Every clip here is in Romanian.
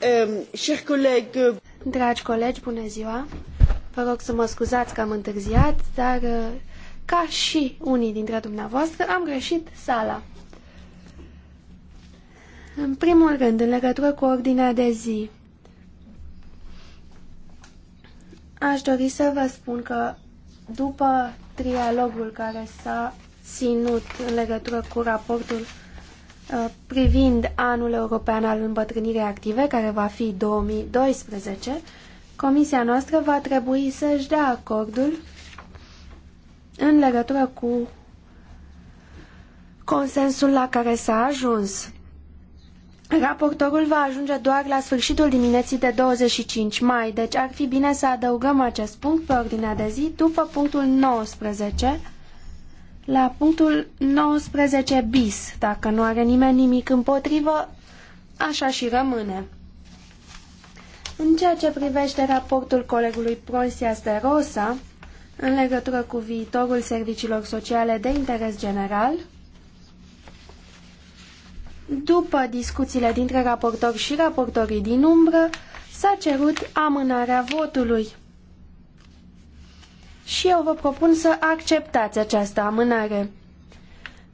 Ehm, euh, dragi colegi, bună ziua! Vă rog să mă scuzați că am întârziat, dar uh, ca și unii dintre dumneavoastră am greșit sala. În primul rând, în legătură cu ordinea de zi, aș dori să vă spun că după trialogul care s-a ținut în legătură cu raportul Uh, privind anul european al îmbătrânirii active, care va fi 2012, comisia noastră va trebui să-și dea acordul în legătură cu consensul la care s-a ajuns. Raportorul va ajunge doar la sfârșitul dimineții de 25 mai, deci ar fi bine să adăugăm acest punct pe ordinea de zi după punctul 19, la punctul 19 bis, dacă nu are nimeni nimic împotrivă, așa și rămâne. În ceea ce privește raportul colegului Prosias de Rosa, în legătură cu viitorul serviciilor sociale de interes general, după discuțiile dintre raportor și raportorii din umbră, s-a cerut amânarea votului și eu vă propun să acceptați această amânare.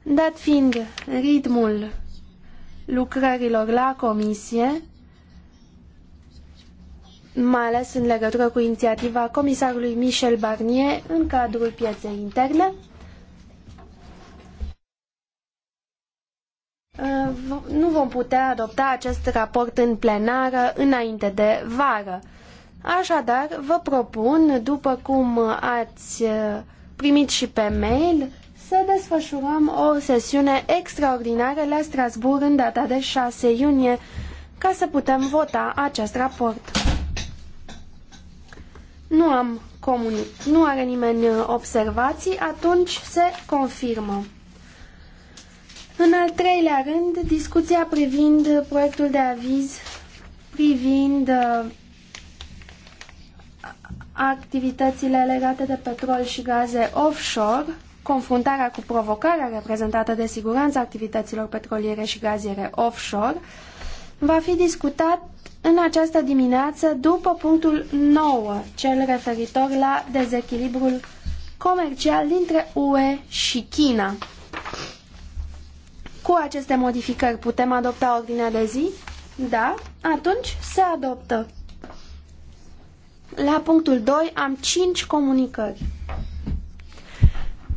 Dat fiind ritmul lucrărilor la comisie, mai ales în legătură cu inițiativa comisarului Michel Barnier în cadrul pieței interne, uh, nu vom putea adopta acest raport în plenară înainte de vară. Așadar, vă propun, după cum ați uh, primit și pe mail, să desfășurăm o sesiune extraordinară la Strasbourg în data de 6 iunie ca să putem vota acest raport. Nu am comunic, nu are nimeni uh, observații, atunci se confirmă. În al treilea rând, discuția privind proiectul de aviz privind uh, activitățile legate de petrol și gaze offshore, confruntarea cu provocarea reprezentată de siguranța activităților petroliere și gaziere offshore, va fi discutat în această dimineață după punctul 9, cel referitor la dezechilibrul comercial dintre UE și China. Cu aceste modificări putem adopta ordinea de zi? Da? Atunci se adoptă. La punctul 2 am 5 comunicări.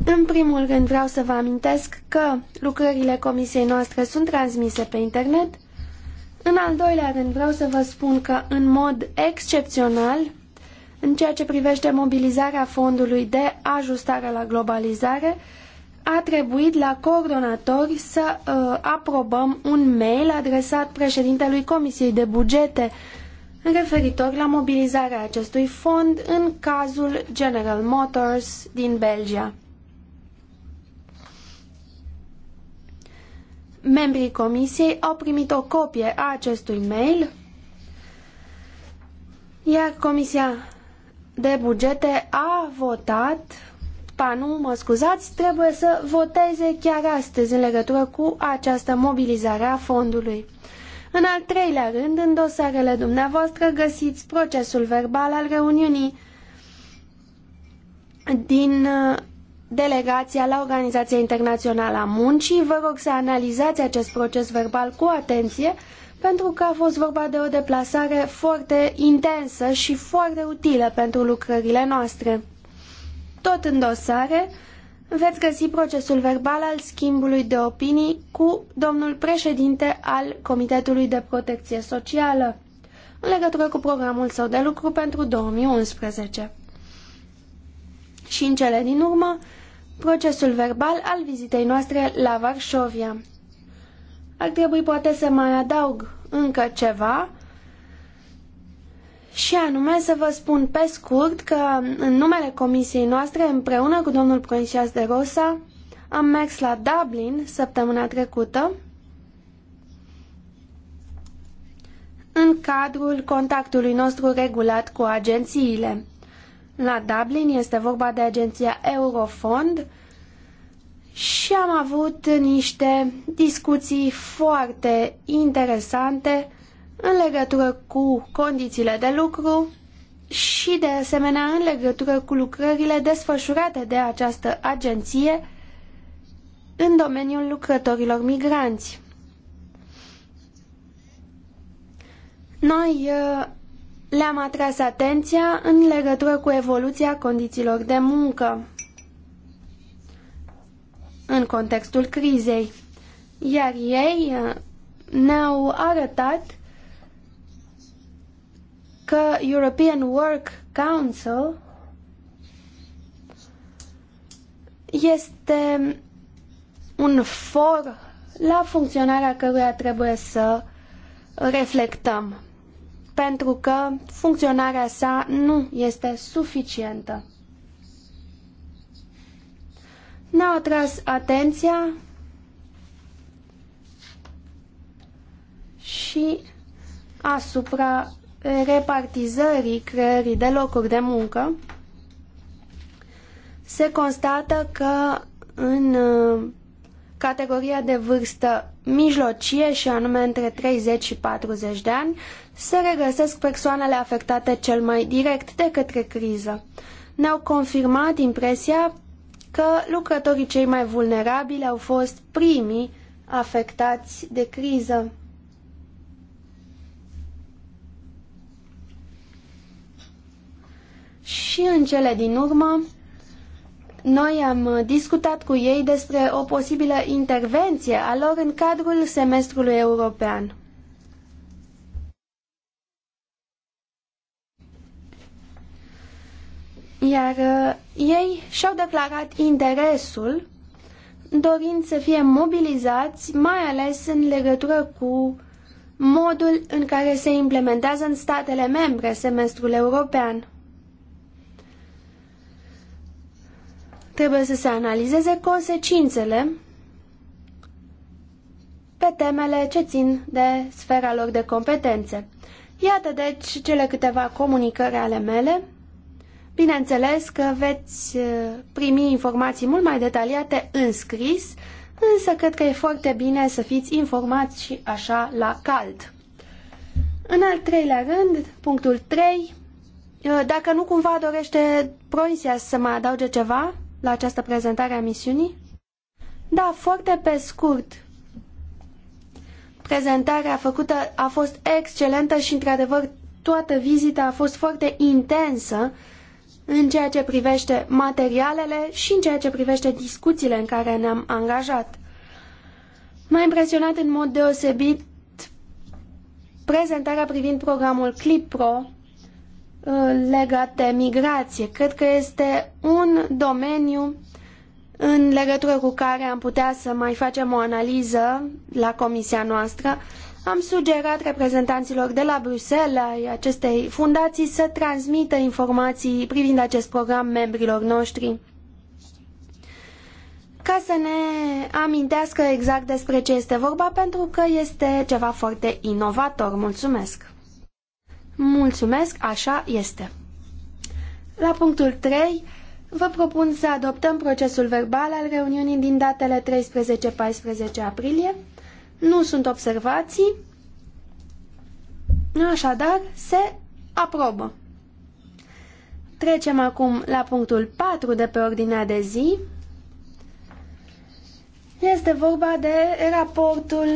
În primul rând vreau să vă amintesc că lucrările comisiei noastre sunt transmise pe internet. În al doilea rând vreau să vă spun că în mod excepțional, în ceea ce privește mobilizarea fondului de ajustare la globalizare, a trebuit la coordonatori să uh, aprobăm un mail adresat președintelui Comisiei de Bugete referitor la mobilizarea acestui fond în cazul General Motors din Belgia. Membrii comisiei au primit o copie a acestui mail, iar Comisia de Bugete a votat, pa nu, mă scuzați, trebuie să voteze chiar astăzi în legătură cu această mobilizare a fondului. În al treilea rând, în dosarele dumneavoastră găsiți procesul verbal al reuniunii din uh, delegația la Organizația Internațională a Muncii. Vă rog să analizați acest proces verbal cu atenție, pentru că a fost vorba de o deplasare foarte intensă și foarte utilă pentru lucrările noastre. Tot în dosare, veți găsi procesul verbal al schimbului de opinii cu domnul președinte al Comitetului de Protecție Socială în legătură cu programul său de lucru pentru 2011. Și în cele din urmă, procesul verbal al vizitei noastre la Varșovia. Ar trebui poate să mai adaug încă ceva, și anume să vă spun pe scurt că în numele comisiei noastre, împreună cu domnul Proincias de Rosa, am mers la Dublin săptămâna trecută în cadrul contactului nostru regulat cu agențiile. La Dublin este vorba de agenția Eurofond și am avut niște discuții foarte interesante în legătură cu condițiile de lucru și, de asemenea, în legătură cu lucrările desfășurate de această agenție în domeniul lucrătorilor migranți. Noi uh, le-am atras atenția în legătură cu evoluția condițiilor de muncă în contextul crizei, iar ei uh, ne-au arătat că European Work Council este un for la funcționarea căruia trebuie să reflectăm, pentru că funcționarea sa nu este suficientă. Ne-au atras atenția și asupra repartizării creării de locuri de muncă, se constată că în uh, categoria de vârstă mijlocie și anume între 30 și 40 de ani se regăsesc persoanele afectate cel mai direct de către criză. Ne-au confirmat impresia că lucrătorii cei mai vulnerabili au fost primii afectați de criză. Și în cele din urmă, noi am discutat cu ei despre o posibilă intervenție a lor în cadrul semestrului european. Iar uh, ei și-au declarat interesul dorind să fie mobilizați, mai ales în legătură cu modul în care se implementează în statele membre semestrul european. Trebuie să se analizeze consecințele pe temele ce țin de sfera lor de competențe. Iată deci cele câteva comunicări ale mele. Bineînțeles că veți uh, primi informații mult mai detaliate în scris, însă cred că e foarte bine să fiți informați și așa la cald. În al treilea rând, punctul 3, uh, dacă nu cumva dorește Proinsia să mai adauge ceva, la această prezentare a misiunii? Da, foarte pe scurt. Prezentarea făcută a fost excelentă și, într-adevăr, toată vizita a fost foarte intensă în ceea ce privește materialele și în ceea ce privește discuțiile în care ne-am angajat. M-a impresionat în mod deosebit prezentarea privind programul ClipPro, legat de migrație. Cred că este un domeniu în legătură cu care am putea să mai facem o analiză la comisia noastră. Am sugerat reprezentanților de la Bruxelles ai acestei fundații să transmită informații privind acest program membrilor noștri ca să ne amintească exact despre ce este vorba, pentru că este ceva foarte inovator. Mulțumesc! Mulțumesc, așa este. La punctul 3, vă propun să adoptăm procesul verbal al reuniunii din datele 13-14 aprilie. Nu sunt observații, așadar se aprobă. Trecem acum la punctul 4 de pe ordinea de zi. Este vorba de raportul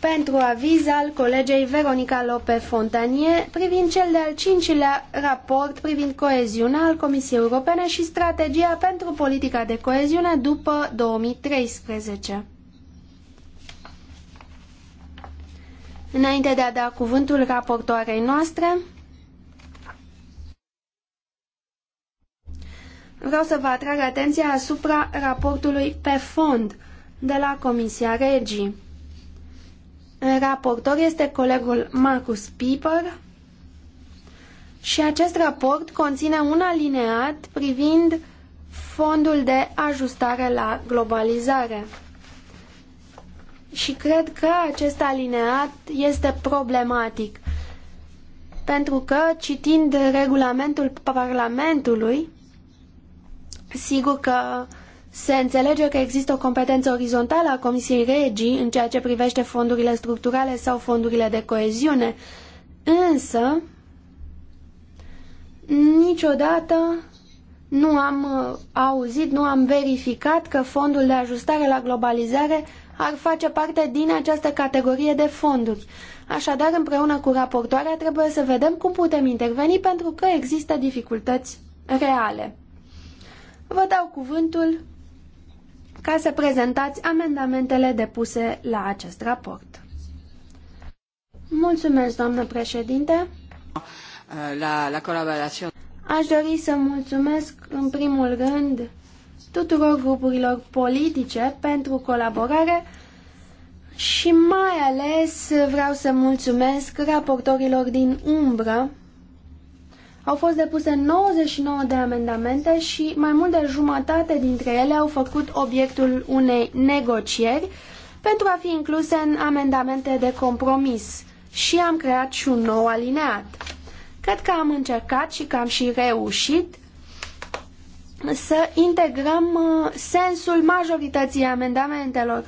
pentru aviz al colegei Veronica Lope Fontanie privind cel de-al cincilea raport privind coeziunea al Comisiei Europene și strategia pentru politica de coeziune după 2013. Înainte de a da cuvântul raportoarei noastre, vreau să vă atrag atenția asupra raportului pe fond de la Comisia Regii Raportor este colegul Marcus Piper și acest raport conține un alineat privind fondul de ajustare la globalizare. Și cred că acest alineat este problematic, pentru că citind regulamentul Parlamentului, sigur că se înțelege că există o competență orizontală a Comisiei Regii în ceea ce privește fondurile structurale sau fondurile de coeziune, însă niciodată nu am uh, auzit, nu am verificat că fondul de ajustare la globalizare ar face parte din această categorie de fonduri. Așadar, împreună cu raportoarea, trebuie să vedem cum putem interveni pentru că există dificultăți reale. Vă dau cuvântul ca să prezentați amendamentele depuse la acest raport. Mulțumesc, doamnă președinte. La, la colaborație. Aș dori să mulțumesc, în primul rând, tuturor grupurilor politice pentru colaborare și mai ales vreau să mulțumesc raportorilor din umbră au fost depuse 99 de amendamente și mai mult de jumătate dintre ele au făcut obiectul unei negocieri pentru a fi incluse în amendamente de compromis și am creat și un nou alineat. Cred că am încercat și că am și reușit să integrăm uh, sensul majorității amendamentelor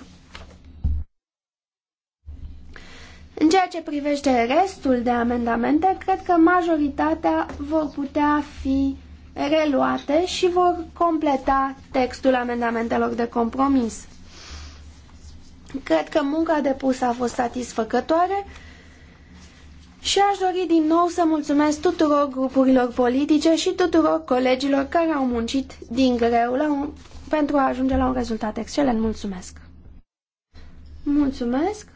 În ceea ce privește restul de amendamente, cred că majoritatea vor putea fi reluate și vor completa textul amendamentelor de compromis. Cred că munca depusă a fost satisfăcătoare și aș dori din nou să mulțumesc tuturor grupurilor politice și tuturor colegilor care au muncit din greu la un, pentru a ajunge la un rezultat excelent. Mulțumesc! Mulțumesc!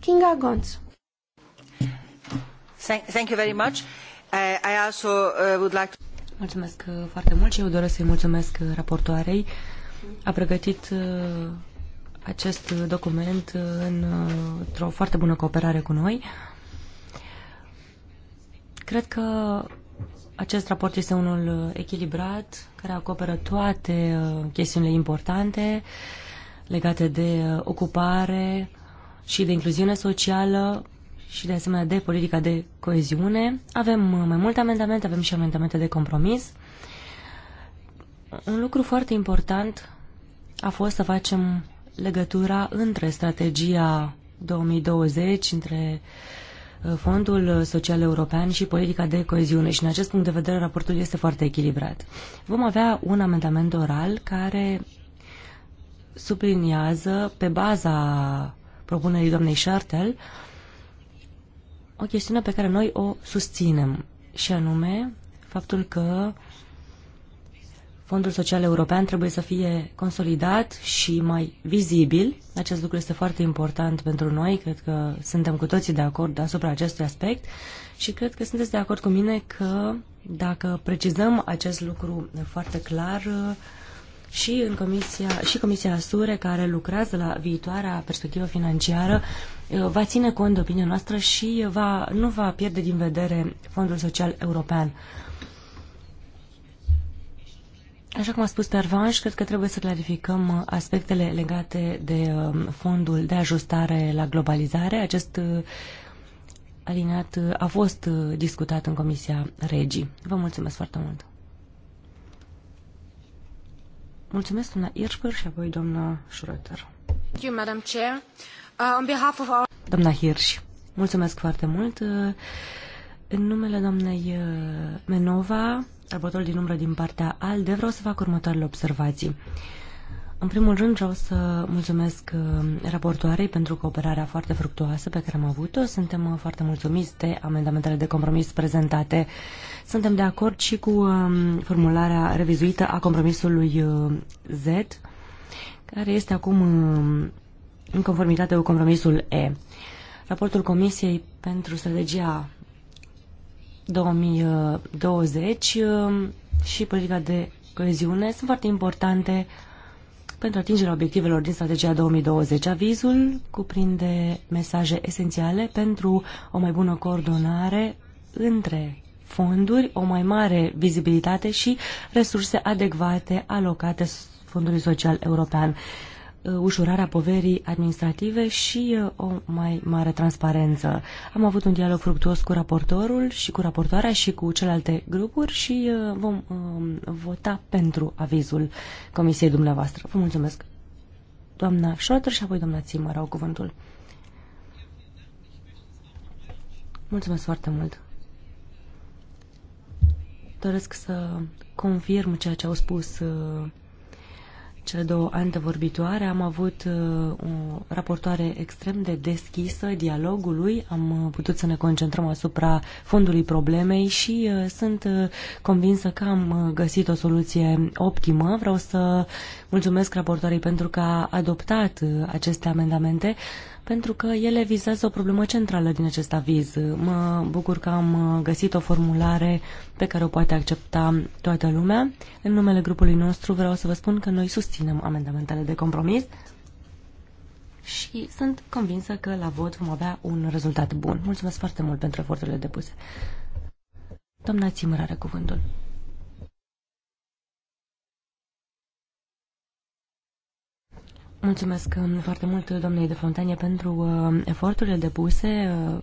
Kinga Gonțu Mulțumesc foarte mult și eu doresc să-i mulțumesc uh, raportoarei. A pregătit uh, acest document uh, în, într-o foarte bună cooperare cu noi. Cred că acest raport este unul echilibrat, care acoperă toate chestiunile importante legate de ocupare și de incluziune socială, și de asemenea de politica de coeziune. Avem uh, mai multe amendamente, avem și amendamente de compromis. Un lucru foarte important a fost să facem legătura între strategia 2020, între uh, Fondul Social European și politica de coeziune și în acest punct de vedere raportul este foarte echilibrat. Vom avea un amendament oral care subliniază pe baza propunerii doamnei Schartel, uh, o chestiune pe care noi o susținem, și anume faptul că Fondul Social European trebuie să fie consolidat și mai vizibil. Acest lucru este foarte important pentru noi, cred că suntem cu toții de acord asupra acestui aspect și cred că sunteți de acord cu mine că dacă precizăm acest lucru foarte clar, și, în comisia, și Comisia Sure, care lucrează la viitoarea perspectivă financiară, uh, va ține cont de opinia noastră și va, nu va pierde din vedere Fondul Social European. Așa cum a spus Pervanș, cred că trebuie să clarificăm aspectele legate de um, fondul de ajustare la globalizare. Acest uh, alineat uh, a fost discutat în Comisia Regii. Vă mulțumesc foarte mult! Mulțumesc, doamna Irșper și apoi doamna Schroeter. Uh, doamna Hirsch, mulțumesc foarte mult. În numele doamnei uh, Menova, raportor din umbră din partea ALDE, vreau să fac următoarele observații. Uh, în primul rând vreau să mulțumesc uh, raportoarei pentru cooperarea foarte fructuoasă pe care am avut-o. Suntem uh, foarte mulțumiți de amendamentele de compromis prezentate. Suntem de acord și cu um, formularea revizuită a compromisului uh, Z, care este acum um, în conformitate cu compromisul E. Raportul Comisiei pentru Strategia 2020 um, și politica de coeziune sunt foarte importante pentru atingerea obiectivelor din strategia 2020. Avizul cuprinde mesaje esențiale pentru o mai bună coordonare între fonduri, o mai mare vizibilitate și resurse adecvate alocate Fondului Social European. Uh, ușurarea poverii administrative și uh, o mai mare transparență. Am avut un dialog fructuos cu raportorul și cu raportoarea și cu celelalte grupuri și uh, vom um, vota pentru avizul comisiei dumneavoastră. Vă mulțumesc. Doamna Șotr și apoi doamna Țimăr au cuvântul. Mulțumesc foarte mult. Doresc să confirm ceea ce au spus cele două antevorbitoare. Am avut uh, o raportoare extrem de deschisă dialogului, am uh, putut să ne concentrăm asupra fondului problemei și uh, sunt convinsă că am găsit o soluție optimă. Vreau să mulțumesc raportoarei pentru că a adoptat aceste amendamente pentru că ele vizează o problemă centrală din acest aviz. Mă bucur că am uh, găsit o formulare pe care o poate accepta toată lumea. În numele grupului nostru vreau să vă spun că noi susținem amendamentele de compromis și sunt convinsă că la vot vom avea un rezultat bun. Mulțumesc foarte mult pentru eforturile depuse. Doamna Țimăr are cuvântul. Mulțumesc um, foarte mult, domnului de Fontanie, pentru um, eforturile depuse uh,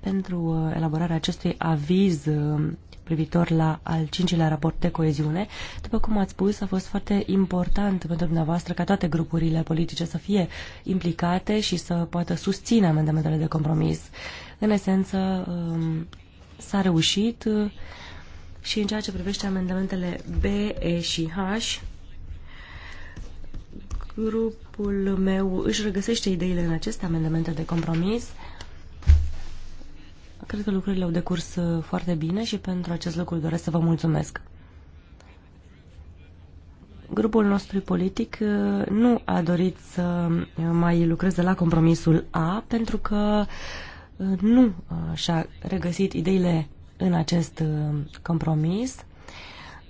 pentru uh, elaborarea acestui aviz um, privitor la al cincilea raport de coeziune. După cum ați spus, a fost foarte important pentru dumneavoastră ca toate grupurile politice să fie implicate și să poată susține amendamentele de compromis. În esență, s-a reușit uh, și în ceea ce privește amendamentele B, E și H, Grupul meu își regăsește ideile în aceste amendamente de compromis. Cred că lucrurile au decurs uh, foarte bine și pentru acest lucru doresc să vă mulțumesc. Grupul nostru politic uh, nu a dorit să uh, mai lucreze la compromisul A pentru că nu și-a regăsit ideile în acest compromis.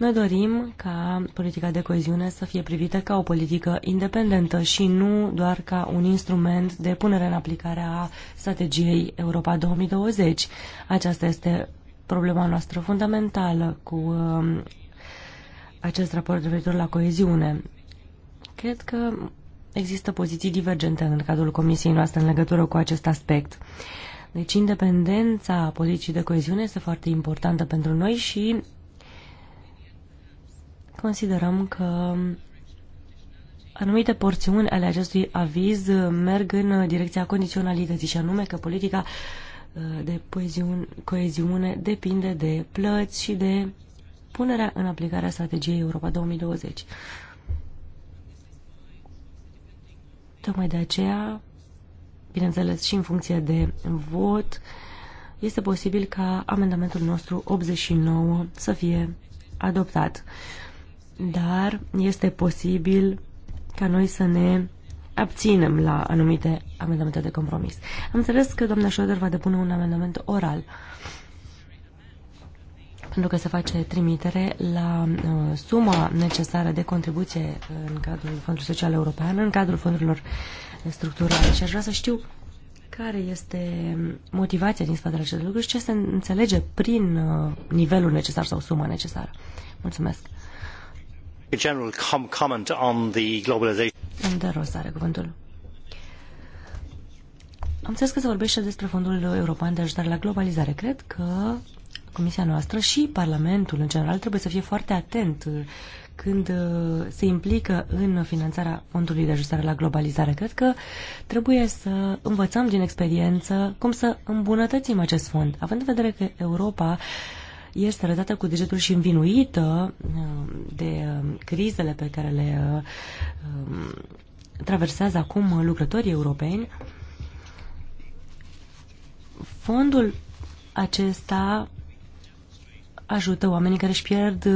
Noi dorim ca politica de coeziune să fie privită ca o politică independentă și nu doar ca un instrument de punere în aplicare a strategiei Europa 2020. Aceasta este problema noastră fundamentală cu um, acest raport referitor la coeziune. Cred că există poziții divergente în cadrul comisiei noastre în legătură cu acest aspect. Deci independența politicii de coeziune este foarte importantă pentru noi și considerăm că anumite porțiuni ale acestui aviz merg în direcția condiționalității și anume că politica uh, de coeziune depinde de plăți și de punerea în aplicare a strategiei Europa 2020. Tocmai de aceea, bineînțeles și în funcție de vot, este posibil ca amendamentul nostru 89 să fie adoptat dar este posibil ca noi să ne abținem la anumite amendamente de compromis. Am înțeles că doamna Schroeder va depune un amendament oral pentru că se face trimitere la uh, suma necesară de contribuție în cadrul Fondului Social European, în cadrul fondurilor structurale. Și aș vrea să știu care este motivația din spatele acestui lucru și ce se înțelege prin uh, nivelul necesar sau suma necesară. Mulțumesc! Am înțeles că se vorbește despre Fondul European de Ajutare la Globalizare. Cred că Comisia noastră și Parlamentul în general trebuie să fie foarte atent uh, când uh, se implică în finanțarea Fondului de Ajustare la Globalizare. Cred că trebuie să învățăm din experiență cum să îmbunătățim acest fond, având în vedere că Europa uh, este arătată cu degetul și învinuită uh, de uh, crizele pe care le uh, um, traversează acum lucrătorii europeni. Fondul acesta ajută oamenii care își pierd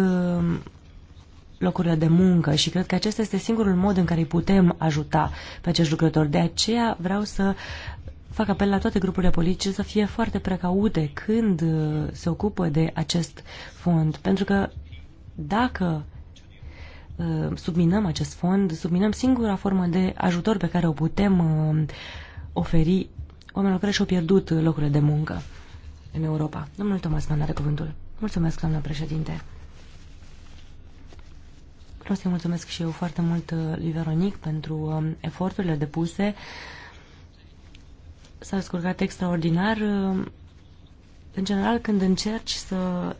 locurile de muncă și cred că acesta este singurul mod în care îi putem ajuta pe acești lucrători. De aceea vreau să fac apel la toate grupurile politice să fie foarte precaute când uh, se ocupă de acest fond, pentru că dacă uh, subminăm acest fond, subminăm singura formă de ajutor pe care o putem uh, oferi oamenilor care și-au pierdut locurile de muncă în Europa. Domnul Tomas Mann are cuvântul. Mulțumesc, doamnă președinte. Vreau să-i mulțumesc și eu foarte mult lui Veronic pentru um, eforturile depuse s-a descurcat extraordinar. În general, când încerci să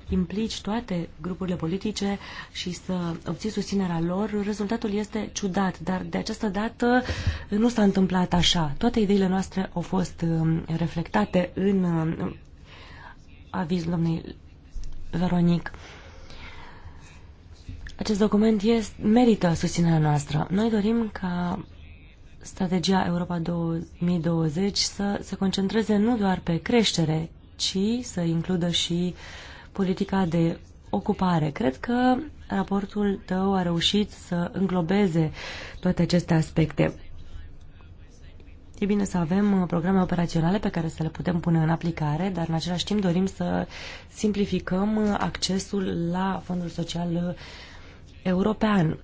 implici toate grupurile politice și să obții susținerea lor, rezultatul este ciudat, dar de această dată nu s-a întâmplat așa. Toate ideile noastre au fost um, reflectate în um, avizul domnului Veronic. Acest document este, merită susținerea noastră. Noi dorim ca strategia Europa 2020 să se concentreze nu doar pe creștere, ci să includă și politica de ocupare. Cred că raportul tău a reușit să înglobeze toate aceste aspecte. E bine să avem programe operaționale pe care să le putem pune în aplicare, dar în același timp dorim să simplificăm accesul la Fondul Social European.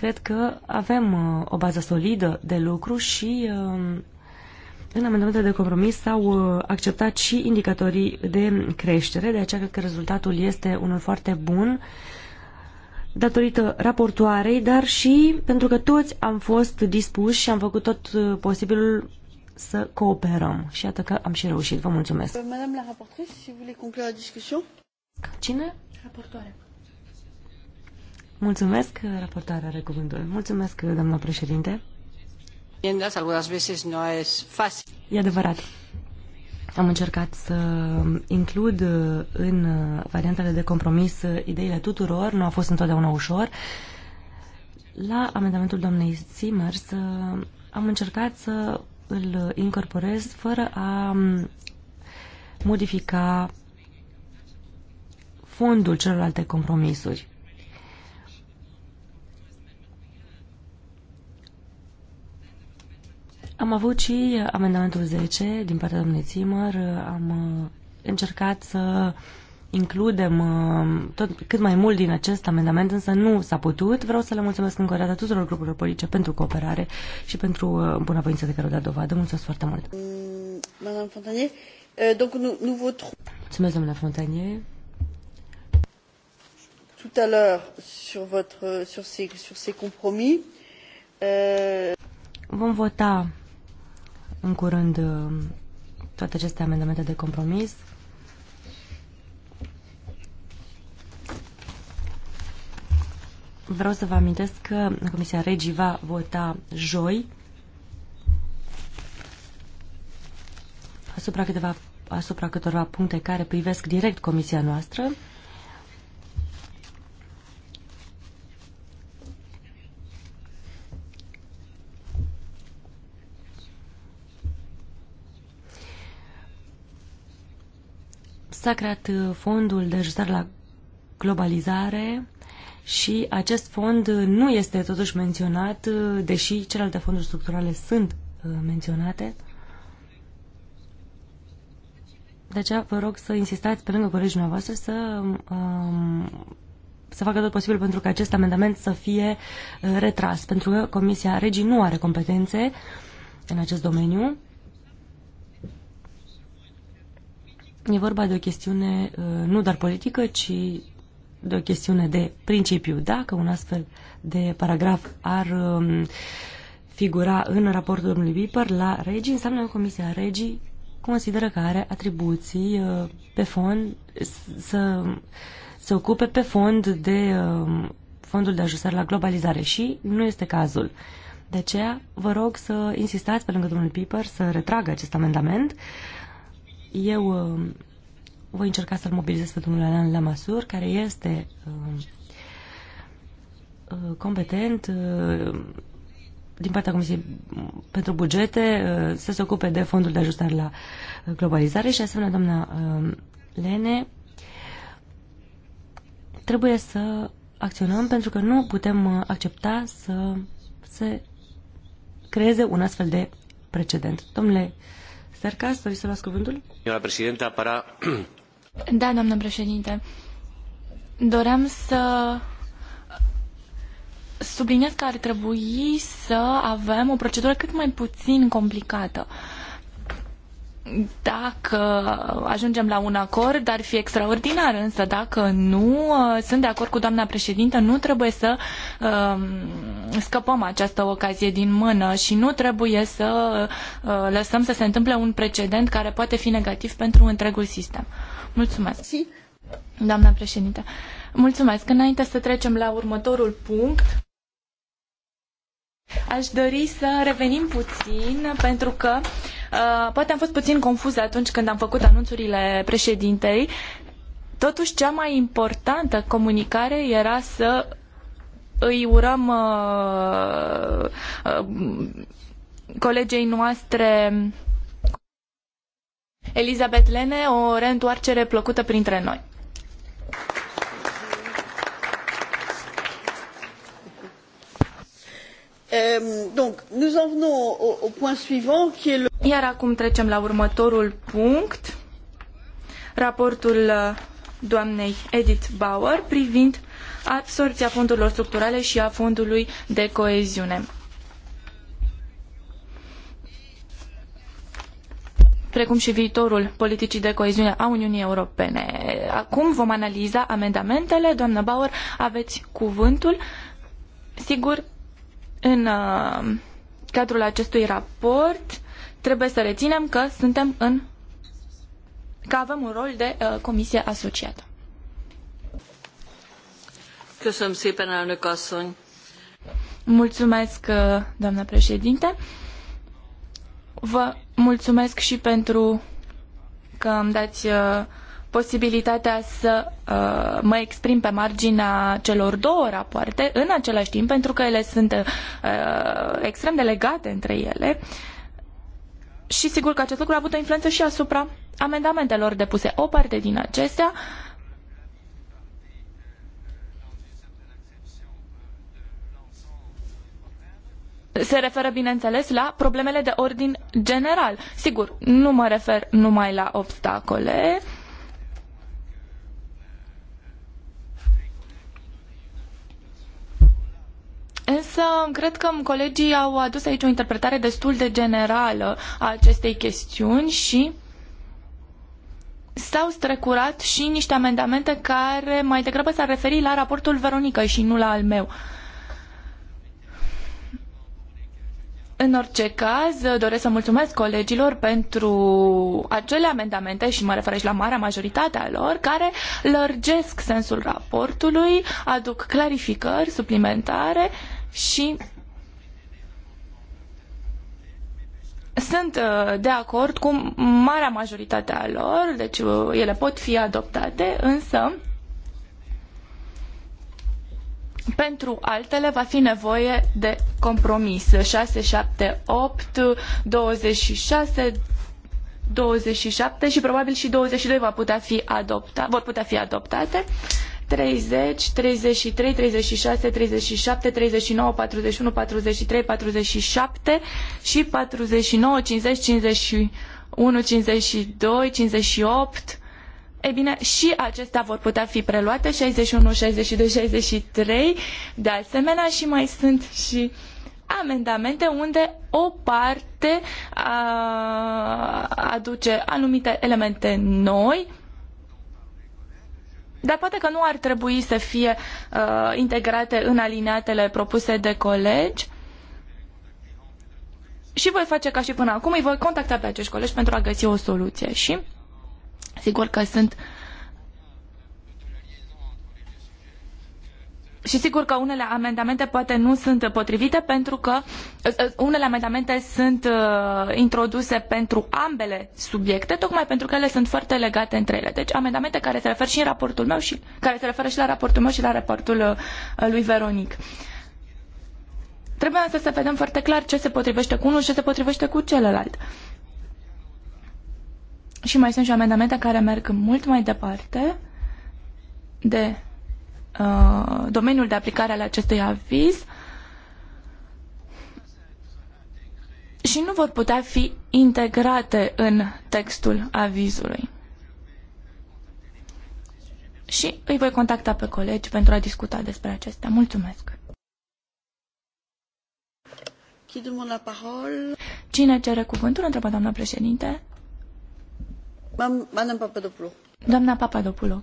Cred că avem uh, o bază solidă de lucru și um, în amendamentele de compromis s-au uh, acceptat și indicatorii de creștere, de aceea cred că rezultatul este unul foarte bun datorită raportoarei, dar și pentru că toți am fost dispuși și am făcut tot uh, posibilul să cooperăm. Și iată că am și reușit. Vă mulțumesc. Madame la raportrice, si vous voulez conclure la discussion? Cine? Raportoare. Mulțumesc, raportarea are cuvântul. Mulțumesc, doamna președinte. E adevărat. Am încercat să includ în variantele de compromis ideile tuturor, nu a fost întotdeauna ușor. La amendamentul doamnei Simers, am încercat să îl incorporez fără a modifica fondul celorlalte compromisuri. Am avut și amendamentul 10 din partea domnului Zimmer. Am uh, încercat să includem uh, tot, cât mai mult din acest amendament, însă nu s-a putut. Vreau să le mulțumesc încă o dată tuturor grupurilor politice pentru cooperare și pentru uh, bunăvoința de care o dat dovadă. Mulțumesc foarte mult! Mm, Madame Fontanier, euh, donc nous, nous voterons... Mulțumesc, domnule Fontanier. Tout à l'heure, sur, votre, sur, ces, sur ces compromis, euh... vom vota în curând uh, toate aceste amendamente de compromis. Vreau să vă amintesc că Comisia Regii va vota joi asupra, câteva, asupra câtorva puncte care privesc direct Comisia noastră. S-a creat uh, fondul de ajustare la globalizare și acest fond uh, nu este totuși menționat, uh, deși celelalte fonduri structurale sunt menționate. De aceea vă rog să insistați pe lângă colegii noastre să, um, să facă tot posibil pentru că acest amendament să fie retras, pentru că Comisia Regii nu are competențe în acest domeniu E vorba de o chestiune uh, nu doar politică, ci de o chestiune de principiu. Dacă un astfel de paragraf ar um, figura în raportul domnului Biper la regii, înseamnă că Comisia Regii consideră că are atribuții uh, pe fond să se ocupe pe fond de um, fondul de ajustare la globalizare și nu este cazul. De aceea vă rog să insistați pe lângă domnul Piper să retragă acest amendament uh, eu um, voi încerca să-l mobilizez pe domnul Alain Lamasur, care este um, uh, competent uh, din partea Comisiei pentru Bugete uh, să se ocupe de fondul de ajustare la globalizare și asemenea doamna um, Lene trebuie să acționăm pentru că nu putem accepta să se creeze un astfel de precedent. Domnule Sercas, doriți să luați cuvântul? Doamna președinte, para... Da, doamnă președinte. Doream să subliniez că ar trebui să avem o procedură cât mai puțin complicată. Uh, dacă ajungem la un acord, ar fi extraordinar, însă dacă nu, uh, sunt de acord cu doamna președintă, nu trebuie să um, scăpăm această ocazie din mână și nu trebuie să uh, lăsăm să se întâmple un precedent care poate fi negativ pentru întregul sistem. Mulțumesc. Doamna președinte, mulțumesc. Înainte să trecem la următorul punct, aș dori să revenim puțin pentru că uh, Uh, poate am fost puțin confuză atunci când am făcut anunțurile președintei. Totuși, cea mai importantă comunicare era să îi urăm uh, uh, colegei noastre Elizabeth Lene o reîntoarcere plăcută printre noi. Ehm, Iar acum trecem la următorul punct, raportul uh, doamnei Edith Bauer privind absorbția fondurilor structurale și a fondului de coeziune. precum și viitorul politicii de coeziune a Uniunii Europene. Acum vom analiza amendamentele. Doamnă Bauer, aveți cuvântul. Sigur, în uh, cadrul acestui raport trebuie să reținem că suntem în că avem un rol de uh, comisie asociată. Köszönöm Mulțumesc, uh, doamna președinte. Vă mulțumesc și pentru că îmi dați uh, posibilitatea să uh, mă exprim pe marginea celor două rapoarte în același timp, pentru că ele sunt uh, extrem de legate între ele. Și sigur că acest lucru a avut o influență și asupra amendamentelor depuse. O parte din acestea se referă, bineînțeles, la problemele de ordin general. Sigur, nu mă refer numai la obstacole, uh, Însă, cred că colegii au adus aici o interpretare destul de generală a acestei chestiuni și s-au strecurat și niște amendamente care mai degrabă s-ar referi la raportul Veronica și nu la al meu. În orice caz, doresc să mulțumesc colegilor pentru acele amendamente și mă refer și la marea majoritate a lor, care lărgesc sensul raportului, aduc clarificări suplimentare și sunt uh, de acord cu marea majoritate a lor, deci uh, ele pot fi adoptate, însă pentru altele va fi nevoie de compromis. 6, 7, 8, 26, 27 și probabil și 22 va putea fi adopta, vor putea fi adoptate. Uh, 30, 33, 36, 37, 39, 41, 43, 47 și 49, 50, 51, 52, 58. Ei bine, și acestea vor putea fi preluate, 61, 62, 63, de asemenea și mai sunt și amendamente unde o parte a, aduce anumite elemente noi, dar poate că nu ar trebui să fie uh, integrate în alineatele propuse de colegi. Și voi face ca și până acum, îi voi contacta pe acești colegi pentru a găsi o soluție. Și sigur că sunt uh, și sigur că unele amendamente poate nu sunt potrivite pentru că ă, ă, unele amendamente sunt ă, introduse pentru ambele subiecte, tocmai pentru că ele sunt foarte legate între ele. Deci amendamente care se referă și în raportul meu și care se referă și la raportul meu și la raportul lui Veronic. Trebuie însă să vedem foarte clar ce se potrivește cu unul și ce se potrivește cu celălalt. Și mai sunt și amendamente care merg mult mai departe de Uh, domeniul de aplicare al acestui aviz și nu vor putea fi integrate în textul avizului. Și îi voi contacta pe colegi pentru a discuta despre acestea. Mulțumesc! Cine cere cuvântul? Întreba doamna președinte. Doamna Papadopoulou.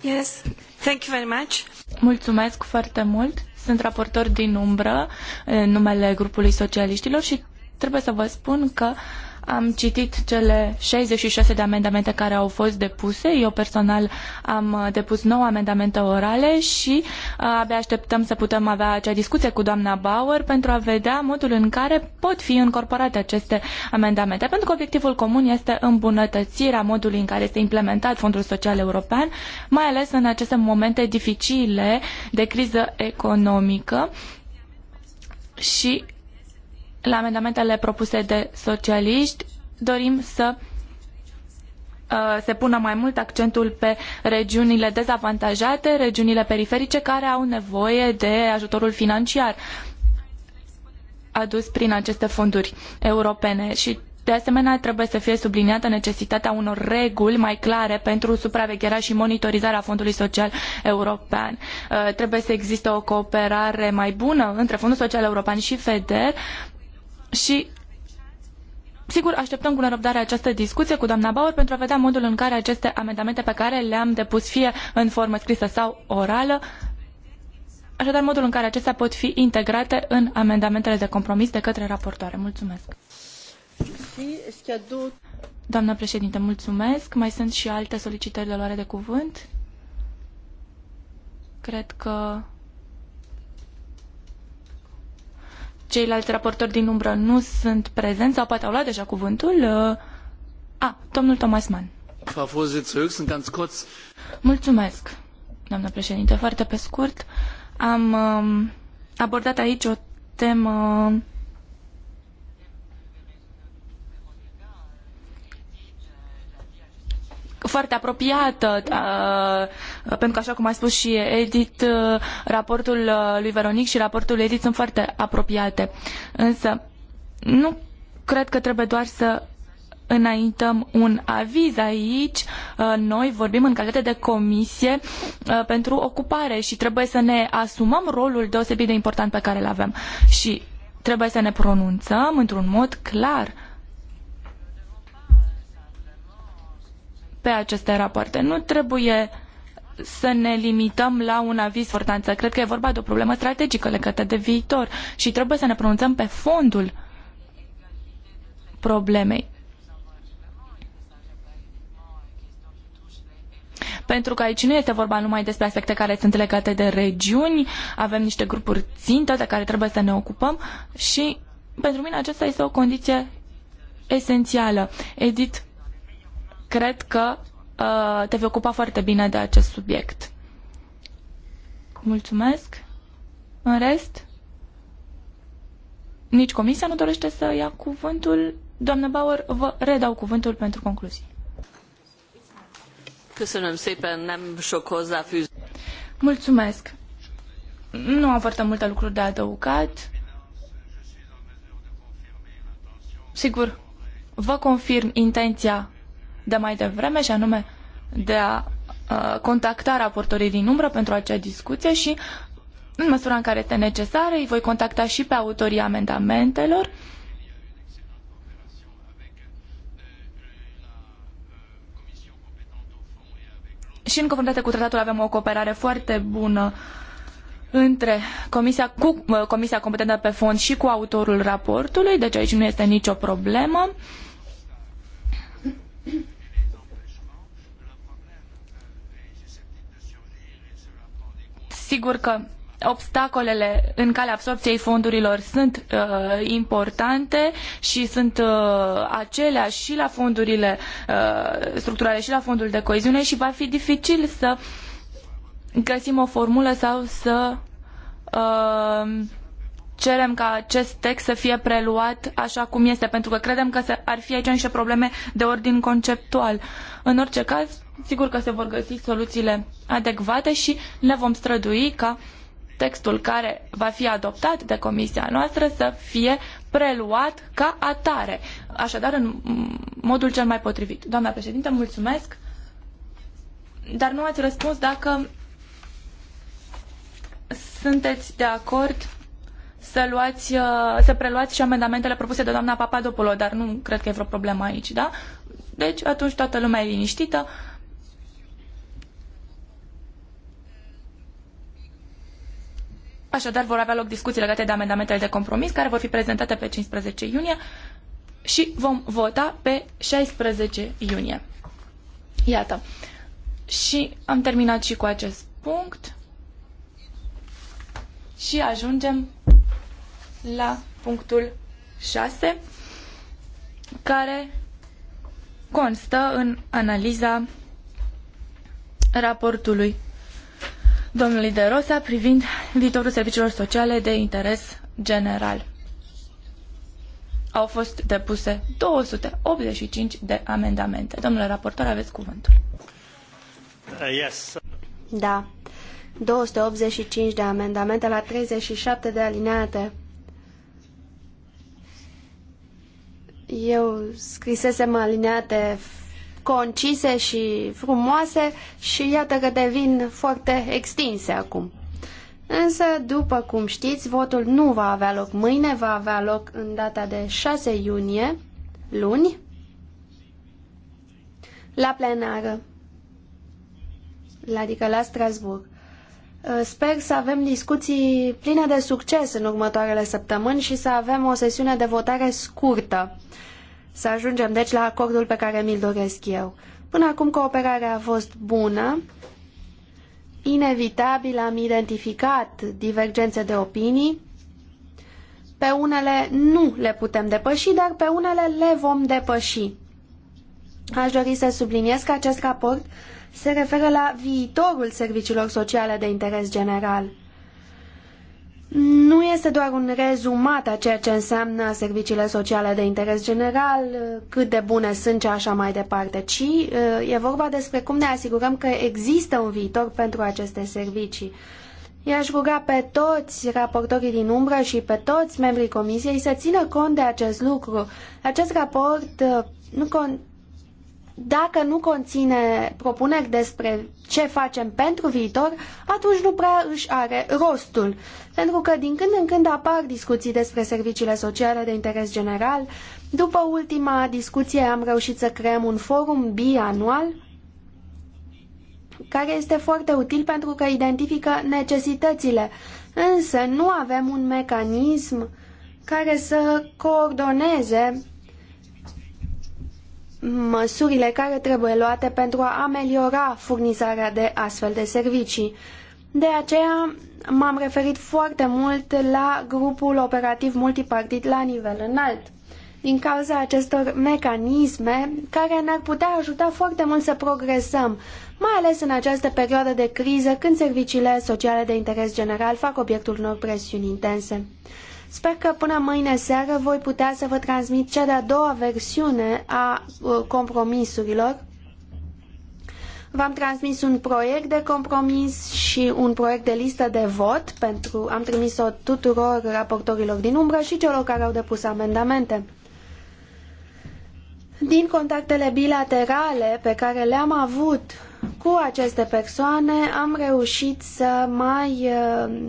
Yes. Thank you very much. Mulțumesc foarte mult. Sunt raportor din umbră în numele grupului socialiștilor și trebuie să vă spun că uh, am citit cele 66 de amendamente care au fost depuse. Eu personal am uh, depus 9 amendamente orale și uh, abia așteptăm să putem avea acea discuție cu doamna Bauer pentru a vedea modul în care pot fi încorporate aceste amendamente. Pentru că obiectivul comun este îmbunătățirea modului în care este implementat Fondul Social European, mai ales în aceste momente dificile de criză economică și la amendamentele propuse de socialiști, dorim să uh, se pună mai mult accentul pe regiunile dezavantajate, regiunile periferice care au nevoie de ajutorul financiar adus prin aceste fonduri europene și de asemenea, trebuie să fie subliniată necesitatea unor reguli mai clare pentru supravegherea și monitorizarea Fondului Social European. Uh, trebuie să existe o cooperare mai bună între Fondul Social European și FEDER și Sigur, așteptăm cu nerăbdare această discuție cu doamna Bauer pentru a vedea modul în care aceste amendamente pe care le-am depus fie în formă scrisă sau orală, așadar modul în care acestea pot fi integrate în amendamentele de compromis de către raportoare. Mulțumesc. Doamna președinte, mulțumesc. Mai sunt și alte solicitări de luare de cuvânt? Cred că Ceilalți raportori din umbră nu sunt prezenți sau poate au luat deja cuvântul. Uh, a, domnul Thomas Mann. Mulțumesc, doamnă președinte. Foarte pe scurt, am um, abordat aici o temă foarte apropiată, uh, pentru că, așa cum a spus și Edith, uh, raportul uh, lui Veronic și raportul Edith sunt foarte apropiate. Însă, nu cred că trebuie doar să înaintăm un aviz aici. Noi vorbim în calitate de comisie pentru ocupare și trebuie să ne asumăm rolul deosebit de important pe care îl avem. Și trebuie să ne pronunțăm într-un mod clar pe aceste rapoarte. Nu trebuie să ne limităm la un aviz fortanță. Cred că e vorba de o problemă strategică legată de viitor și trebuie să ne pronunțăm pe fondul problemei. pentru că aici nu este vorba numai despre aspecte care sunt legate de regiuni, avem niște grupuri țintă de care trebuie să ne ocupăm și pentru mine aceasta este o condiție esențială. Edith cred că uh, te vei ocupa foarte bine de acest subiect. Mulțumesc. În rest, nici comisia nu dorește să ia cuvântul. Doamnă Bauer, vă redau cuvântul pentru concluzii. Mulțumesc. Nu am foarte multe lucruri de adăugat. Sigur, vă confirm intenția de mai devreme, și anume de a uh, contacta raportorii din umbră pentru acea discuție și, în măsura în care este necesar, îi voi contacta și pe autorii amendamentelor. Și în conformitate cu tratatul avem o cooperare foarte bună între comisia, cu, uh, comisia competentă pe fond și cu autorul raportului, deci aici nu este nicio problemă. Sigur că obstacolele în calea absorpției fondurilor sunt uh, importante și sunt uh, aceleași și la fondurile uh, structurale și la fondul de coeziune și va fi dificil să găsim o formulă sau să uh, cerem ca acest text să fie preluat așa cum este, pentru că credem că ar fi aici niște probleme de ordin conceptual. În orice caz, sigur că se vor găsi soluțiile adecvate și ne vom strădui ca textul care va fi adoptat de comisia noastră să fie preluat ca atare. Așadar, în modul cel mai potrivit. Doamna președinte, mulțumesc, dar nu ați răspuns dacă sunteți de acord să, luați, uh, să preluați și amendamentele propuse de doamna Papadopoulou, dar nu cred că e vreo problemă aici, da? Deci, atunci toată lumea e liniștită. Așadar, vor avea loc discuții legate de amendamentele de compromis care vor fi prezentate pe 15 iunie și vom vota pe 16 iunie. Iată. Și am terminat și cu acest punct și ajungem la punctul 6 care constă în analiza raportului domnului De Rosa privind viitorul serviciilor sociale de interes general. Au fost depuse 285 de amendamente. Domnule raportor, aveți cuvântul. Uh, yes. Da. 285 de amendamente la 37 de alineate. Eu scrisesem alineate concise și frumoase și iată că devin foarte extinse acum. Însă, după cum știți, votul nu va avea loc mâine, va avea loc în data de 6 iunie, luni, la plenară, adică la Strasburg. Uh, sper să avem discuții pline de succes în următoarele săptămâni și să avem o sesiune de votare scurtă. Să ajungem deci la acordul pe care mi-l doresc eu. Până acum cooperarea a fost bună. Inevitabil am identificat divergențe de opinii. Pe unele nu le putem depăși, dar pe unele le vom depăși. Aș dori să subliniez că acest raport se referă la viitorul serviciilor sociale de interes general nu este doar un rezumat a ceea ce înseamnă serviciile sociale de interes general, cât de bune sunt și așa mai departe, ci e vorba despre cum ne asigurăm că există un viitor pentru aceste servicii. I-aș ruga pe toți raportorii din umbră și pe toți membrii comisiei să țină cont de acest lucru. Acest raport nu, con- dacă nu conține propuneri despre ce facem pentru viitor, atunci nu prea își are rostul. Pentru că din când în când apar discuții despre serviciile sociale de interes general. După ultima discuție am reușit să creăm un forum bianual care este foarte util pentru că identifică necesitățile. Însă nu avem un mecanism care să coordoneze măsurile care trebuie luate pentru a ameliora furnizarea de astfel de servicii. De aceea m-am referit foarte mult la grupul operativ multipartit la nivel înalt, din cauza acestor mecanisme care ne-ar putea ajuta foarte mult să progresăm, mai ales în această perioadă de criză când serviciile sociale de interes general fac obiectul unor presiuni intense. Sper că până mâine seară voi putea să vă transmit cea de-a doua versiune a uh, compromisurilor. V-am transmis un proiect de compromis și un proiect de listă de vot pentru am trimis-o tuturor raportorilor din umbră și celor care au depus amendamente. Din contactele bilaterale pe care le-am avut cu aceste persoane, am reușit să mai uh,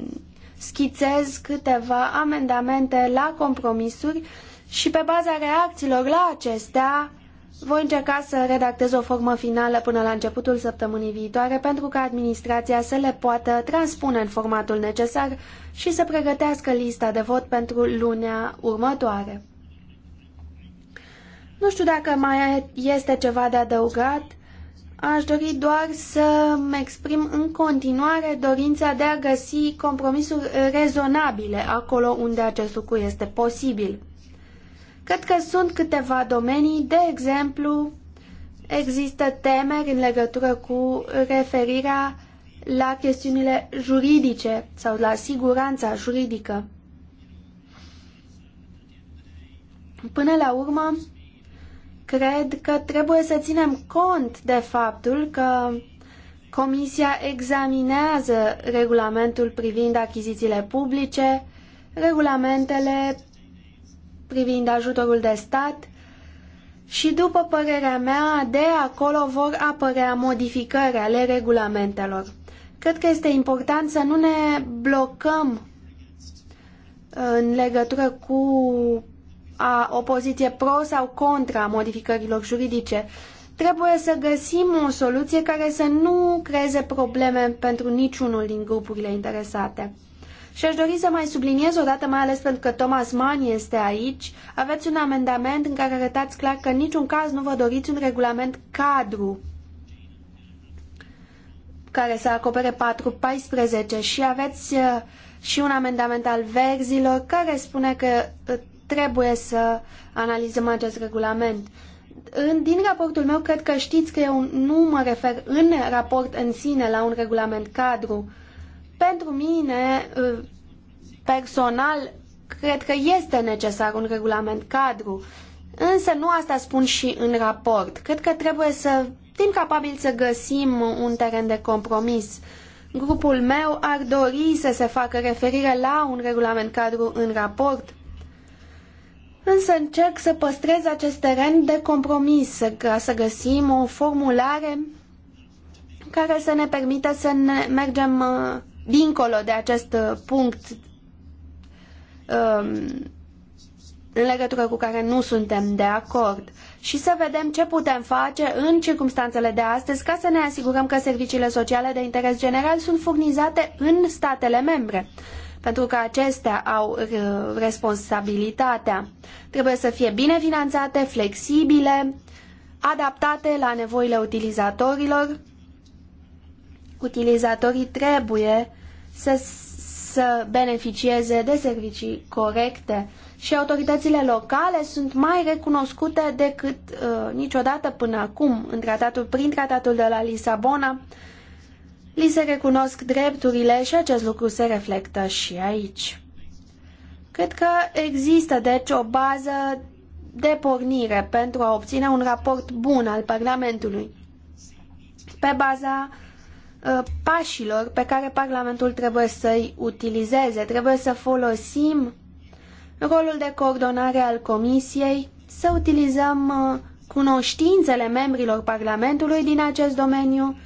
schițez câteva amendamente la compromisuri și pe baza reacțiilor la acestea voi încerca să redactez o formă finală până la începutul săptămânii viitoare pentru ca administrația să le poată transpune în formatul necesar și să pregătească lista de vot pentru lunea următoare. Nu știu dacă mai este ceva de adăugat. Aș dori doar să mă exprim în continuare dorința de a găsi compromisuri rezonabile acolo unde acest lucru este posibil. Cred că sunt câteva domenii, de exemplu, există temeri în legătură cu referirea la chestiunile juridice sau la siguranța juridică. Până la urmă, Cred că trebuie să ținem cont de faptul că Comisia examinează regulamentul privind achizițiile publice, regulamentele privind ajutorul de stat și, după părerea mea, de acolo vor apărea modificări ale regulamentelor. Cred că este important să nu ne blocăm în legătură cu a o poziție pro sau contra modificărilor juridice. Trebuie să găsim o soluție care să nu creeze probleme pentru niciunul din grupurile interesate. Și aș dori să mai subliniez o dată, mai ales pentru că Thomas Mann este aici, aveți un amendament în care arătați clar că în niciun caz nu vă doriți un regulament cadru care să acopere 4.14 și aveți uh, și un amendament al verzilor care spune că uh, trebuie să analizăm acest regulament. În, din raportul meu, cred că știți că eu nu mă refer în raport în sine la un regulament cadru. Pentru mine, uh, personal, cred că este necesar un regulament cadru. Însă nu asta spun și în raport. Cred că trebuie să fim capabili să găsim un teren de compromis. Grupul meu ar dori să se facă referire la un regulament cadru în raport, Însă încerc să păstrez acest teren de compromis, ca să găsim o formulare care să ne permită să ne mergem uh, dincolo de acest uh, punct um, în legătură cu care nu suntem de acord și să vedem ce putem face în circumstanțele de astăzi ca să ne asigurăm că serviciile sociale de interes general sunt furnizate în statele membre pentru că acestea au uh, responsabilitatea. Trebuie să fie bine finanțate, flexibile, adaptate la nevoile utilizatorilor. Utilizatorii trebuie să, să beneficieze de servicii corecte și autoritățile locale sunt mai recunoscute decât uh, niciodată până acum în tratatul, prin tratatul de la Lisabona li se recunosc drepturile și acest lucru se reflectă și aici. Cred că există, deci, o bază de pornire pentru a obține un raport bun al Parlamentului, pe baza uh, pașilor pe care Parlamentul trebuie să-i utilizeze. Trebuie să folosim rolul de coordonare al Comisiei, să utilizăm uh, cunoștințele membrilor Parlamentului din acest domeniu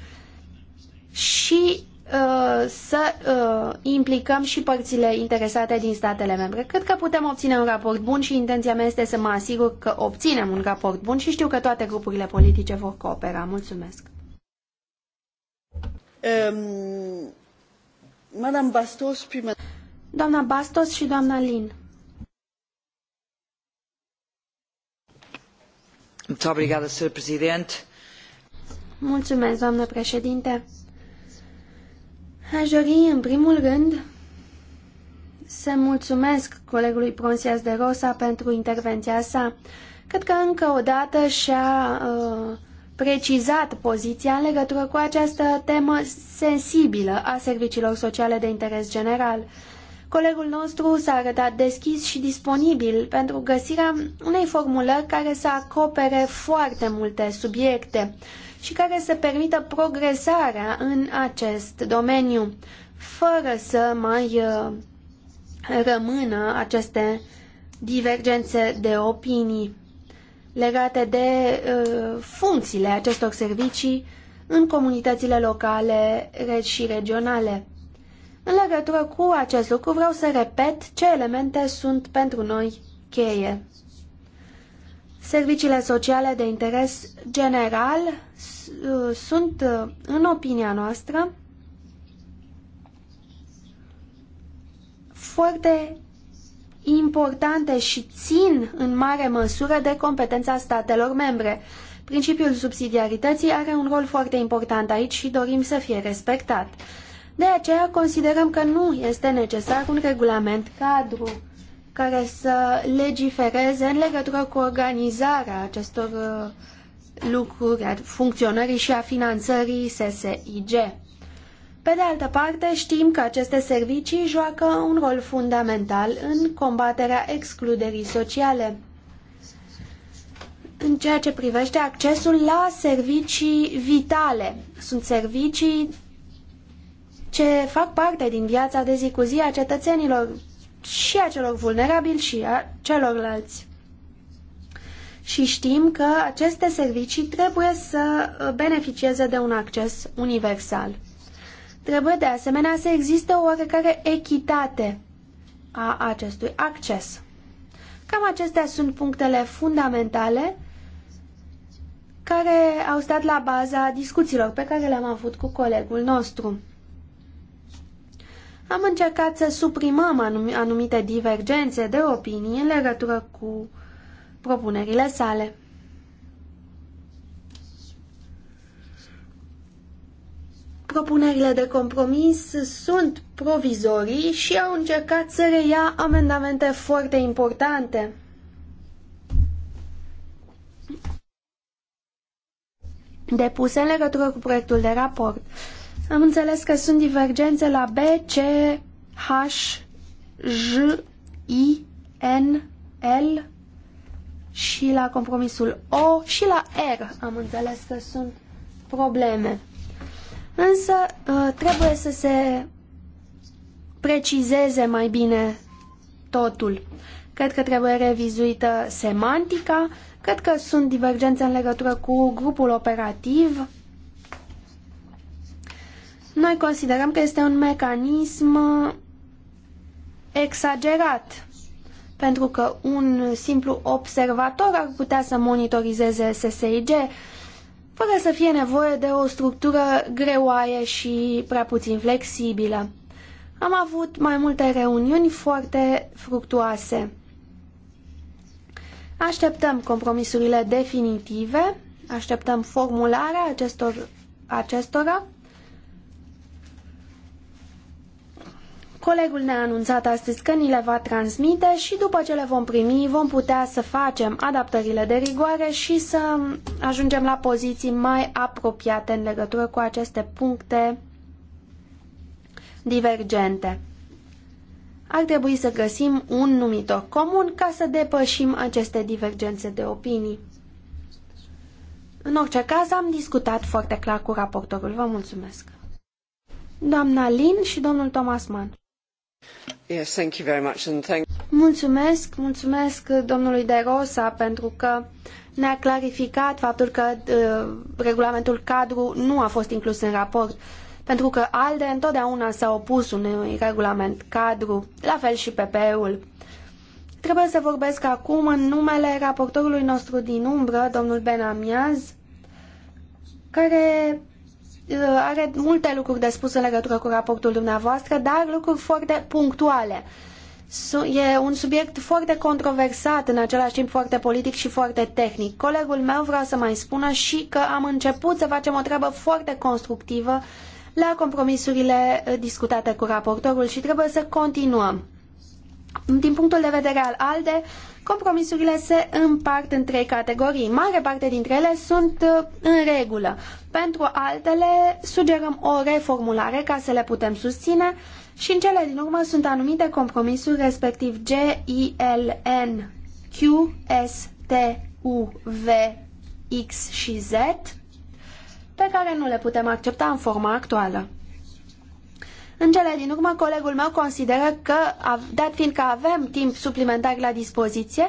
și uh, să uh, implicăm și părțile interesate din statele membre. Cred că putem obține un raport bun și intenția mea este să mă asigur că obținem un raport bun și știu că toate grupurile politice vor coopera. Mulțumesc. Um, Madame Bastos, prima... Doamna Bastos și doamna Lin. Mulțumesc, doamnă președinte. Aș dori, în primul rând, să mulțumesc colegului Pronsias de Rosa pentru intervenția sa. Cred că încă o dată și-a uh, precizat poziția în legătură cu această temă sensibilă a serviciilor sociale de interes general. Colegul nostru s-a arătat deschis și disponibil pentru găsirea unei formulări care să acopere foarte multe subiecte și care să permită progresarea în acest domeniu, fără să mai uh, rămână aceste divergențe de opinii legate de uh, funcțiile acestor servicii în comunitățile locale și regionale. În legătură cu acest lucru vreau să repet ce elemente sunt pentru noi cheie. Serviciile sociale de interes general uh, sunt, uh, în opinia noastră, foarte importante și țin în mare măsură de competența statelor membre. Principiul subsidiarității are un rol foarte important aici și dorim să fie respectat. De aceea considerăm că nu este necesar un regulament cadru care să legifereze în legătură cu organizarea acestor uh, lucruri, a funcționării și a finanțării SSIG. Pe de altă parte, știm că aceste servicii joacă un rol fundamental în combaterea excluderii sociale. În ceea ce privește accesul la servicii vitale, sunt servicii ce fac parte din viața de zi cu zi a cetățenilor, și a celor vulnerabili și a celorlalți. Și știm că aceste servicii trebuie să uh, beneficieze de un acces universal. Trebuie de asemenea să existe o oarecare echitate a acestui acces. Cam acestea sunt punctele fundamentale care au stat la baza discuțiilor pe care le-am avut cu colegul nostru am încercat să suprimăm anumite divergențe de opinii în legătură cu propunerile sale. Propunerile de compromis sunt provizorii și au încercat să reia amendamente foarte importante. depuse în legătură cu proiectul de raport. Am înțeles că sunt divergențe la B, C, H, J, I, N, L și la compromisul O și la R am înțeles că sunt probleme. Însă ă, trebuie să se precizeze mai bine totul. Cred că trebuie revizuită semantica, cred că sunt divergențe în legătură cu grupul operativ, noi considerăm că este un mecanism exagerat, pentru că un simplu observator ar putea să monitorizeze SSIG, fără să fie nevoie de o structură greoaie și prea puțin flexibilă. Am avut mai multe reuniuni foarte fructuoase. Așteptăm compromisurile definitive, așteptăm formularea acestor, acestora Colegul ne-a anunțat astăzi că ni le va transmite și după ce le vom primi vom putea să facem adaptările de rigoare și să ajungem la poziții mai apropiate în legătură cu aceste puncte divergente. Ar trebui să găsim un numitor comun ca să depășim aceste divergențe de opinii. În orice caz, am discutat foarte clar cu raportorul. Vă mulțumesc. Doamna Lin și domnul Thomas Mann. Yes, thank you very much and thank... Mulțumesc, mulțumesc domnului De Rosa pentru că ne-a clarificat faptul că uh, regulamentul cadru nu a fost inclus în raport, pentru că ALDE întotdeauna s-a opus unui regulament cadru, la fel și PP-ul. Trebuie să vorbesc acum în numele raportorului nostru din umbră, domnul Benamiaz, care Uh, are multe lucruri de spus în legătură cu raportul dumneavoastră, dar lucruri foarte punctuale. E un subiect foarte controversat, în același timp foarte politic și foarte tehnic. Colegul meu vrea să mai spună și că am început să facem o treabă foarte constructivă la compromisurile uh, discutate cu raportorul și trebuie să continuăm. Din punctul de vedere al ALDE, Compromisurile se împart în trei categorii. Mare parte dintre ele sunt uh, în regulă. Pentru altele sugerăm o reformulare ca să le putem susține și în cele din urmă sunt anumite compromisuri respectiv G, I, L, N, Q, S, T, U, V, X și Z pe care nu le putem accepta în forma actuală. În cele din urmă, colegul meu consideră că, dat fiindcă avem timp suplimentar la dispoziție,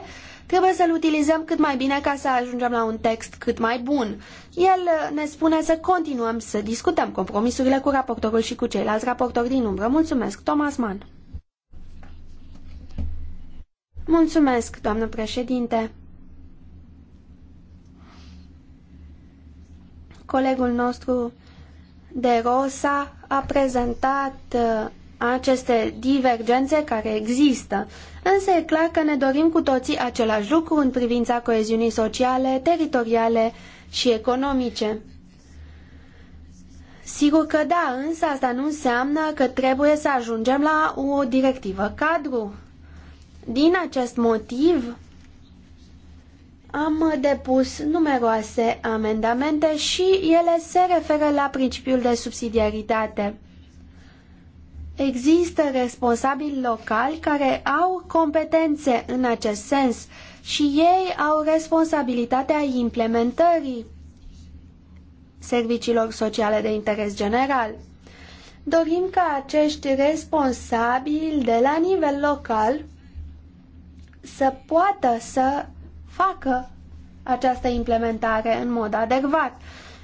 trebuie să-l utilizăm cât mai bine ca să ajungem la un text cât mai bun. El uh, ne spune să continuăm să discutăm compromisurile cu raportorul și cu ceilalți raportori din umbră. Mulțumesc, Thomas Mann. Mulțumesc, doamnă președinte. Colegul nostru de Rosa a prezentat uh, aceste divergențe care există, însă e clar că ne dorim cu toții același lucru în privința coeziunii sociale, teritoriale și economice. Sigur că da, însă asta nu înseamnă că trebuie să ajungem la o directivă cadru. Din acest motiv, am depus numeroase amendamente și ele se referă la principiul de subsidiaritate. Există responsabili locali care au competențe în acest sens și ei au responsabilitatea implementării serviciilor sociale de interes general. Dorim ca acești responsabili de la nivel local să poată să facă această implementare în mod adecvat.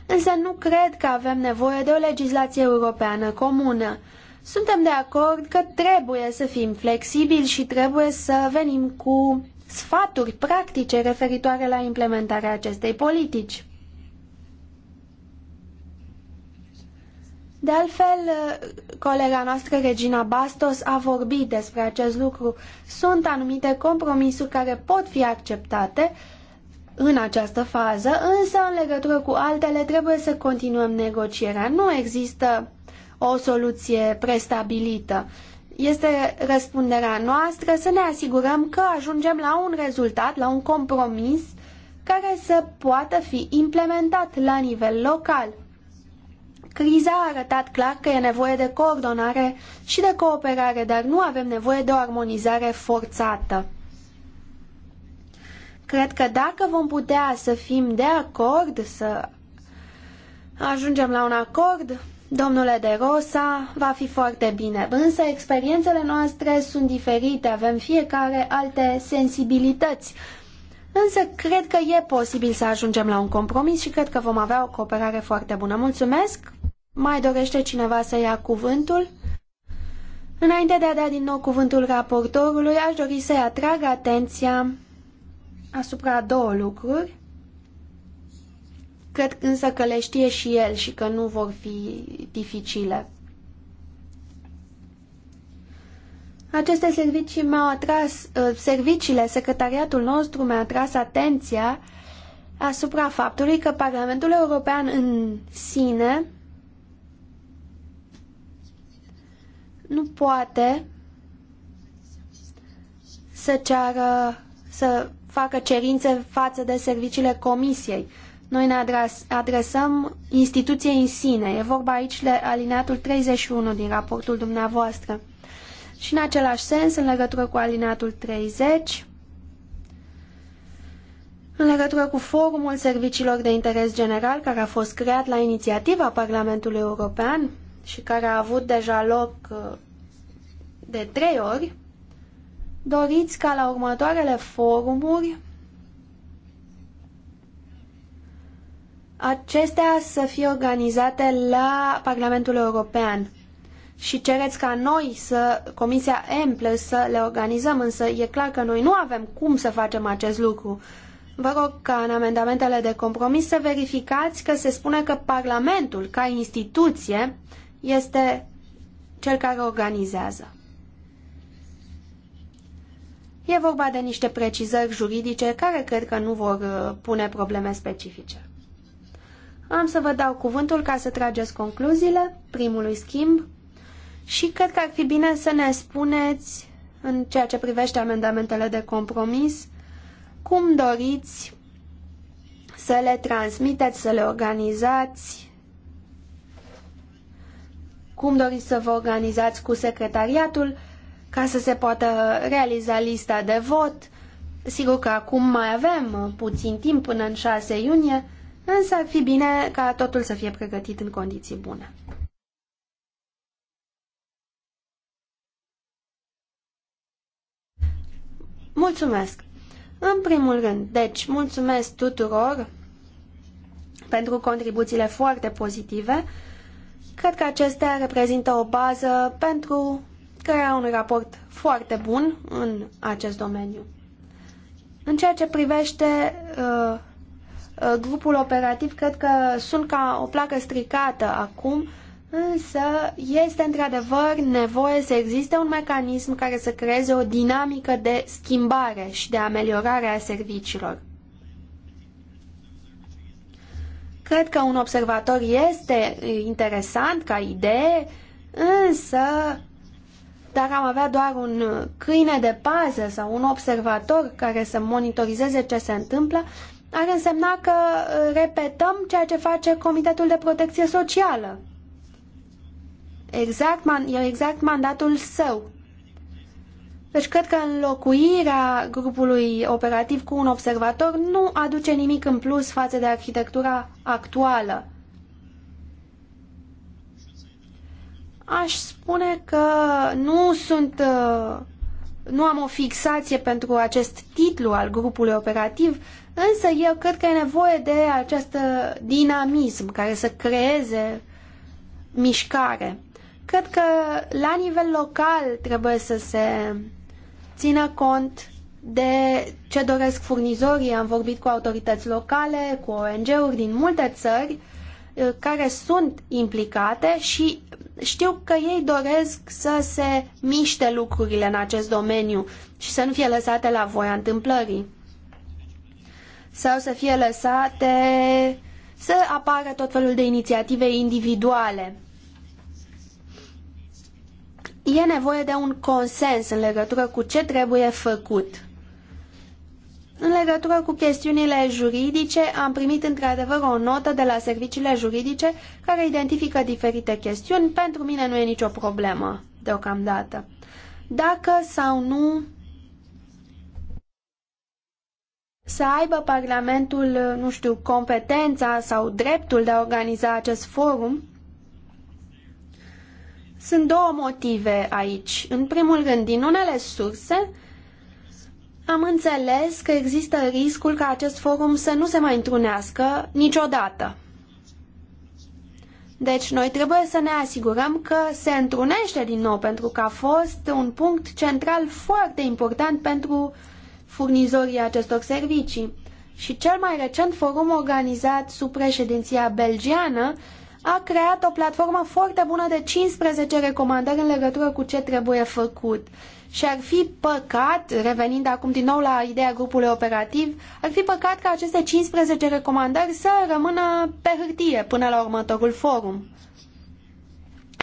Însă nu cred că avem nevoie de o legislație europeană comună. Suntem de acord că trebuie să fim flexibili și trebuie să venim cu sfaturi practice referitoare la implementarea acestei politici. De altfel, colega noastră Regina Bastos a vorbit despre acest lucru. Sunt anumite compromisuri care pot fi acceptate în această fază, însă în legătură cu altele trebuie să continuăm negocierea. Nu există o soluție prestabilită. Este răspunderea noastră să ne asigurăm că ajungem la un rezultat, la un compromis care să poată fi implementat la nivel local Criza a arătat clar că e nevoie de coordonare și de cooperare, dar nu avem nevoie de o armonizare forțată. Cred că dacă vom putea să fim de acord, să ajungem la un acord, domnule De Rosa, va fi foarte bine. Însă experiențele noastre sunt diferite, avem fiecare alte sensibilități. Însă cred că e posibil să ajungem la un compromis și cred că vom avea o cooperare foarte bună. Mulțumesc! Mai dorește cineva să ia cuvântul? Înainte de a da din nou cuvântul raportorului, aș dori să-i atrag atenția asupra două lucruri. Cred însă că le știe și el și că nu vor fi dificile. Aceste servicii m-au atras, ă, serviciile, secretariatul nostru mi-a atras atenția asupra faptului că Parlamentul European în sine nu poate să ceară, să facă cerințe față de serviciile comisiei. Noi ne adresăm instituției în sine. E vorba aici de alineatul 31 din raportul dumneavoastră. Și în același sens, în legătură cu alineatul 30, în legătură cu forumul serviciilor de interes general care a fost creat la inițiativa Parlamentului European, și care a avut deja loc uh, de trei ori, doriți ca la următoarele forumuri acestea să fie organizate la Parlamentul European și cereți ca noi să, Comisia Emple, să le organizăm, însă e clar că noi nu avem cum să facem acest lucru. Vă rog ca în amendamentele de compromis să verificați că se spune că Parlamentul, ca instituție, este cel care organizează. E vorba de niște precizări juridice care cred că nu vor uh, pune probleme specifice. Am să vă dau cuvântul ca să trageți concluziile primului schimb și cred că ar fi bine să ne spuneți, în ceea ce privește amendamentele de compromis, cum doriți să le transmiteți, să le organizați cum doriți să vă organizați cu secretariatul ca să se poată realiza lista de vot. Sigur că acum mai avem puțin timp până în 6 iunie, însă ar fi bine ca totul să fie pregătit în condiții bune. Mulțumesc! În primul rând, deci, mulțumesc tuturor pentru contribuțiile foarte pozitive. Cred că acestea reprezintă o bază pentru crearea un raport foarte bun în acest domeniu. În ceea ce privește uh, uh, grupul operativ, cred că sunt ca o placă stricată acum, însă este într-adevăr nevoie să existe un mecanism care să creeze o dinamică de schimbare și de ameliorare a serviciilor. Cred că un observator este interesant ca idee, însă dacă am avea doar un câine de pază sau un observator care să monitorizeze ce se întâmplă, ar însemna că uh, repetăm ceea ce face Comitetul de Protecție Socială. Exact, e exact mandatul său. Deci cred că înlocuirea grupului operativ cu un observator nu aduce nimic în plus față de arhitectura actuală. Aș spune că nu sunt uh, nu am o fixație pentru acest titlu al grupului operativ, însă eu cred că e nevoie de acest dinamism care să creeze mișcare. Cred că la nivel local trebuie să se țină cont de ce doresc furnizorii. Am vorbit cu autorități locale, cu ONG-uri din multe țări uh, care sunt implicate și știu că ei doresc să se miște lucrurile în acest domeniu și să nu fie lăsate la voia întâmplării. Sau să fie lăsate să apară tot felul de inițiative individuale e nevoie de un consens în legătură cu ce trebuie făcut. În legătură cu chestiunile juridice, am primit într-adevăr o notă de la serviciile juridice care identifică diferite chestiuni. Pentru mine nu e nicio problemă deocamdată. Dacă sau nu să aibă Parlamentul, nu știu, competența sau dreptul de a organiza acest forum, sunt două motive aici. În primul rând, din unele surse, am înțeles că există riscul ca acest forum să nu se mai întrunească niciodată. Deci noi trebuie să ne asigurăm că se întrunește din nou, pentru că a fost un punct central foarte important pentru furnizorii acestor servicii. Și cel mai recent forum organizat sub președinția belgiană a creat o platformă foarte bună de 15 recomandări în legătură cu ce trebuie făcut. Și ar fi păcat, revenind acum din nou la ideea grupului operativ, ar fi păcat ca aceste 15 recomandări să rămână pe hârtie până la următorul forum.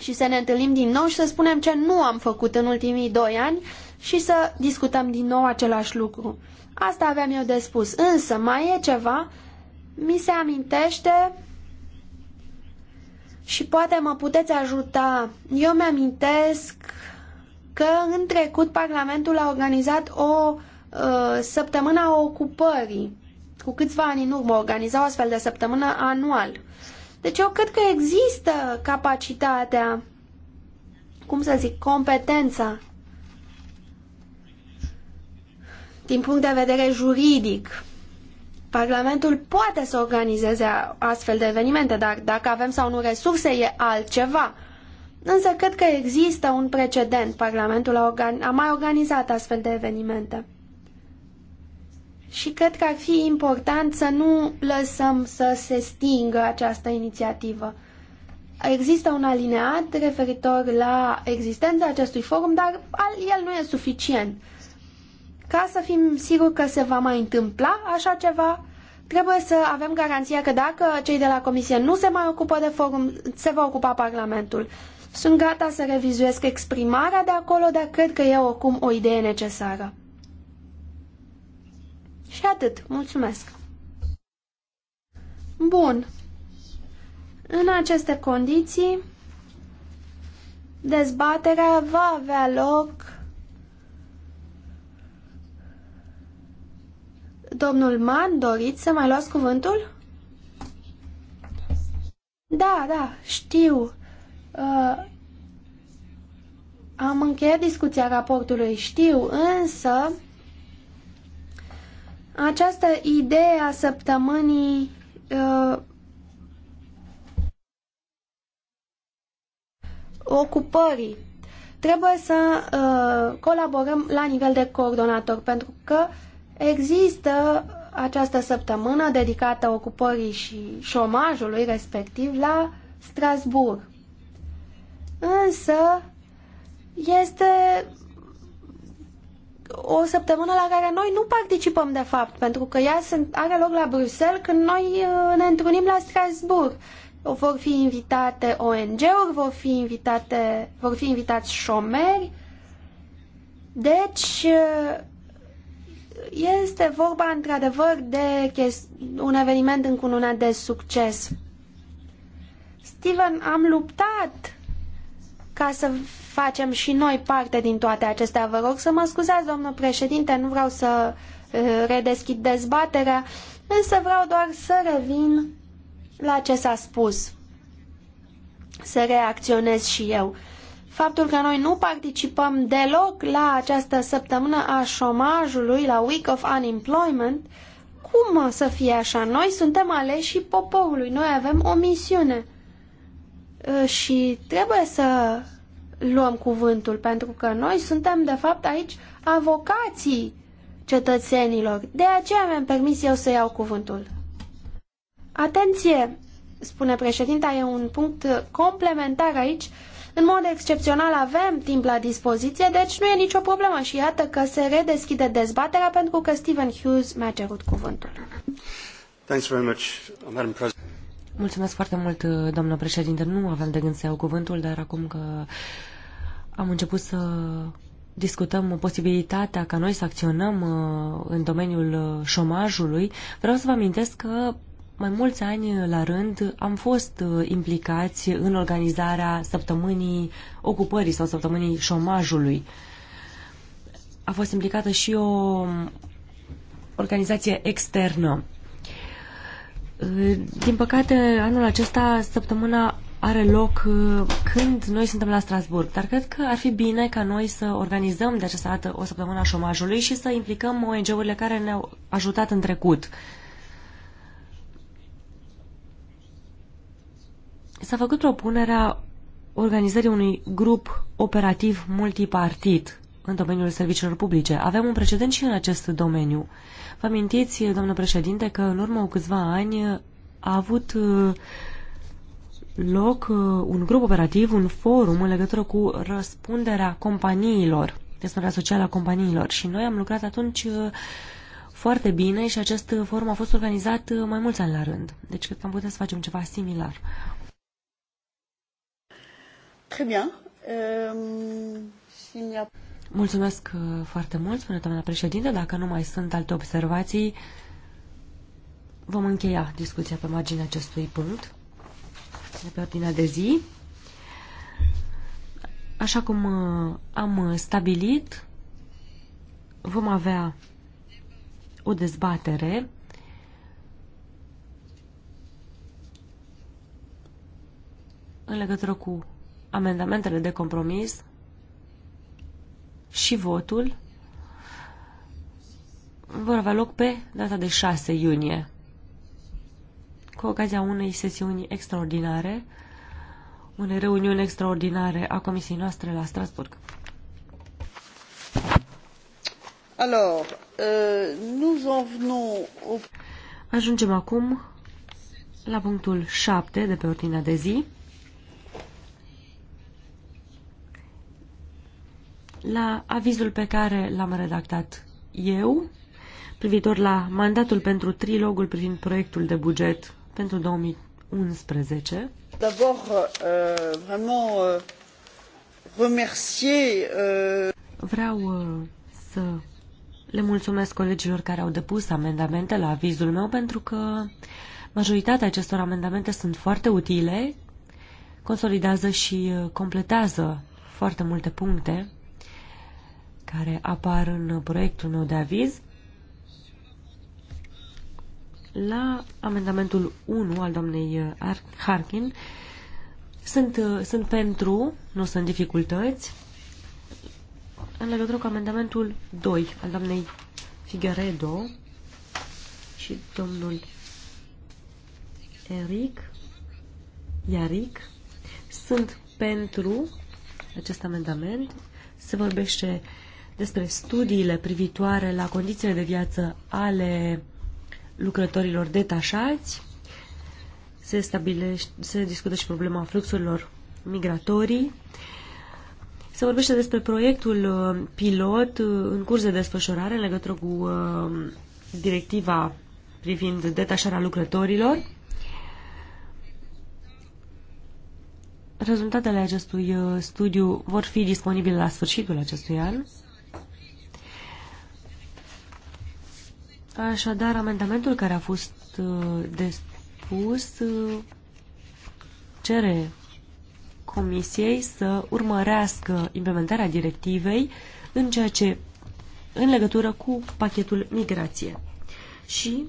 Și să ne întâlnim din nou și să spunem ce nu am făcut în ultimii doi ani și să discutăm din nou același lucru. Asta aveam eu de spus. Însă mai e ceva, mi se amintește și poate mă puteți ajuta. Eu mi-amintesc că în trecut Parlamentul a organizat o uh, săptămână a ocupării. Cu câțiva ani în urmă organiza o astfel de săptămână anual. Deci eu cred că există capacitatea, cum să zic, competența din punct de vedere juridic Parlamentul poate să organizeze astfel de evenimente, dar dacă avem sau nu resurse e altceva. Însă cred că există un precedent. Parlamentul a, a mai organizat astfel de evenimente. Și cred că ar fi important să nu lăsăm să se stingă această inițiativă. Există un alineat referitor la existența acestui forum, dar el nu e suficient. Ca să fim siguri că se va mai întâmpla așa ceva, trebuie să avem garanția că dacă cei de la Comisie nu se mai ocupă de forum, se va ocupa Parlamentul. Sunt gata să revizuiesc exprimarea de acolo, dar cred că e oricum o idee necesară. Și atât. Mulțumesc. Bun. În aceste condiții, dezbaterea va avea loc Domnul Mann, doriți să mai luați cuvântul? Da, da, știu. Uh, am încheiat discuția raportului, știu, însă această idee a săptămânii uh, ocupării trebuie să uh, colaborăm la nivel de coordonator, pentru că Există această săptămână dedicată ocupării și șomajului respectiv la Strasburg. Însă este o săptămână la care noi nu participăm de fapt, pentru că ea are loc la Bruxelles când noi uh, ne întrunim la Strasburg. Vor fi invitate ONG-uri, vor fi, invitate, vor fi invitați șomeri. Deci, uh, este vorba într-adevăr de un eveniment încununat de succes. Steven, am luptat ca să facem și noi parte din toate acestea. Vă rog să mă scuzați, domnul președinte, nu vreau să uh, redeschid dezbaterea, însă vreau doar să revin la ce s-a spus. Să reacționez și eu faptul că noi nu participăm deloc la această săptămână a șomajului, la Week of Unemployment, cum să fie așa? Noi suntem aleși poporului, noi avem o misiune ă, și trebuie să luăm cuvântul, pentru că noi suntem, de fapt, aici avocații cetățenilor. De aceea mi-am permis eu să iau cuvântul. Atenție, spune președinta, e un punct complementar aici în mod excepțional avem timp la dispoziție, deci nu e nicio problemă și iată că se redeschide dezbaterea pentru că Stephen Hughes mi-a cerut cuvântul. Mulțumesc foarte mult, doamnă președinte. Nu aveam de gând să iau cuvântul, dar acum că am început să discutăm posibilitatea ca noi să acționăm uh, în domeniul uh, șomajului, vreau să vă amintesc că mai mulți ani la rând am fost uh, implicați în organizarea săptămânii ocupării sau săptămânii șomajului. A fost implicată și o um, organizație externă. Uh, din păcate, anul acesta, săptămâna are loc uh, când noi suntem la Strasburg, dar cred că ar fi bine ca noi să organizăm de această dată o săptămână a șomajului și să implicăm ONG-urile care ne-au ajutat în trecut S-a făcut propunerea organizării unui grup operativ multipartit în domeniul serviciilor publice. Avem un precedent și în acest domeniu. Vă amintiți, domnul președinte, că în urmă cu câțiva ani a avut uh, loc uh, un grup operativ, un forum în legătură cu răspunderea companiilor, răspunderea socială a companiilor și noi am lucrat atunci uh, foarte bine și acest forum a fost organizat mai mulți ani la rând. Deci cred că am putea să facem ceva similar. Euh, Mulțumesc uh, foarte mult, spune doamna președinte. Dacă nu mai sunt alte observații, vom încheia discuția pe marginea acestui punct de pe ordinea de zi. Așa cum uh, am stabilit, vom avea o dezbatere în legătură cu amendamentele de compromis și votul vor avea loc pe data de 6 iunie, cu ocazia unei sesiuni extraordinare, unei reuniuni extraordinare a comisiei noastre la Strasburg. Alors, euh, nous en venons au... Ajungem acum la punctul 7 de pe ordinea de zi. la avizul pe care l-am redactat eu privitor la mandatul pentru trilogul privind proiectul de buget pentru 2011. D'abord, euh, vraiment euh, remercier euh, Vreau uh, să le mulțumesc colegilor care au depus amendamente la avizul meu pentru că majoritatea acestor amendamente sunt foarte utile, consolidează și uh, completează foarte multe puncte care apar în proiectul meu de aviz. La amendamentul 1 al doamnei Harkin sunt, sunt pentru, nu sunt dificultăți, în legătură cu amendamentul 2 al doamnei Figueredo și domnul Eric Iaric sunt pentru acest amendament. Se vorbește uh, despre studiile privitoare la condițiile de viață ale lucrătorilor detașați. Se, stabilește, se discută și problema fluxurilor migratorii. Se vorbește despre proiectul uh, pilot uh, în curs de desfășurare în legătură cu uh, directiva privind detașarea lucrătorilor. Rezultatele acestui studiu vor fi disponibile la sfârșitul acestui an. Așadar, amendamentul care a fost uh, despus uh, cere Comisiei să urmărească implementarea directivei în ceea ce în legătură cu pachetul migrație. Și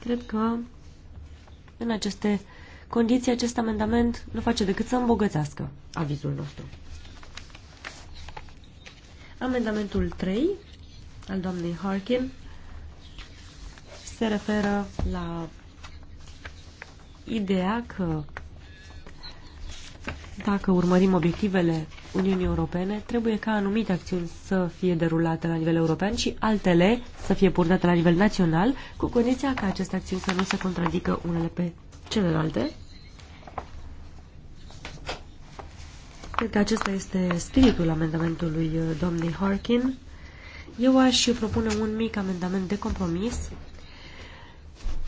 cred că în aceste condiții acest amendament nu face decât să îmbogățească avizul nostru. Amendamentul 3 al doamnei Harkin se referă la ideea că dacă urmărim obiectivele Uniunii Europene, trebuie ca anumite acțiuni să fie derulate la nivel european și altele să fie purtate la nivel național, cu condiția ca aceste acțiuni să nu se contradică unele pe celelalte. Cred că acesta este spiritul amendamentului uh, domnului Harkin. Eu aș propune un mic amendament de compromis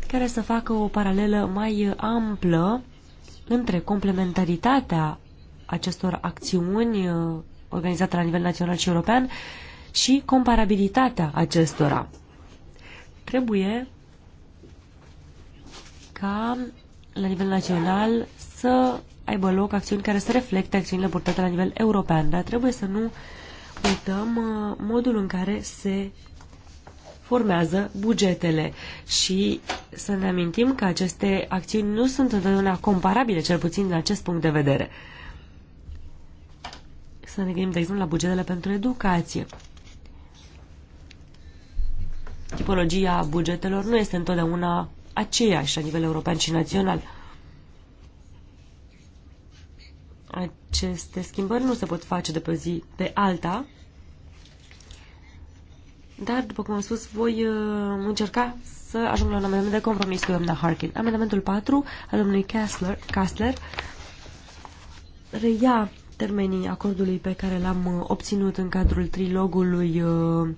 care să facă o paralelă mai amplă între complementaritatea acestor acțiuni uh, organizate la nivel național și european și comparabilitatea acestora. Trebuie ca la nivel național să aibă loc acțiuni care să reflecte acțiunile purtate la nivel european, dar trebuie să nu uităm uh, modul în care se formează bugetele și să ne amintim că aceste acțiuni nu sunt întotdeauna comparabile, cel puțin din acest punct de vedere. Să ne gândim, de exemplu, la bugetele pentru educație. Tipologia bugetelor nu este întotdeauna aceeași la nivel european și național. Aceste schimbări nu se pot face de pe zi pe alta dar, după cum am spus, voi uh, încerca să ajung la un amendament de compromis cu doamna Harkin. Amendamentul 4 al domnului Kastler, reia termenii acordului pe care l-am uh, obținut în cadrul trilogului uh,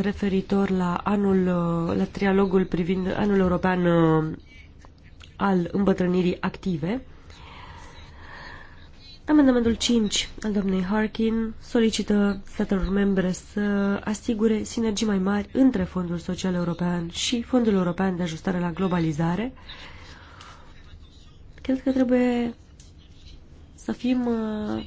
referitor la anul, la trialogul privind anul european al îmbătrânirii active. Amendamentul 5 al domnului Harkin solicită statelor membre să asigure sinergii mai mari între Fondul Social European și Fondul European de Ajustare la Globalizare. Cred că trebuie să fim uh,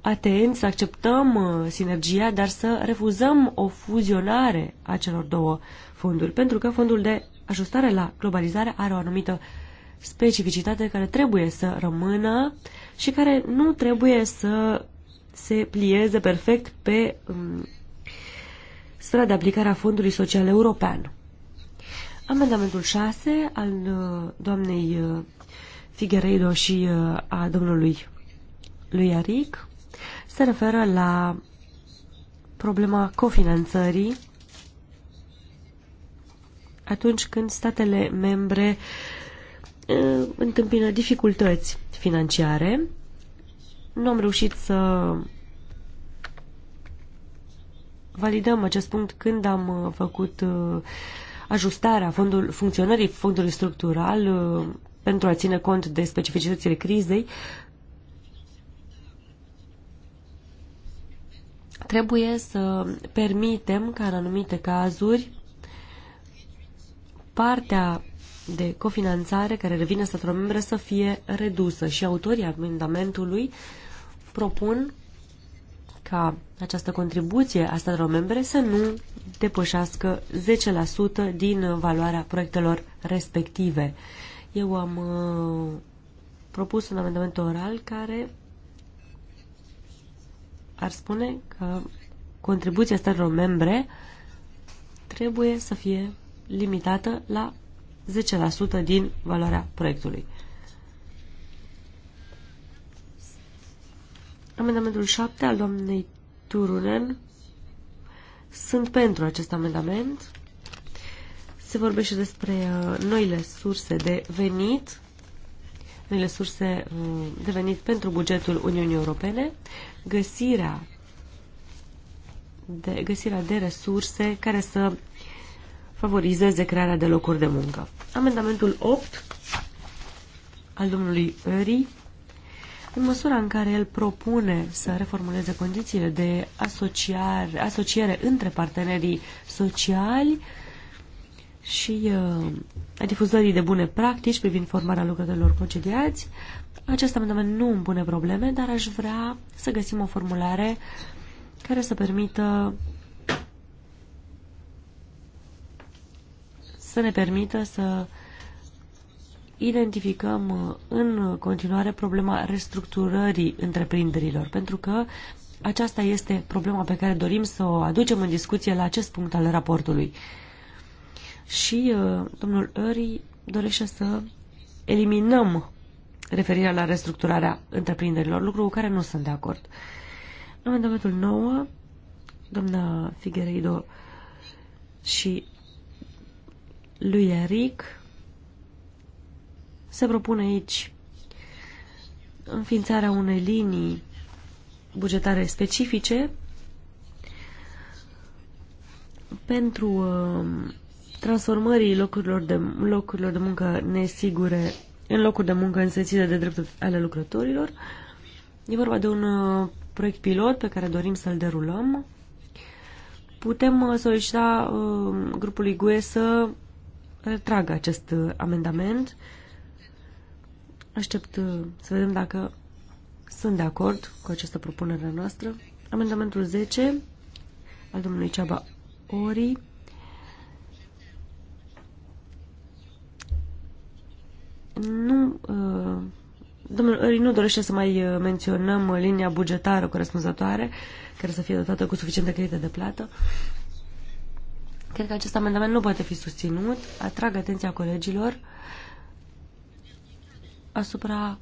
atenți, să acceptăm uh, sinergia, dar să refuzăm o fuzionare a celor două fonduri, pentru că Fondul de Ajustare la Globalizare are o anumită uh, specificitate care trebuie să rămână și care nu trebuie să se plieze perfect pe um, sfera de aplicare a Fondului Social European. Amendamentul 6 al uh, doamnei uh, Figueiredo și uh, a domnului lui Aric se referă la problema cofinanțării atunci când statele membre uh, întâmpină dificultăți financiare. Nu am reușit să validăm acest punct când am uh, făcut uh, ajustarea fondul, funcționării fondului structural uh, pentru a ține cont de specificitățile crizei. Trebuie să permitem ca în anumite cazuri partea de cofinanțare care revine statelor membre să fie redusă și autorii amendamentului propun ca această contribuție a statelor membre să nu depășească 10% din valoarea proiectelor respective. Eu am uh, propus un amendament oral care ar spune că contribuția statelor membre trebuie să fie limitată la 10% din valoarea proiectului. Amendamentul 7 al doamnei Turunen. Sunt pentru acest amendament. Se vorbește despre uh, noile surse de venit, noile surse uh, de venit pentru bugetul Uniunii Europene, găsirea de, găsirea de resurse care să favorizeze crearea de locuri de muncă. Amendamentul 8 al domnului Eri, în măsura în care el propune să reformuleze condițiile de asociare, asociere între partenerii sociali și uh, a difuzării de bune practici privind formarea lucrătorilor concediați, acest amendament nu îmi pune probleme, dar aș vrea să găsim o formulare care să permită să ne permită să identificăm în continuare problema restructurării întreprinderilor, pentru că aceasta este problema pe care dorim să o aducem în discuție la acest punct al raportului. Și uh, domnul Ori dorește să eliminăm referirea la restructurarea întreprinderilor, lucru cu care nu sunt de acord. Amendamentul 9, doamna Figueiredo și lui Eric. Se propune aici înființarea unei linii bugetare specifice pentru um, transformării locurilor de, locurilor de muncă nesigure în locuri de muncă însățite de drepturi ale lucrătorilor. E vorba de un uh, proiect pilot pe care dorim să-l derulăm. Putem uh, solicita um, grupului GUE să retrag acest uh, amendament. Aștept uh, să vedem dacă sunt de acord cu această propunere noastră. Amendamentul 10 al domnului Ceaba Ori. Nu, uh, domnul Ori nu dorește să mai menționăm linia bugetară corespunzătoare care să fie dotată cu suficientă credite de plată. Cred că acest amendament nu poate fi susținut. Atrag atenția colegilor asupra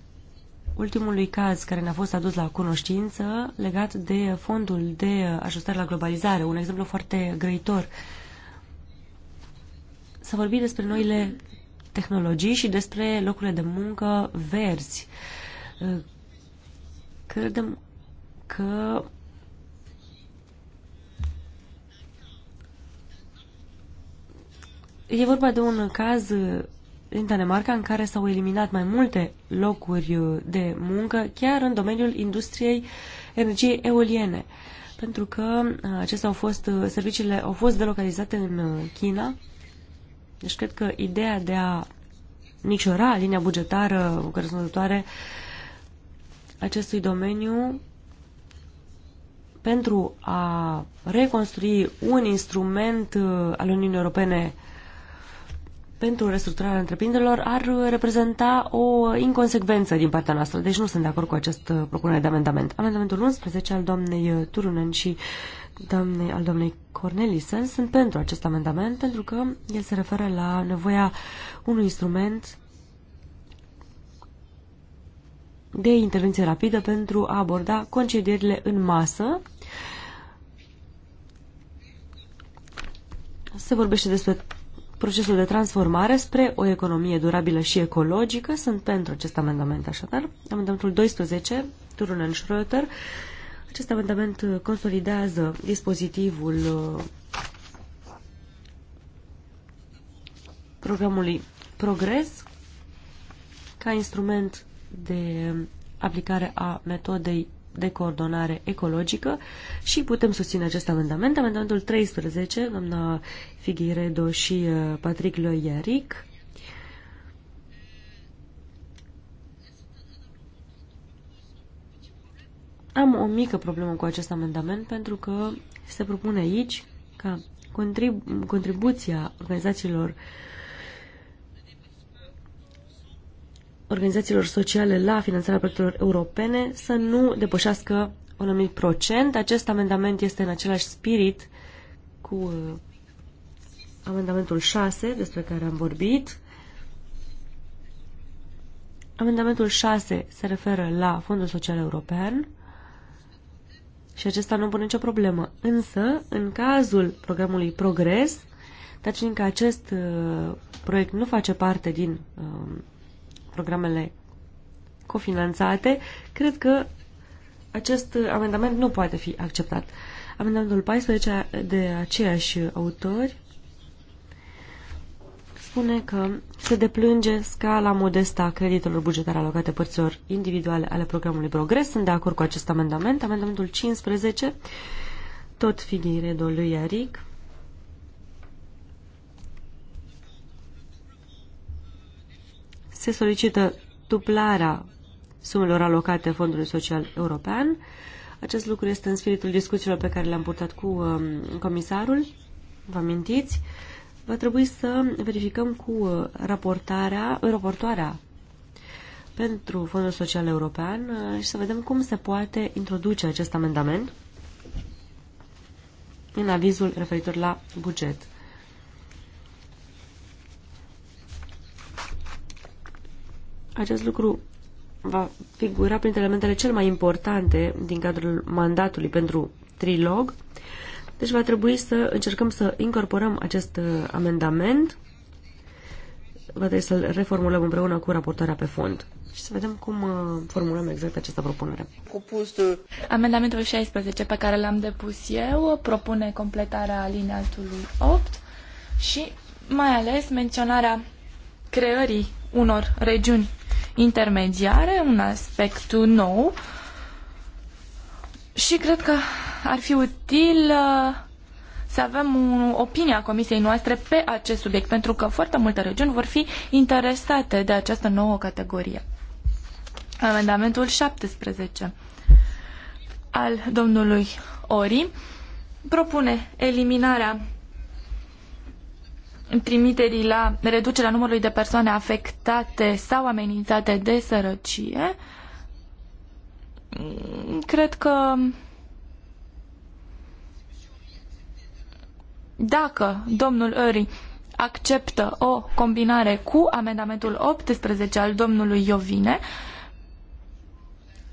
ultimului caz care ne-a fost adus la cunoștință legat de fondul de ajustare la globalizare, un exemplu foarte grăitor. S-a vorbit despre noile tehnologii și despre locurile de muncă verzi. Credem că E vorba de un caz din uh, Danemarca în care s-au eliminat mai multe locuri uh, de muncă chiar în domeniul industriei energiei eoliene pentru că uh, acestea au fost, serviciile au fost delocalizate în China. Deci cred că ideea de a niciora linia bugetară corespunzătoare acestui domeniu pentru a reconstrui un instrument al Uniunii Europene pentru restructurarea întreprinderilor ar reprezenta o inconsecvență din partea noastră. Deci nu sunt de acord cu această propunere de amendament. Amendamentul 11 al doamnei uh, Turunen și doamnei, al doamnei Cornelisen sunt pentru acest amendament pentru că el se referă la nevoia unui instrument de intervenție rapidă pentru a aborda concedierile în masă. Se vorbește despre procesul de transformare spre o economie durabilă și ecologică. Sunt pentru acest amendament, așadar. Amendamentul 12, Turunen Schröter. Acest amendament consolidează dispozitivul uh, programului Progres ca instrument de aplicare a metodei de coordonare ecologică și putem susține acest amendament. Amendamentul 13, doamna Figuiredo și uh, Patrick Loiaric. Am o mică problemă cu acest amendament pentru că se propune aici ca contribu contribuția organizațiilor uh, organizațiilor sociale la finanțarea proiectelor europene să nu depășească un anumit procent. Acest amendament este în același spirit cu uh, amendamentul 6 despre care am vorbit. Amendamentul 6 se referă la Fondul Social European și acesta nu pune nicio problemă. Însă, în cazul programului Progres, dar fiindcă acest uh, proiect nu face parte din uh, programele cofinanțate, cred că acest amendament nu poate fi acceptat. Amendamentul 14 de aceiași autori spune că se deplânge scala modestă a creditelor bugetare alocate părților individuale ale programului Progres. Sunt de acord cu acest amendament. Amendamentul 15, tot Figueiredo lui Iaric, se solicită dublarea sumelor alocate Fondului Social European. Acest lucru este în spiritul discuțiilor pe care le-am purtat cu um, comisarul. Vă amintiți? Va trebui să verificăm cu uh, raportarea, raportoarea pentru Fondul Social European uh, și să vedem cum se poate introduce acest amendament în avizul referitor la buget. Acest lucru va figura printre elementele cel mai importante din cadrul mandatului pentru trilog. Deci va trebui să încercăm să incorporăm acest uh, amendament. Va trebui să-l reformulăm împreună cu raportarea pe fond. Și să vedem cum uh, formulăm exact această propunere. Amendamentul 16 pe care l-am depus eu propune completarea alineatului 8 și mai ales menționarea creării unor regiuni intermediare, un aspect nou și cred că ar fi util uh, să avem opinia comisiei noastre pe acest subiect, pentru că foarte multe regiuni vor fi interesate de această nouă categorie. Amendamentul 17 al domnului Ori propune eliminarea trimiterii la reducerea numărului de persoane afectate sau amenințate de sărăcie, mm, cred că dacă domnul Ori acceptă o combinare cu amendamentul 18 al domnului Iovine,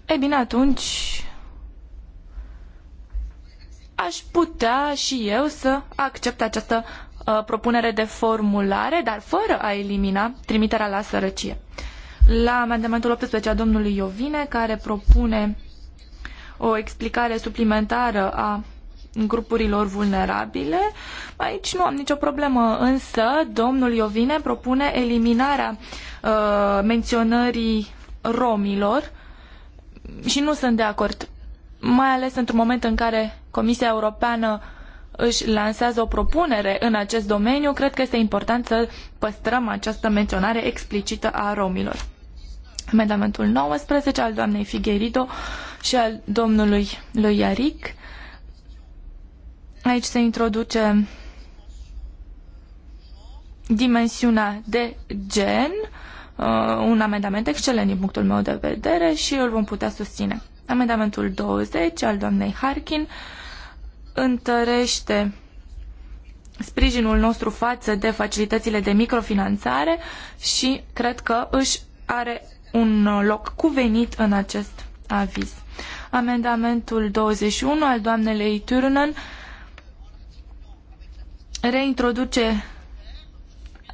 e bine atunci aș putea și eu să accept această Uh, propunere de formulare, dar fără a elimina trimiterea la sărăcie. La amendamentul 18 a domnului Iovine, care propune o explicare suplimentară a grupurilor vulnerabile. Aici nu am nicio problemă, însă domnul Iovine propune eliminarea uh, menționării romilor și nu sunt de acord, mai ales într-un moment în care Comisia Europeană uh, își lansează o propunere în acest domeniu, cred că este important să păstrăm această menționare explicită a romilor. Amendamentul 19 al doamnei Figuerido și al domnului lui Iaric. Aici se introduce dimensiunea de gen, uh, un amendament excelent din punctul meu de vedere și îl vom putea susține. Amendamentul 20 al doamnei Harkin întărește sprijinul nostru față de facilitățile de microfinanțare și cred că își are un loc cuvenit în acest aviz. Amendamentul 21 al doamnei Turnan reintroduce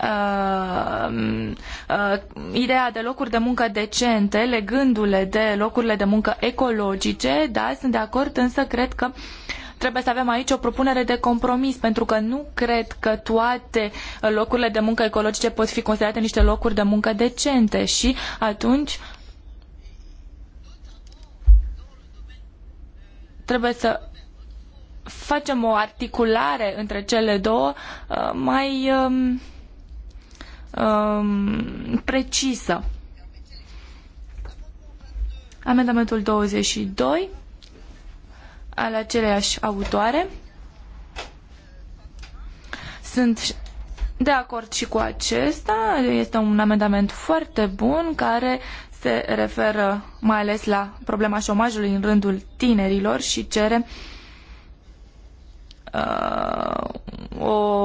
uh, uh, ideea de locuri de muncă decente, legându-le de locurile de muncă ecologice, da, sunt de acord, însă cred că uh, trebuie să avem aici o propunere de compromis, pentru că nu cred că toate uh, locurile de muncă ecologice pot fi considerate niște locuri de muncă decente și atunci trebuie să facem o articulare între cele două uh, mai um, um, precisă. Amendamentul 22 al aceleiași autoare. Sunt de acord și cu acesta. Este un amendament foarte bun care se referă mai ales la problema șomajului în rândul tinerilor și cere uh, o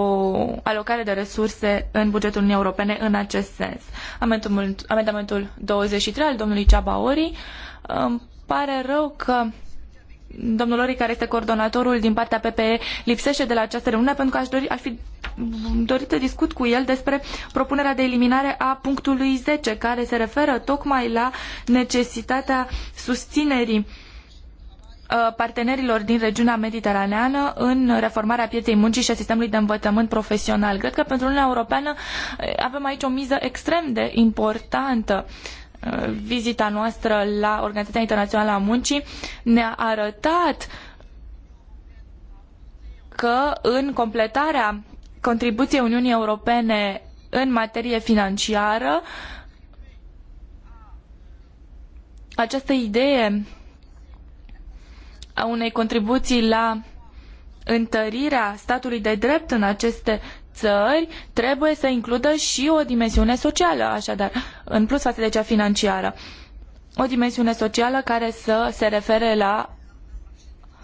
alocare de resurse în bugetul Uniunii Europene în acest sens. Amendamentul, amendamentul 23 al domnului Ceabaori îmi pare rău că domnul Lori, care este coordonatorul din partea PPE, lipsește de la această reuniune pentru că aș, dori, aș fi dorit să discut cu el despre propunerea de eliminare a punctului 10, care se referă tocmai la necesitatea susținerii uh, partenerilor din regiunea mediteraneană în reformarea pieței muncii și a sistemului de învățământ profesional. Cred că pentru Uniunea Europeană uh, avem aici o miză extrem de importantă uh, vizita noastră la Organizația Internațională a Muncii ne-a arătat că în completarea contribuției Uniunii Europene în materie financiară, această idee a unei contribuții la întărirea statului de drept în aceste țări trebuie să includă și o dimensiune socială, așadar, în plus față de cea financiară. O dimensiune socială care să se refere la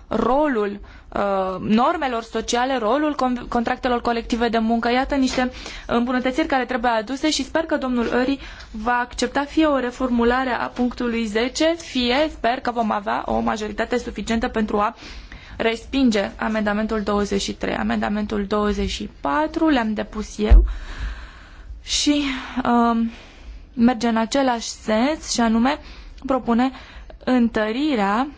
rolul uh, normelor sociale, rolul contractelor colective de muncă. Iată niște îmbunătățiri care trebuie aduse și sper că domnul Ări va accepta fie o reformulare a punctului zece, fie sper că vom avea o majoritate suficientă pentru a respinge amendamentul 23. Amendamentul 24 le-am depus eu și um, merge în același sens și anume propune întărirea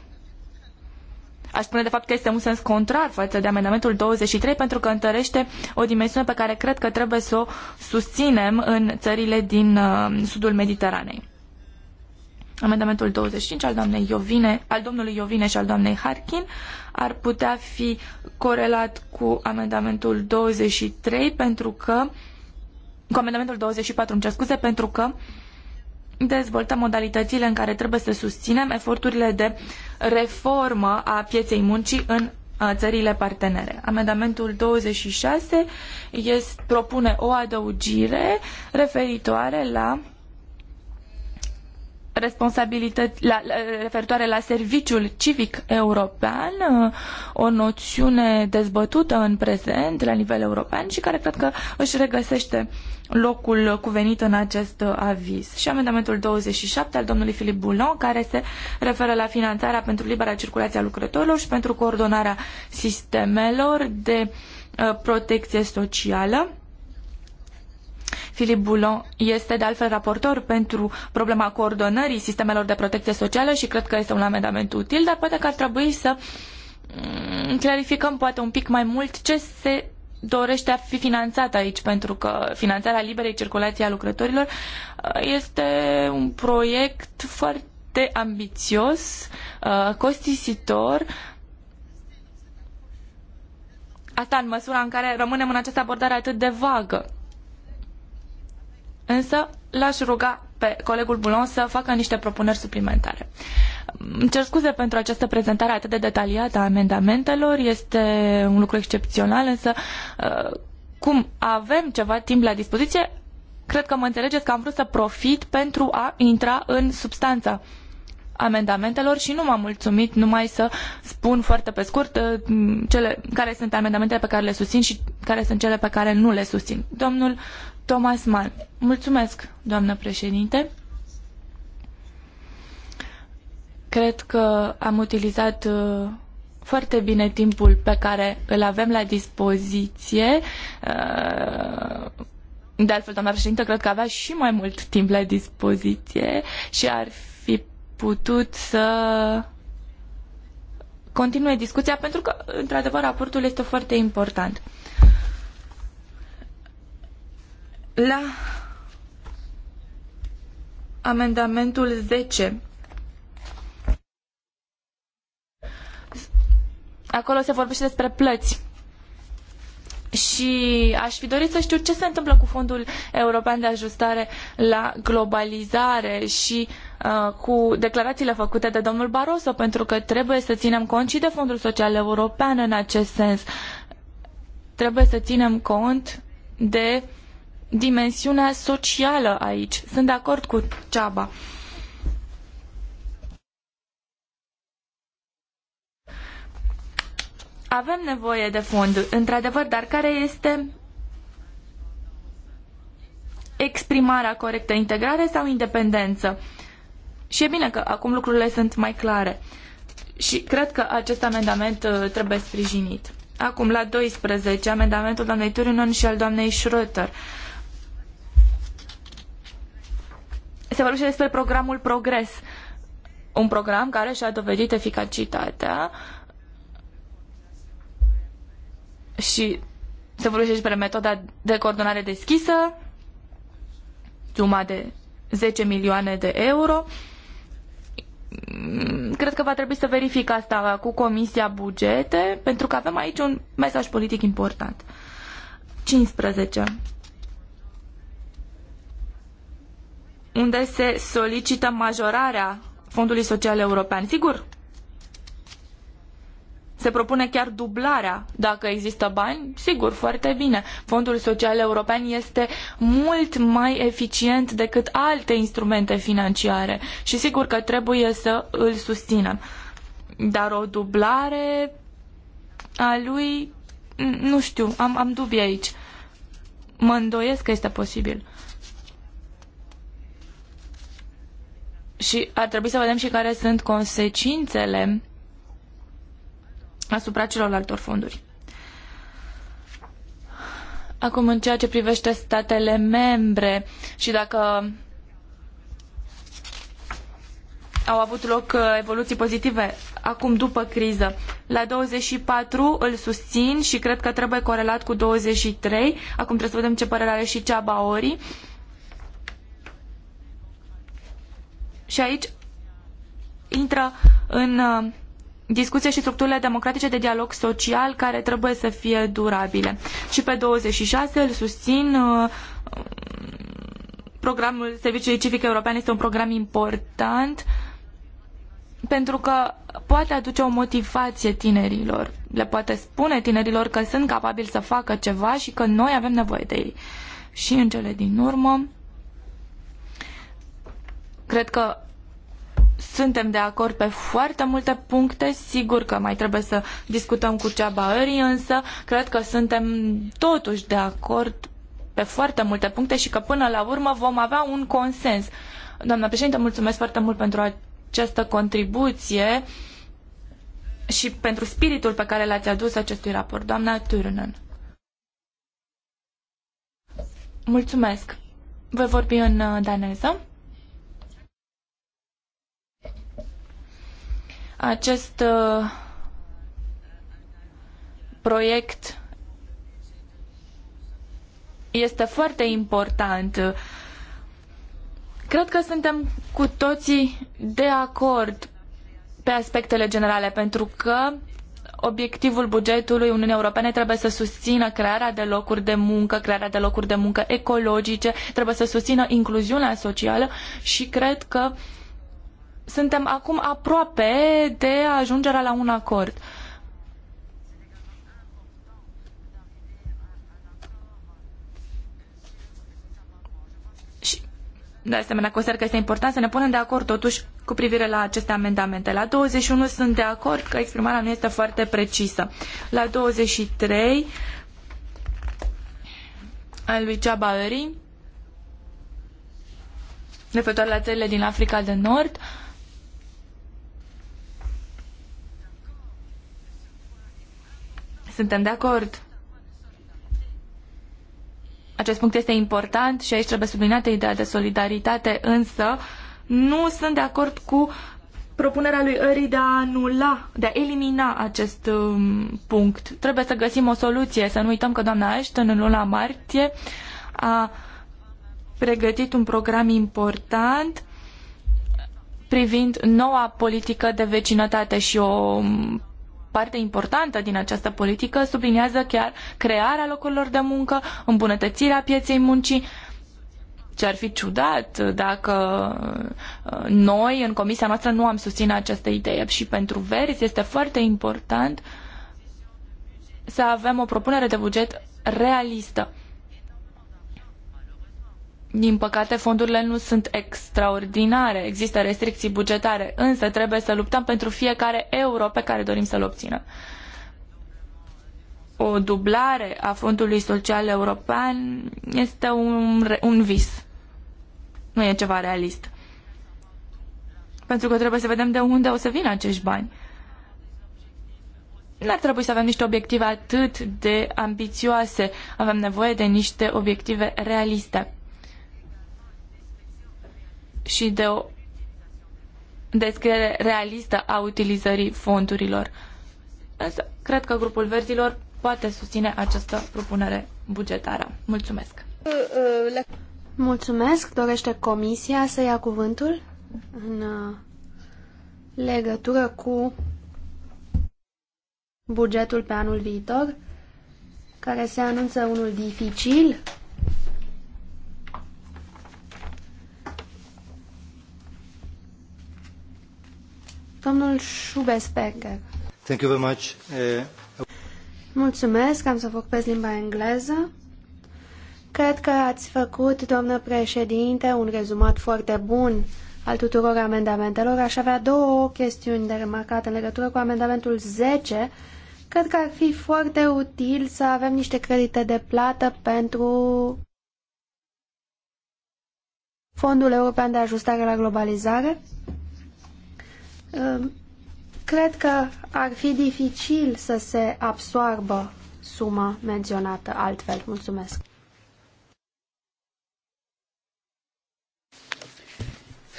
aș spune de fapt că este un sens contrar față de amendamentul 23 pentru că întărește o dimensiune pe care cred că trebuie să o susținem în țările din uh, sudul Mediteranei. Amendamentul 25 al, doamnei Iovine, al domnului Iovine și al doamnei Harkin ar putea fi corelat cu amendamentul 23 pentru că cu amendamentul 24, îmi cer scuze, pentru că dezvoltăm modalitățile în care trebuie să susținem eforturile de reformă a pieței muncii în uh, țările partenere. Amendamentul 26 este, propune o adăugire referitoare la responsabilități la, referitoare la serviciul civic european, uh, o noțiune dezbătută în prezent la nivel european și care cred că își regăsește locul cuvenit în acest uh, aviz. Și amendamentul 27 al domnului Filip Boulon, care se referă la finanțarea pentru libera circulație a lucrătorilor și pentru coordonarea sistemelor de uh, protecție socială Filip Boulon este de altfel raportor pentru problema coordonării sistemelor de protecție socială și cred că este un amendament util, dar poate că ar trebui să mm, clarificăm poate un pic mai mult ce se dorește a fi finanțat aici, pentru că finanțarea liberei circulației a lucrătorilor uh, este un proiect foarte ambițios, uh, costisitor, asta în măsura în care rămânem în această abordare atât de vagă. Însă l-aș ruga pe colegul Bulon să facă niște propuneri suplimentare. Îmi cer scuze pentru această prezentare atât de detaliată a amendamentelor, este un lucru excepțional, însă uh, cum avem ceva timp la dispoziție, cred că mă înțelegeți că am vrut să profit pentru a intra în substanța amendamentelor și nu m-am mulțumit numai să spun foarte pe scurt uh, cele care sunt amendamentele pe care le susțin și care sunt cele pe care nu le susțin. Domnul Thomas Mann. Mulțumesc, doamnă președinte. Cred că am utilizat uh, foarte bine timpul pe care îl avem la dispoziție. Uh, de altfel, doamna președintă, cred că avea și mai mult timp la dispoziție și ar fi putut să continue discuția pentru că, într-adevăr, raportul este foarte important. La amendamentul 10 acolo se vorbește despre plăți. Și aș fi dorit să știu ce se întâmplă cu Fondul European de Ajustare la Globalizare și uh, cu declarațiile făcute de domnul Barroso, pentru că trebuie să ținem cont și de Fondul Social European în acest sens. Trebuie să ținem cont de uh, dimensiunea socială aici. Sunt de acord cu Ceaba. Avem nevoie de fond, într-adevăr, dar care este exprimarea corectă, integrare sau independență? Și e bine că acum lucrurile sunt mai clare. Și cred că acest amendament uh, trebuie sprijinit. Acum, la 12, amendamentul doamnei Turinon și al doamnei Schröter. se vorbește despre programul Progres, un program care și-a dovedit eficacitatea și se vorbește despre metoda de coordonare deschisă, suma de 10 milioane de euro. Mm, cred că va trebui să verific asta cu Comisia Bugete, pentru că avem aici un mesaj politic important. 15. unde se solicită majorarea Fondului Social European. Sigur, se propune chiar dublarea. Dacă există bani, sigur, foarte bine. Fondul Social European este mult mai eficient decât alte instrumente financiare și sigur că trebuie să îl susținem. Dar o dublare a lui, nu știu, am, am dubii aici. Mă îndoiesc că este posibil. Și ar trebui să vedem și care sunt consecințele asupra celorlaltor fonduri. Acum, în ceea ce privește statele membre și dacă au avut loc uh, evoluții pozitive acum după criză. La 24 îl susțin și cred că trebuie corelat cu 23. Acum trebuie să vedem ce părere are și cea Baori. Uh, Și aici intră în uh, discuție și structurile democratice de dialog social care trebuie să fie durabile. Și pe 26 îl susțin uh, programul Serviciului Civic European este un program important pentru că poate aduce o motivație tinerilor. Le poate spune tinerilor că sunt capabili să facă ceva și că noi avem nevoie de ei. Și în cele din urmă, Cred că suntem de acord pe foarte multe puncte, sigur că mai trebuie să discutăm cu Ceaba Ării, însă cred că suntem totuși de acord pe foarte multe puncte și că până la urmă vom avea un consens. Doamna președinte, mulțumesc foarte mult pentru această contribuție și pentru spiritul pe care l-ați adus acestui raport. Doamna Turunen. Mulțumesc. Voi vorbi în uh, daneză. Acest uh, proiect este foarte important. Cred că suntem cu toții de acord pe aspectele generale, pentru că obiectivul bugetului Uniunii Europene trebuie să susțină crearea de locuri de muncă, crearea de locuri de muncă ecologice, trebuie să susțină incluziunea socială și cred că uh, suntem acum aproape de ajungerea la un acord. de asemenea, consider că este important să ne punem de acord totuși cu privire la aceste amendamente. La 21 sunt de acord că exprimarea nu este foarte precisă. La 23 al lui Ceabaării referitor la țările din Africa de Nord Suntem de acord. Acest punct este important și aici trebuie subliniată ideea de solidaritate, însă nu sunt de acord cu propunerea lui Ării de a anula, de a elimina acest um, punct. Trebuie să găsim o soluție, să nu uităm că doamna Ashton în luna martie a pregătit un program important privind noua politică de vecinătate și o parte importantă din această politică subliniază chiar crearea locurilor de muncă, îmbunătățirea pieței muncii. Ce ar fi ciudat dacă uh, noi, în comisia noastră, nu am susține această idee. Și pentru verzi este foarte important să avem o propunere de buget realistă din păcate, fondurile nu sunt extraordinare, există restricții bugetare, însă trebuie să luptăm pentru fiecare euro pe care dorim să-l obținem. O dublare a Fondului Social European este un, un vis, nu e ceva realist. Pentru că trebuie să vedem de unde o să vină acești bani. N-ar trebui să avem niște obiective atât de ambițioase, avem nevoie de niște obiective realiste și de o descriere realistă a utilizării fondurilor. Însă, cred că grupul verzilor poate susține această propunere bugetară. Mulțumesc! Mulțumesc! Dorește Comisia să ia cuvântul în uh, legătură cu bugetul pe anul viitor, care se anunță unul dificil, Domnul Schubesberger. Thank you very much. Eh, Mulțumesc, am să vorbesc limba engleză. Cred că ați făcut, doamnă președinte, un rezumat foarte bun al tuturor amendamentelor. Aș avea două chestiuni de remarcat în legătură cu amendamentul 10. Cred că ar fi foarte util să avem niște credite de plată pentru Fondul European de Ajustare la Globalizare Ehm, cred că ar fi dificil să se absoarbă suma menționată altfel. Mulțumesc.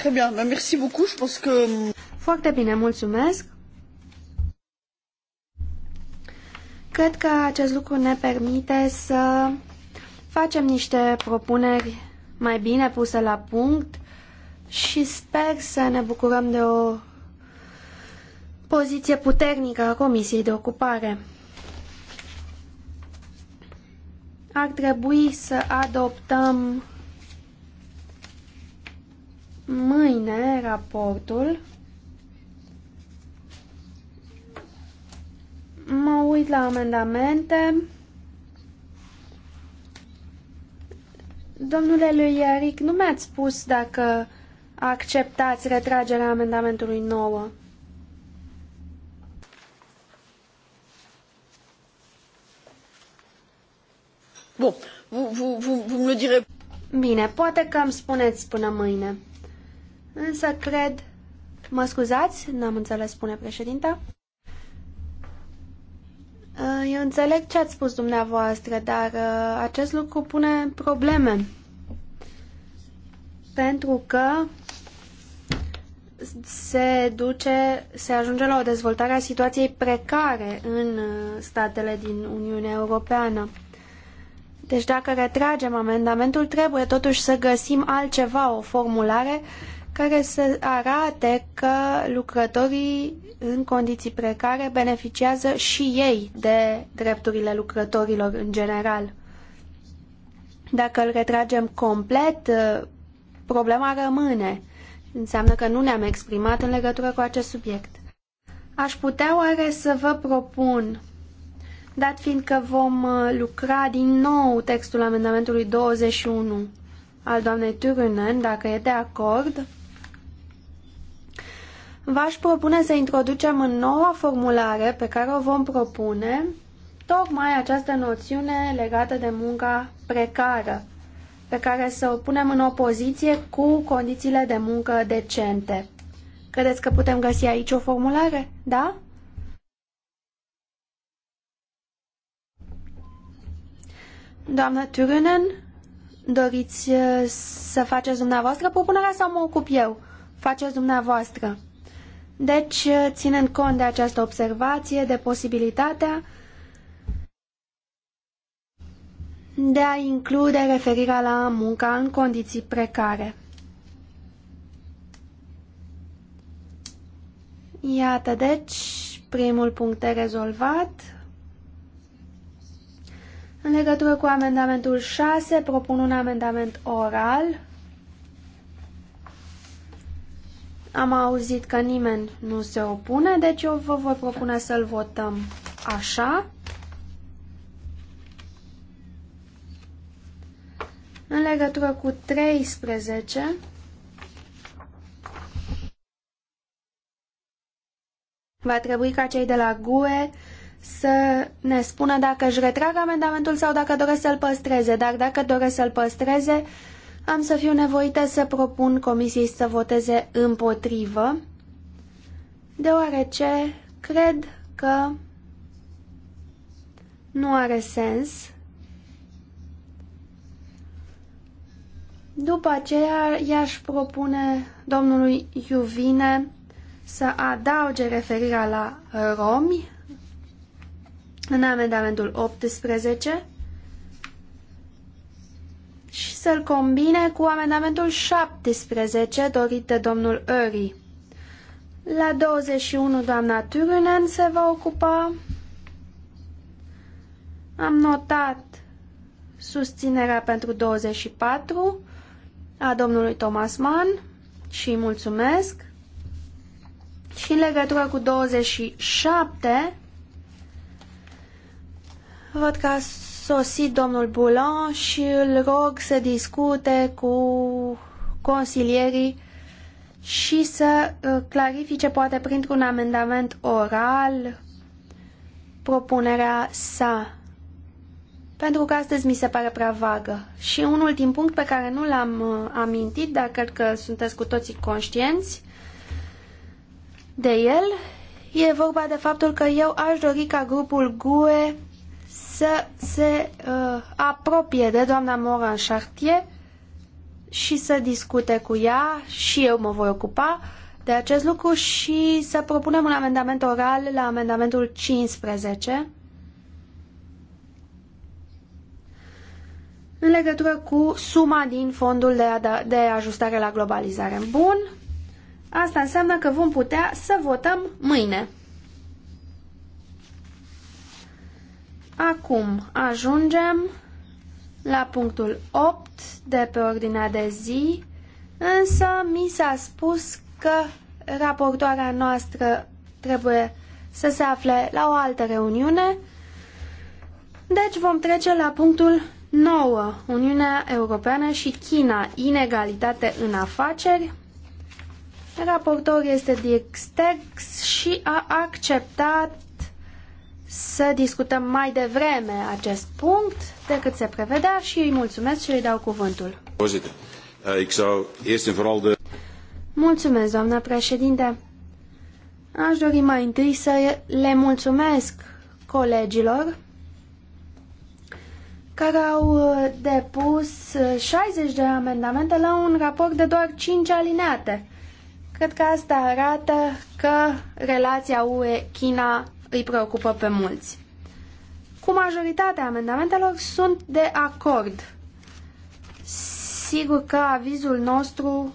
Hmm, Foarte bine, mulțumesc. Cred că acest lucru ne permite să facem niște propuneri mai bine puse la punct și sper să ne bucurăm de o poziție puternică a Comisiei de Ocupare. Ar trebui să adoptăm mâine raportul. Mă uit la amendamente. Domnule lui Iaric, nu mi-ați spus dacă acceptați retragerea amendamentului 9. Bun, vă vous, dire... Bine, poate că îmi spuneți până mâine. Însă cred... Mă scuzați? N-am înțeles, spune președinta. Ă, eu înțeleg ce ați spus dumneavoastră, dar ă, acest lucru pune probleme. Pentru că se duce, se ajunge la o dezvoltare a situației precare în ă, statele din Uniunea Europeană. Deci dacă retragem amendamentul, trebuie totuși să găsim altceva, o formulare care să arate că lucrătorii în condiții precare beneficiază și ei de drepturile lucrătorilor în general. Dacă îl retragem complet, problema rămâne. Înseamnă că nu ne-am exprimat în legătură cu acest subiect. Aș putea oare să vă propun dat fiind că vom uh, lucra din nou textul amendamentului 21 al doamnei Turunen, dacă e de acord, v-aș propune să introducem în noua formulare pe care o vom propune tocmai această noțiune legată de munca precară, pe care să o punem în opoziție cu condițiile de muncă decente. Credeți că putem găsi aici o formulare? Da? Doamnă Turunen, doriți eh, să faceți dumneavoastră propunerea sau mă ocup eu? Faceți dumneavoastră. Deci, eh, ținând cont de această observație, de posibilitatea de a include referirea la munca în condiții precare. Iată, deci, primul punct de rezolvat. În legătură cu amendamentul 6, propun un amendament oral. Am auzit că nimeni nu se opune, deci eu vă voi propune să-l votăm așa. În legătură cu 13, va trebui ca cei de la GUE să ne spună dacă își retrag amendamentul sau dacă doresc să-l păstreze, dar dacă doresc să-l păstreze, am să fiu nevoită să propun comisiei să voteze împotrivă, deoarece cred că nu are sens. După aceea i-aș propune domnului Iuvine să adauge referirea la romi în amendamentul 18 și să-l combine cu amendamentul 17 dorit de domnul Ori. La 21 doamna Turunen se va ocupa. Am notat susținerea pentru 24 a domnului Thomas Mann și îi mulțumesc. Și în legătură cu 27 Văd că a sosit domnul Bulan și îl rog să discute cu consilierii și să uh, clarifice, poate printr-un amendament oral, propunerea sa. Pentru că astăzi mi se pare prea vagă. Și un ultim punct pe care nu l-am uh, amintit, dar cred că sunteți cu toții conștienți de el, e vorba de faptul că eu aș dori ca grupul GUE să se uh, apropie de doamna Moran Chartier și să discute cu ea și eu mă voi ocupa de acest lucru și să propunem un amendament oral la amendamentul 15 în legătură cu suma din fondul de, de ajustare la globalizare. Bun, asta înseamnă că vom putea să votăm mâine. Acum ajungem la punctul 8 de pe ordinea de zi, însă mi s-a spus că raportoarea noastră trebuie să se afle la o altă reuniune, deci vom trece la punctul 9. Uniunea Europeană și China, inegalitate în afaceri. Raportor este Dirk Stex și a acceptat să discutăm mai devreme acest punct decât se prevedea și îi mulțumesc și îi dau cuvântul. Eh, mulțumesc, doamna președinte. Aș dori mai întâi să le mulțumesc colegilor care au eh, depus 60 eh, de amendamente la un raport de doar 5 alineate. Cred că asta arată că relația UE-China îi preocupă pe mulți. Cu majoritatea amendamentelor sunt de acord. Sigur că avizul nostru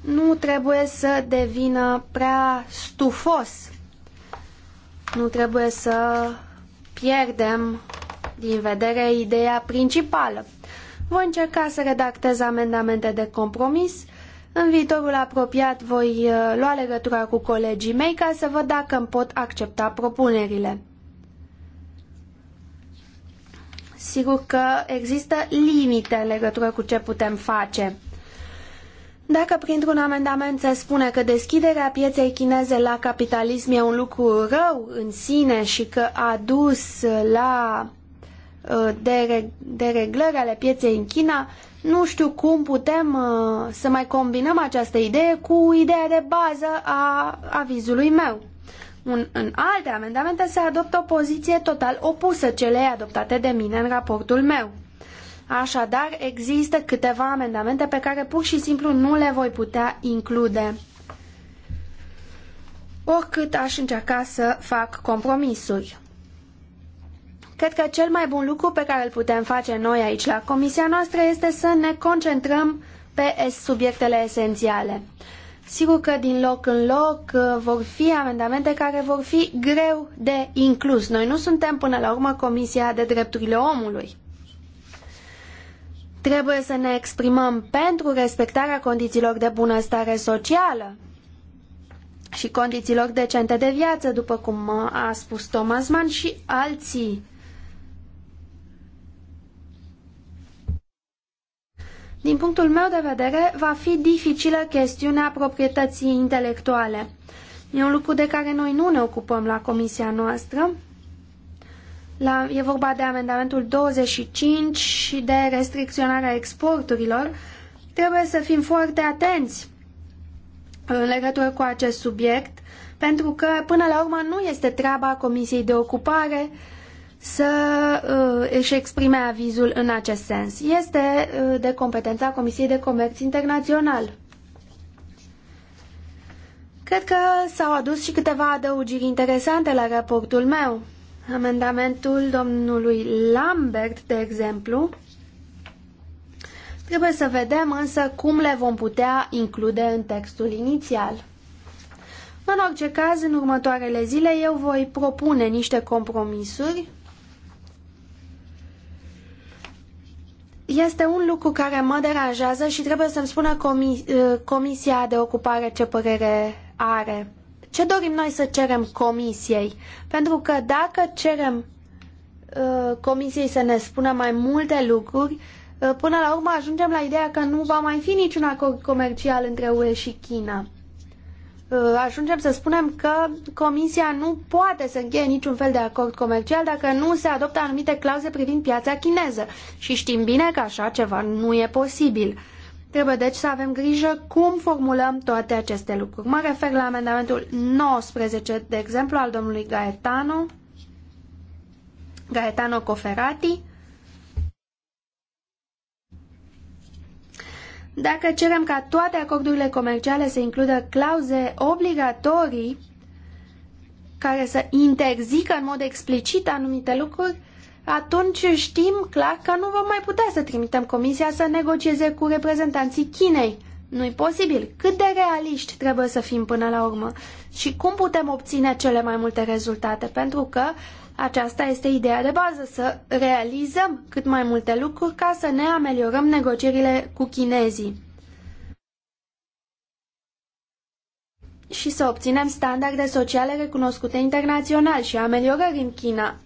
nu trebuie să devină prea stufos. Nu trebuie să pierdem din vedere ideea principală. Voi încerca să redactez amendamente de compromis în viitorul apropiat voi uh, lua legătura cu colegii mei ca să văd dacă îmi pot accepta propunerile. Sigur că există limite în legătură cu ce putem face. Dacă printr-un amendament se spune că deschiderea pieței chineze la capitalism e un lucru rău în sine și că a dus la uh, dereglări ale pieței în China, nu știu cum putem uh, să mai combinăm această idee cu ideea de bază a avizului meu. Un, în alte amendamente se adoptă o poziție total opusă celei adoptate de mine în raportul meu. Așadar, există câteva amendamente pe care pur și simplu nu le voi putea include. Oricât aș încerca să fac compromisuri. Cred că cel mai bun lucru pe care îl putem face noi aici la comisia noastră este să ne concentrăm pe subiectele esențiale. Sigur că din loc în loc uh, vor fi amendamente care vor fi greu de inclus. Noi nu suntem până la urmă Comisia de Drepturile Omului. Trebuie să ne exprimăm pentru respectarea condițiilor de bunăstare socială și condițiilor decente de viață, după cum a spus Thomas Mann și alții. Din punctul meu de vedere, va fi dificilă chestiunea proprietății intelectuale. E un lucru de care noi nu ne ocupăm la comisia noastră. La, e vorba de amendamentul 25 și de restricționarea exporturilor. Trebuie să fim foarte atenți în legătură cu acest subiect, pentru că, până la urmă, nu este treaba Comisiei de Ocupare, uh, să uh, își exprime avizul în acest sens. Este uh, de competența Comisiei de Comerț Internațional. Cred că s-au adus și câteva adăugiri interesante la raportul meu. Amendamentul domnului Lambert, de exemplu, Trebuie să vedem însă cum le vom putea include în textul inițial. În orice caz, în următoarele zile eu voi propune niște compromisuri Este un lucru care mă deranjează și trebuie să-mi spună uh, Comisia de Ocupare ce părere are. Ce dorim noi să cerem Comisiei? Pentru că dacă cerem uh, Comisiei să ne spună mai multe lucruri, uh, până la urmă ajungem la ideea că nu va mai fi niciun acord comercial între UE și China. Uh, ajungem să spunem că Comisia nu poate să încheie niciun fel de acord comercial dacă nu se adoptă anumite clauze privind piața chineză. Și știm bine că așa ceva nu e posibil. Trebuie deci să avem grijă cum formulăm toate aceste lucruri. Mă refer la amendamentul 19, de exemplu, al domnului Gaetano, Gaetano Coferati, Dacă cerem ca toate acordurile comerciale să includă clauze obligatorii care să interzică în mod explicit anumite lucruri, atunci știm clar că nu vom mai putea să trimitem comisia să negocieze cu reprezentanții Chinei. Nu-i posibil. Cât de realiști trebuie să fim până la urmă? Și cum putem obține cele mai multe rezultate? Pentru că uh, aceasta este ideea de bază, să realizăm cât mai multe lucruri ca să ne ameliorăm negocierile cu chinezii. și să obținem standarde sociale recunoscute internațional și ameliorări în China.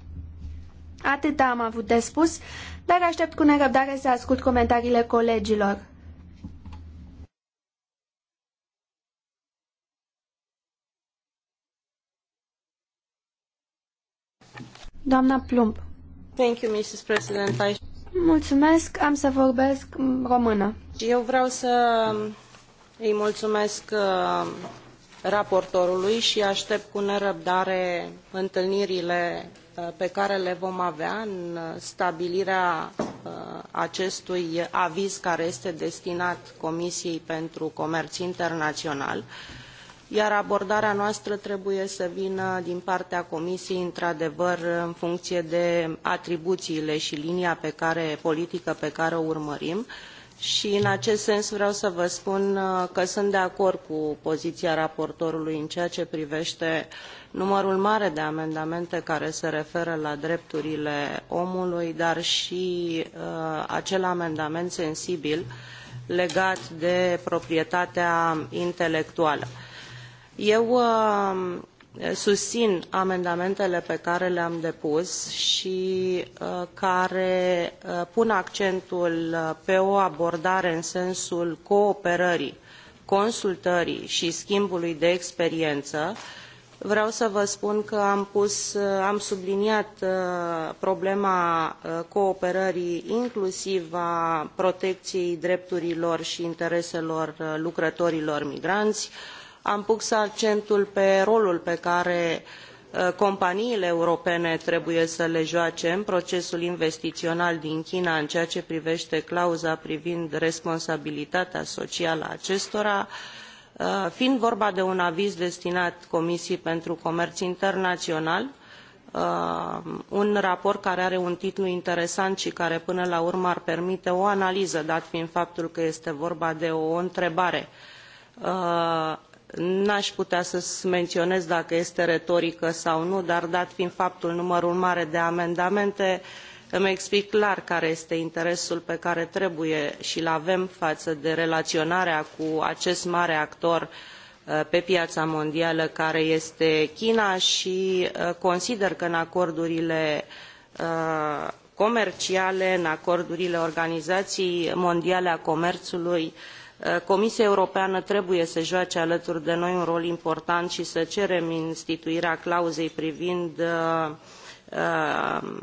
Atât am avut de spus, dar aștept cu nerăbdare să ascult comentariile colegilor. Doamna Plumb. Thank you, Mrs. President. I... Mulțumesc, am să vorbesc română. Eu vreau să um, îi mulțumesc um, raportorului și aștept cu nerăbdare întâlnirile uh, pe care le vom avea în uh, stabilirea uh, acestui aviz care este destinat Comisiei pentru Comerț Internațional iar abordarea noastră trebuie să vină din partea comisiei într adevăr în funcie de atribuiile i linia pe care, politică pe care o urmărim i în acest sens vreau să vă spun uh, că sunt de acord cu poziia raportorului în ceea ce privete numărul mare de amendamente care se referă la drepturile omului dar i uh, acel amendament sensibil legat de proprietatea intelectuală. Eu um, susțin amendamentele pe care le-am depus și uh, care uh, pun accentul uh, pe o abordare în sensul cooperării, consultării și schimbului de experiență. Vreau să vă spun că am, pus, am subliniat problema cooperării inclusiv a protecției drepturilor și intereselor lucrătorilor migranți, am pus accentul pe rolul pe care ă, companiile europene trebuie să le joace în procesul investiional din china în ceea ce privete clauza privind responsabilitatea socială a acestora ă, fiind vorba de un aviz destinat comisiei pentru comer internaional ă, un raport care are un titlu interesant i care până la urmă ar permite o analiză dat fiind faptul că este vorba de o întrebare n-aș putea să menționez dacă este retorică sau nu, dar dat fiind faptul numărul mare de amendamente, îmi explic clar care este interesul pe care trebuie și l avem față de relaționarea cu acest mare actor uh, pe piața mondială care este China și uh, consider că în acordurile uh, comerciale, în acordurile Organizației Mondiale a Comerțului, Uh, comisia europeană trebuie să joace alături de noi un rol important i să cerem instituirea clauzei privind uh, uh,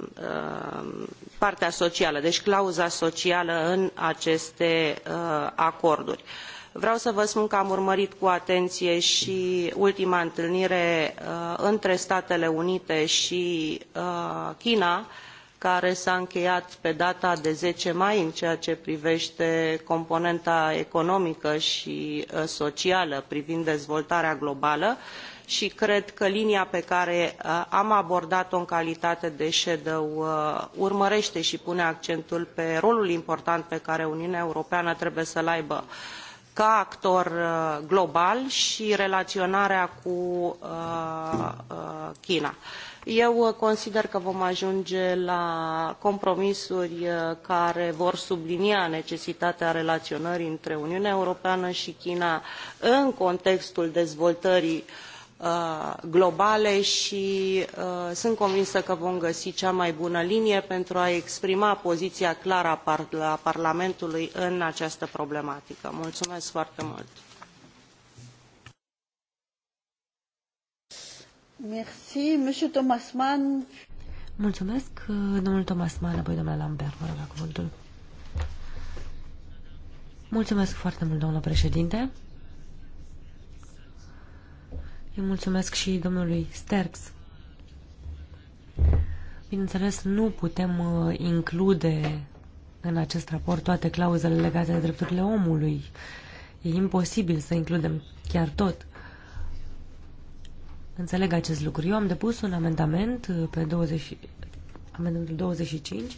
partea socială deci clauza socială în aceste acorduri. vreau să vă spun că am urmărit cu atenie i ultima întâlnire între statele unite i china care s-a încheiat pe data de zece mai în ceea ce privește componenta economică și uh, socială privind dezvoltarea globală și cred că linia pe care uh, am abordat-o în calitate de shadow uh, urmărește și pune accentul pe rolul important pe care Uniunea Europeană trebuie să-l aibă ca actor global și relaționarea cu China. Eu uh, consider că vom ajunge la compromisuri uh, care vor sublinia necesitatea relaționării între Uniunea Europeană și China în contextul dezvoltării uh, globale și sunt convinsă că vom găsi cea mai bună linie pentru a exprima poziția clară a Parlamentului în această problematică. Mulțumesc foarte mult! Merci, Monsieur Thomas Mann. Mulțumesc, domnul Thomas Mann, apoi domnul Lambert, vă rog la cuvântul. Mulțumesc foarte mult, domnul președinte. Eu mulțumesc și domnului Sterks. Bineînțeles, nu putem uh, include în acest raport toate clauzele legate de drepturile omului. E imposibil să includem chiar tot. Înțeleg acest lucru. Eu am depus un amendament uh, pe 20, amendamentul 25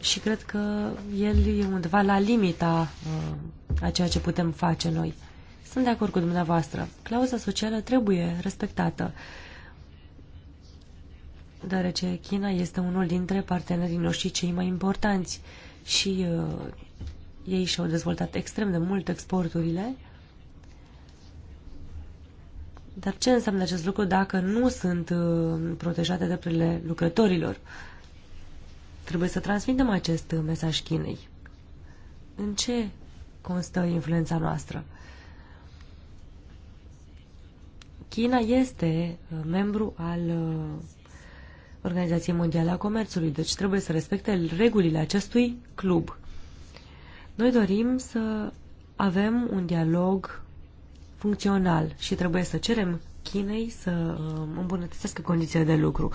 și cred că el e undeva la limita uh, a ceea ce putem face noi. Sunt de acord cu dumneavoastră. Clauza socială trebuie respectată, deoarece China este unul dintre partenerii noștri cei mai importanți și uh, ei și-au dezvoltat extrem de mult exporturile dar ce înseamnă acest lucru dacă nu sunt uh, protejate drepturile lucrătorilor? Trebuie să transmitem acest uh, mesaj Chinei. În ce constă influența noastră? China este uh, membru al Organizației Mondiale a Comerțului, deci trebuie să respecte regulile acestui club. Noi dorim să avem un dialog funcțional și trebuie să cerem Chinei să um, îmbunătățească condițiile de lucru.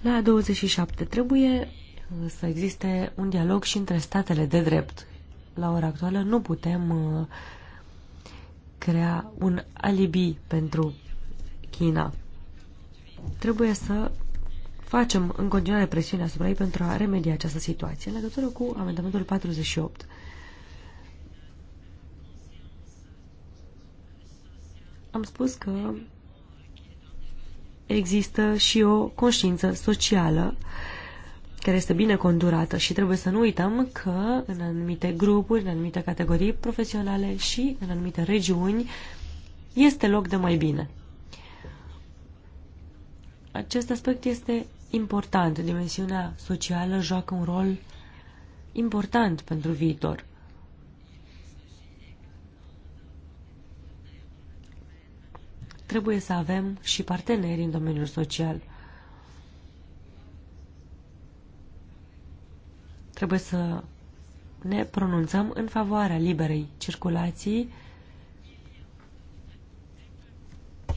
La 27 trebuie uh, să existe un dialog și între statele de drept. La ora actuală nu putem uh, crea un alibi pentru China. Trebuie să facem în continuare presiune asupra ei pentru a remedia această situație în legătură cu amendamentul 48. am spus că există și o conștiință socială care este bine condurată și trebuie să nu uităm că în anumite grupuri, în anumite categorii profesionale și în anumite regiuni este loc de mai bine. Acest aspect este important. Dimensiunea socială joacă un rol important pentru viitor. trebuie să avem și parteneri în domeniul social. Trebuie să ne pronunțăm în favoarea liberei circulații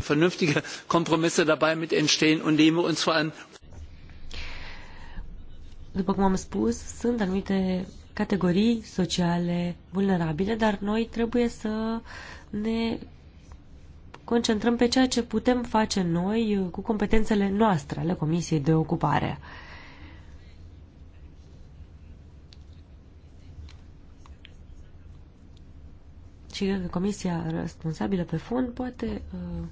vernünftige Kompromisse dabei mit entstehen und nehmen wir uns vor allem după cum am spus, sunt anumite categorii sociale vulnerabile, dar noi trebuie să ne concentrăm pe ceea ce putem face noi uh, cu competențele noastre ale Comisiei de Ocupare. Și cred că Comisia responsabilă pe fond poate uh,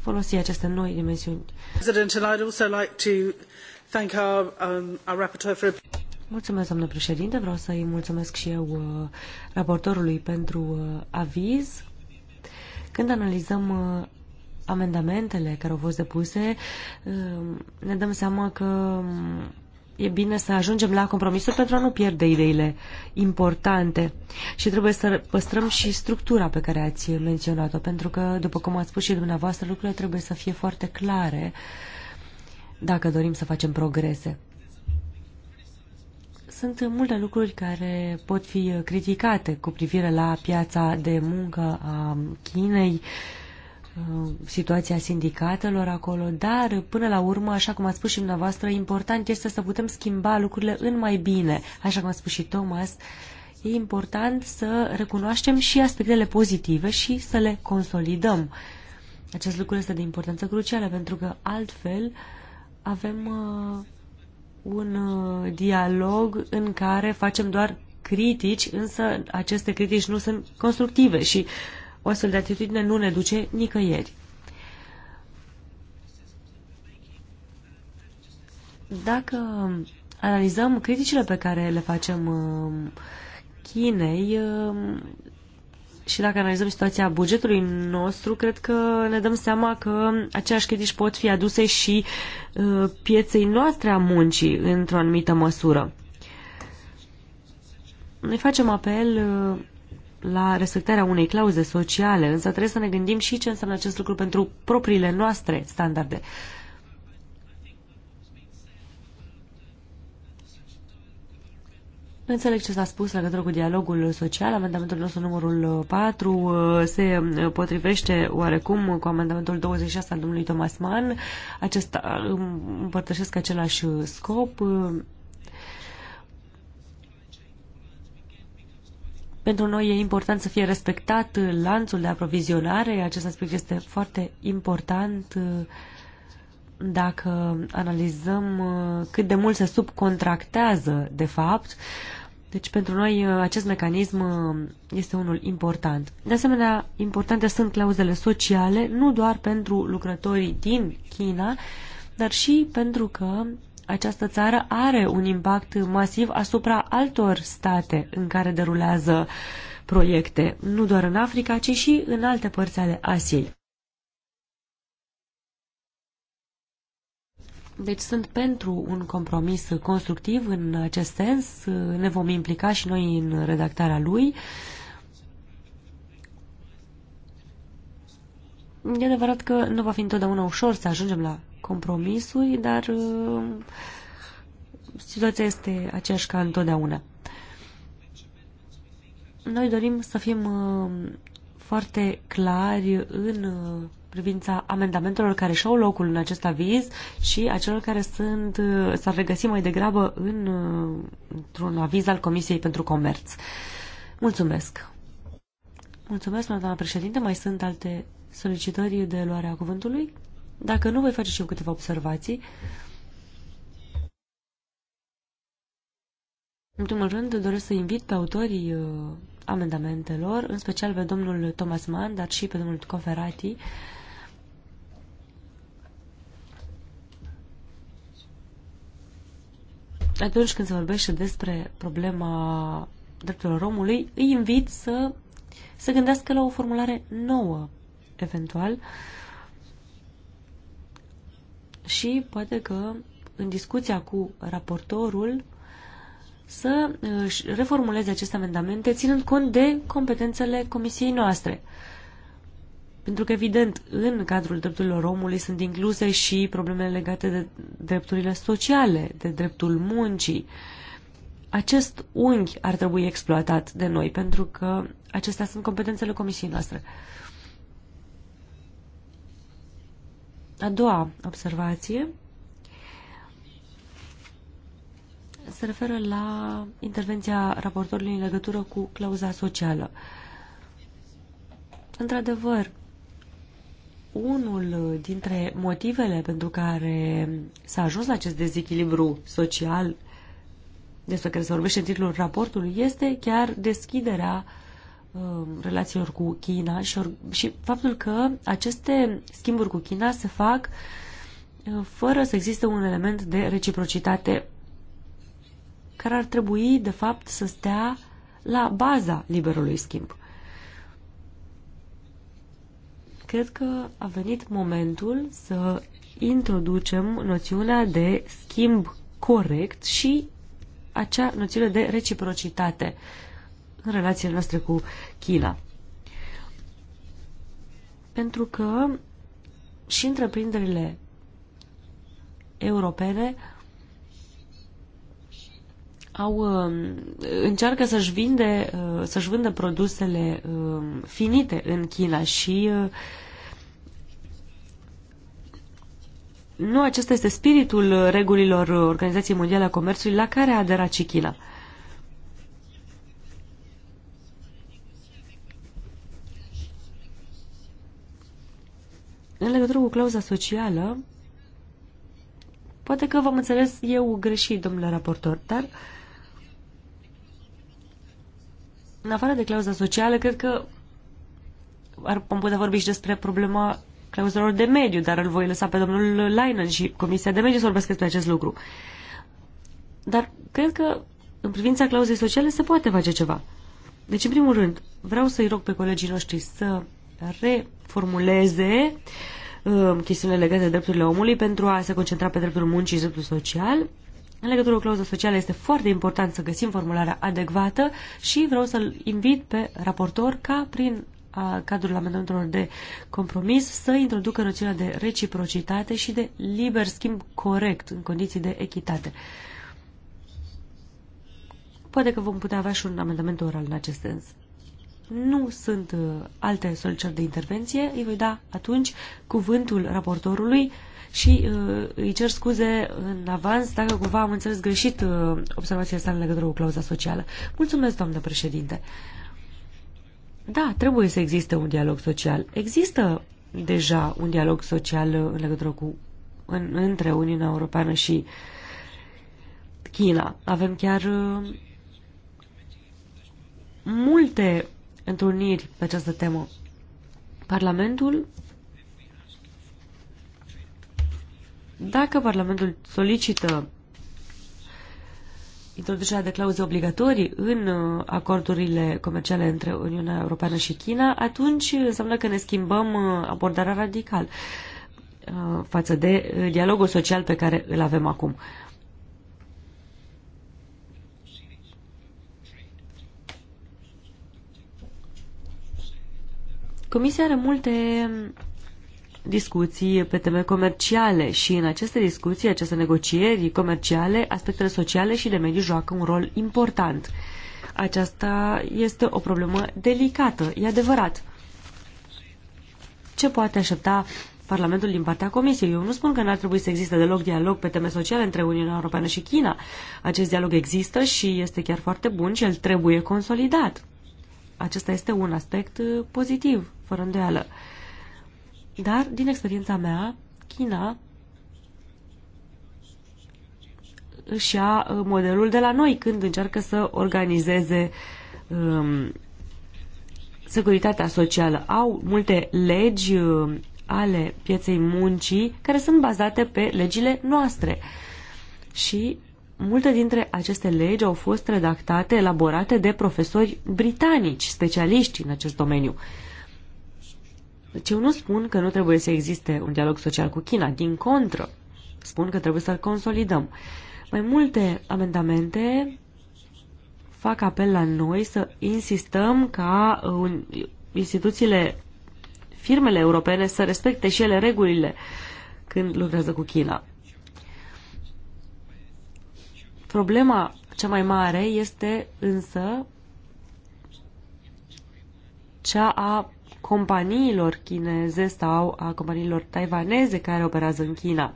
folosi aceste noi dimensiuni. Mulțumesc, doamnă președinte. Vreau să-i mulțumesc și eu uh, raportorului pentru uh, aviz. Când analizăm uh, amendamentele care au fost depuse, uh, ne dăm seama că mm, e bine să ajungem la compromisuri pentru a nu pierde ideile importante și trebuie să păstrăm și structura pe care ați menționat-o, pentru că, după cum ați spus și dumneavoastră, lucrurile trebuie să fie foarte clare dacă dorim să facem progrese. Sunt multe lucruri care pot fi criticate cu privire la piața de muncă a Chinei, uh, situația sindicatelor acolo, dar până la urmă, așa cum a spus și dumneavoastră, important este să putem schimba lucrurile în mai bine. Așa cum a spus și Thomas, e important să recunoaștem și aspectele pozitive și să le consolidăm. Acest lucru este de importanță crucială pentru că altfel avem uh, un uh, dialog în care facem doar critici, însă aceste critici nu sunt constructive și o astfel de atitudine nu ne duce nicăieri. Dacă analizăm criticile pe care le facem uh, Chinei, uh, și dacă analizăm situația bugetului nostru, cred că ne dăm seama că aceeași critici pot fi aduse și uh, pieței noastre a muncii într-o anumită măsură. Noi facem apel uh, la respectarea unei clauze sociale, însă trebuie să ne gândim și ce înseamnă acest lucru pentru propriile noastre standarde. Înțeleg ce s-a spus legătură cu dialogul social. Amendamentul nostru numărul 4 uh, uh, se uh, potrivește oarecum cu amendamentul 26 al domnului Thomas Mann. Acesta împărtășesc același scop. Pentru noi e important să fie respectat lanțul de aprovizionare. Acest aspect este foarte important uh, dacă analizăm uh, cât de mult se subcontractează, de fapt, deci pentru noi uh, acest mecanism uh, este unul important. De asemenea, importante sunt clauzele sociale, nu doar pentru lucrătorii din China, dar și pentru că această țară are un impact masiv asupra altor state în care derulează proiecte, nu doar în Africa, ci și în alte părți ale Asiei. Deci sunt pentru un compromis constructiv în acest sens. Ne vom implica și noi în redactarea lui. E adevărat că nu va fi întotdeauna ușor să ajungem la compromisuri, dar uh, situația este aceeași ca întotdeauna. Noi dorim să fim uh, foarte clari în uh, privința amendamentelor care și-au locul în acest aviz și a celor care sunt, uh, s-ar regăsi mai degrabă în, uh, într-un aviz al Comisiei pentru Comerț. Mulțumesc! Mulțumesc, doamna președinte. Mai sunt alte solicitări de luare a cuvântului? Dacă nu, voi face și eu câteva observații. În primul rând, doresc să invit pe autorii uh, amendamentelor, în special pe domnul Thomas Mann, dar și pe domnul Coferati, atunci când se vorbește despre problema drepturilor omului, îi invit să se gândească la o formulare nouă, eventual, și poate că în discuția cu raportorul să reformuleze aceste amendamente ținând cont de competențele comisiei noastre. Pentru că, evident, în cadrul drepturilor omului sunt incluse și problemele legate de drepturile sociale, de dreptul muncii. Acest unghi ar trebui exploatat de noi, pentru că acestea sunt competențele comisiei noastre. A doua observație se referă la intervenția raportorului în legătură cu clauza socială. Într-adevăr, unul dintre motivele pentru care s-a ajuns la acest dezechilibru social despre care se vorbește în titlul raportului este chiar deschiderea um, relațiilor cu China și, și faptul că aceste schimburi cu China se fac uh, fără să existe un element de reciprocitate care ar trebui, de fapt, să stea la baza liberului schimb. cred că a venit momentul să introducem noțiunea de schimb corect și acea noțiune de reciprocitate în relațiile noastre cu China. Pentru că și întreprinderile europene au, um, încearcă să-și, vinde, uh, să-și vândă produsele um, finite în China și uh, Nu acesta este spiritul regulilor Organizației Mondiale a Comerțului la care a aderat Cichila. În legătură cu clauza socială, poate că v-am înțeles eu greșit, domnule raportor, dar în afară de clauza socială, cred că ar, am putea vorbi și despre problema clauzelor de mediu, dar îl voi lăsa pe domnul Leinen și Comisia de Mediu să vorbesc despre acest lucru. Dar cred că în privința clauzei sociale se poate face ceva. Deci, în primul rând, vreau să-i rog pe colegii noștri să reformuleze uh, chestiunile legate de drepturile omului pentru a se concentra pe dreptul muncii și dreptul social. În legătură cu clauza socială este foarte important să găsim formularea adecvată și vreau să-l invit pe raportor ca prin a cadrul amendamentelor de compromis să introducă noțiunea de reciprocitate și de liber schimb corect în condiții de echitate. Poate că vom putea avea și un amendament oral în acest sens. Nu sunt uh, alte solicitări de intervenție, îi voi da atunci cuvântul raportorului și uh, îi cer scuze în avans dacă cumva am înțeles greșit uh, observația sa în legătură cu clauza socială. Mulțumesc, doamnă președinte. Uh, da, trebuie să existe un dialog social. Există deja un dialog social în legătură cu în, între Uniunea Europeană și China. Avem chiar uh, multe întâlniri pe această temă. Parlamentul dacă Parlamentul solicită introducerea de clauze obligatorii în uh, acordurile comerciale între Uniunea Europeană și China, atunci înseamnă că ne schimbăm uh, abordarea radical uh, față de dialogul social pe care îl avem acum. Comisia are multe discuții pe teme comerciale și în aceste discuții, aceste negocieri comerciale, aspectele sociale și de mediu joacă un rol important. Aceasta este o problemă delicată, e adevărat. Ce poate aștepta Parlamentul din partea Comisiei. Eu nu spun că n-ar trebui să existe deloc dialog pe teme sociale între Uniunea Europeană și China. Acest dialog există și este chiar foarte bun și el trebuie consolidat. Acesta este un aspect uh, pozitiv, fără îndoială. Dar, din experiența mea, China își ia uh, modelul de la noi când încearcă să organizeze um, securitatea socială. Au multe legi um, ale pieței muncii care sunt bazate pe legile noastre. Și multe dintre aceste legi au fost redactate, elaborate de profesori britanici, specialiști în acest domeniu. Uh, deci eu nu spun că nu trebuie să existe un dialog social cu China, din contră, spun că trebuie să-l consolidăm. Mai multe amendamente fac apel la noi să insistăm ca uh, instituțiile, firmele europene să respecte și ele regulile când lucrează cu China. Problema cea mai mare este însă cea a companiilor chineze sau a companiilor taiwaneze care operează în China.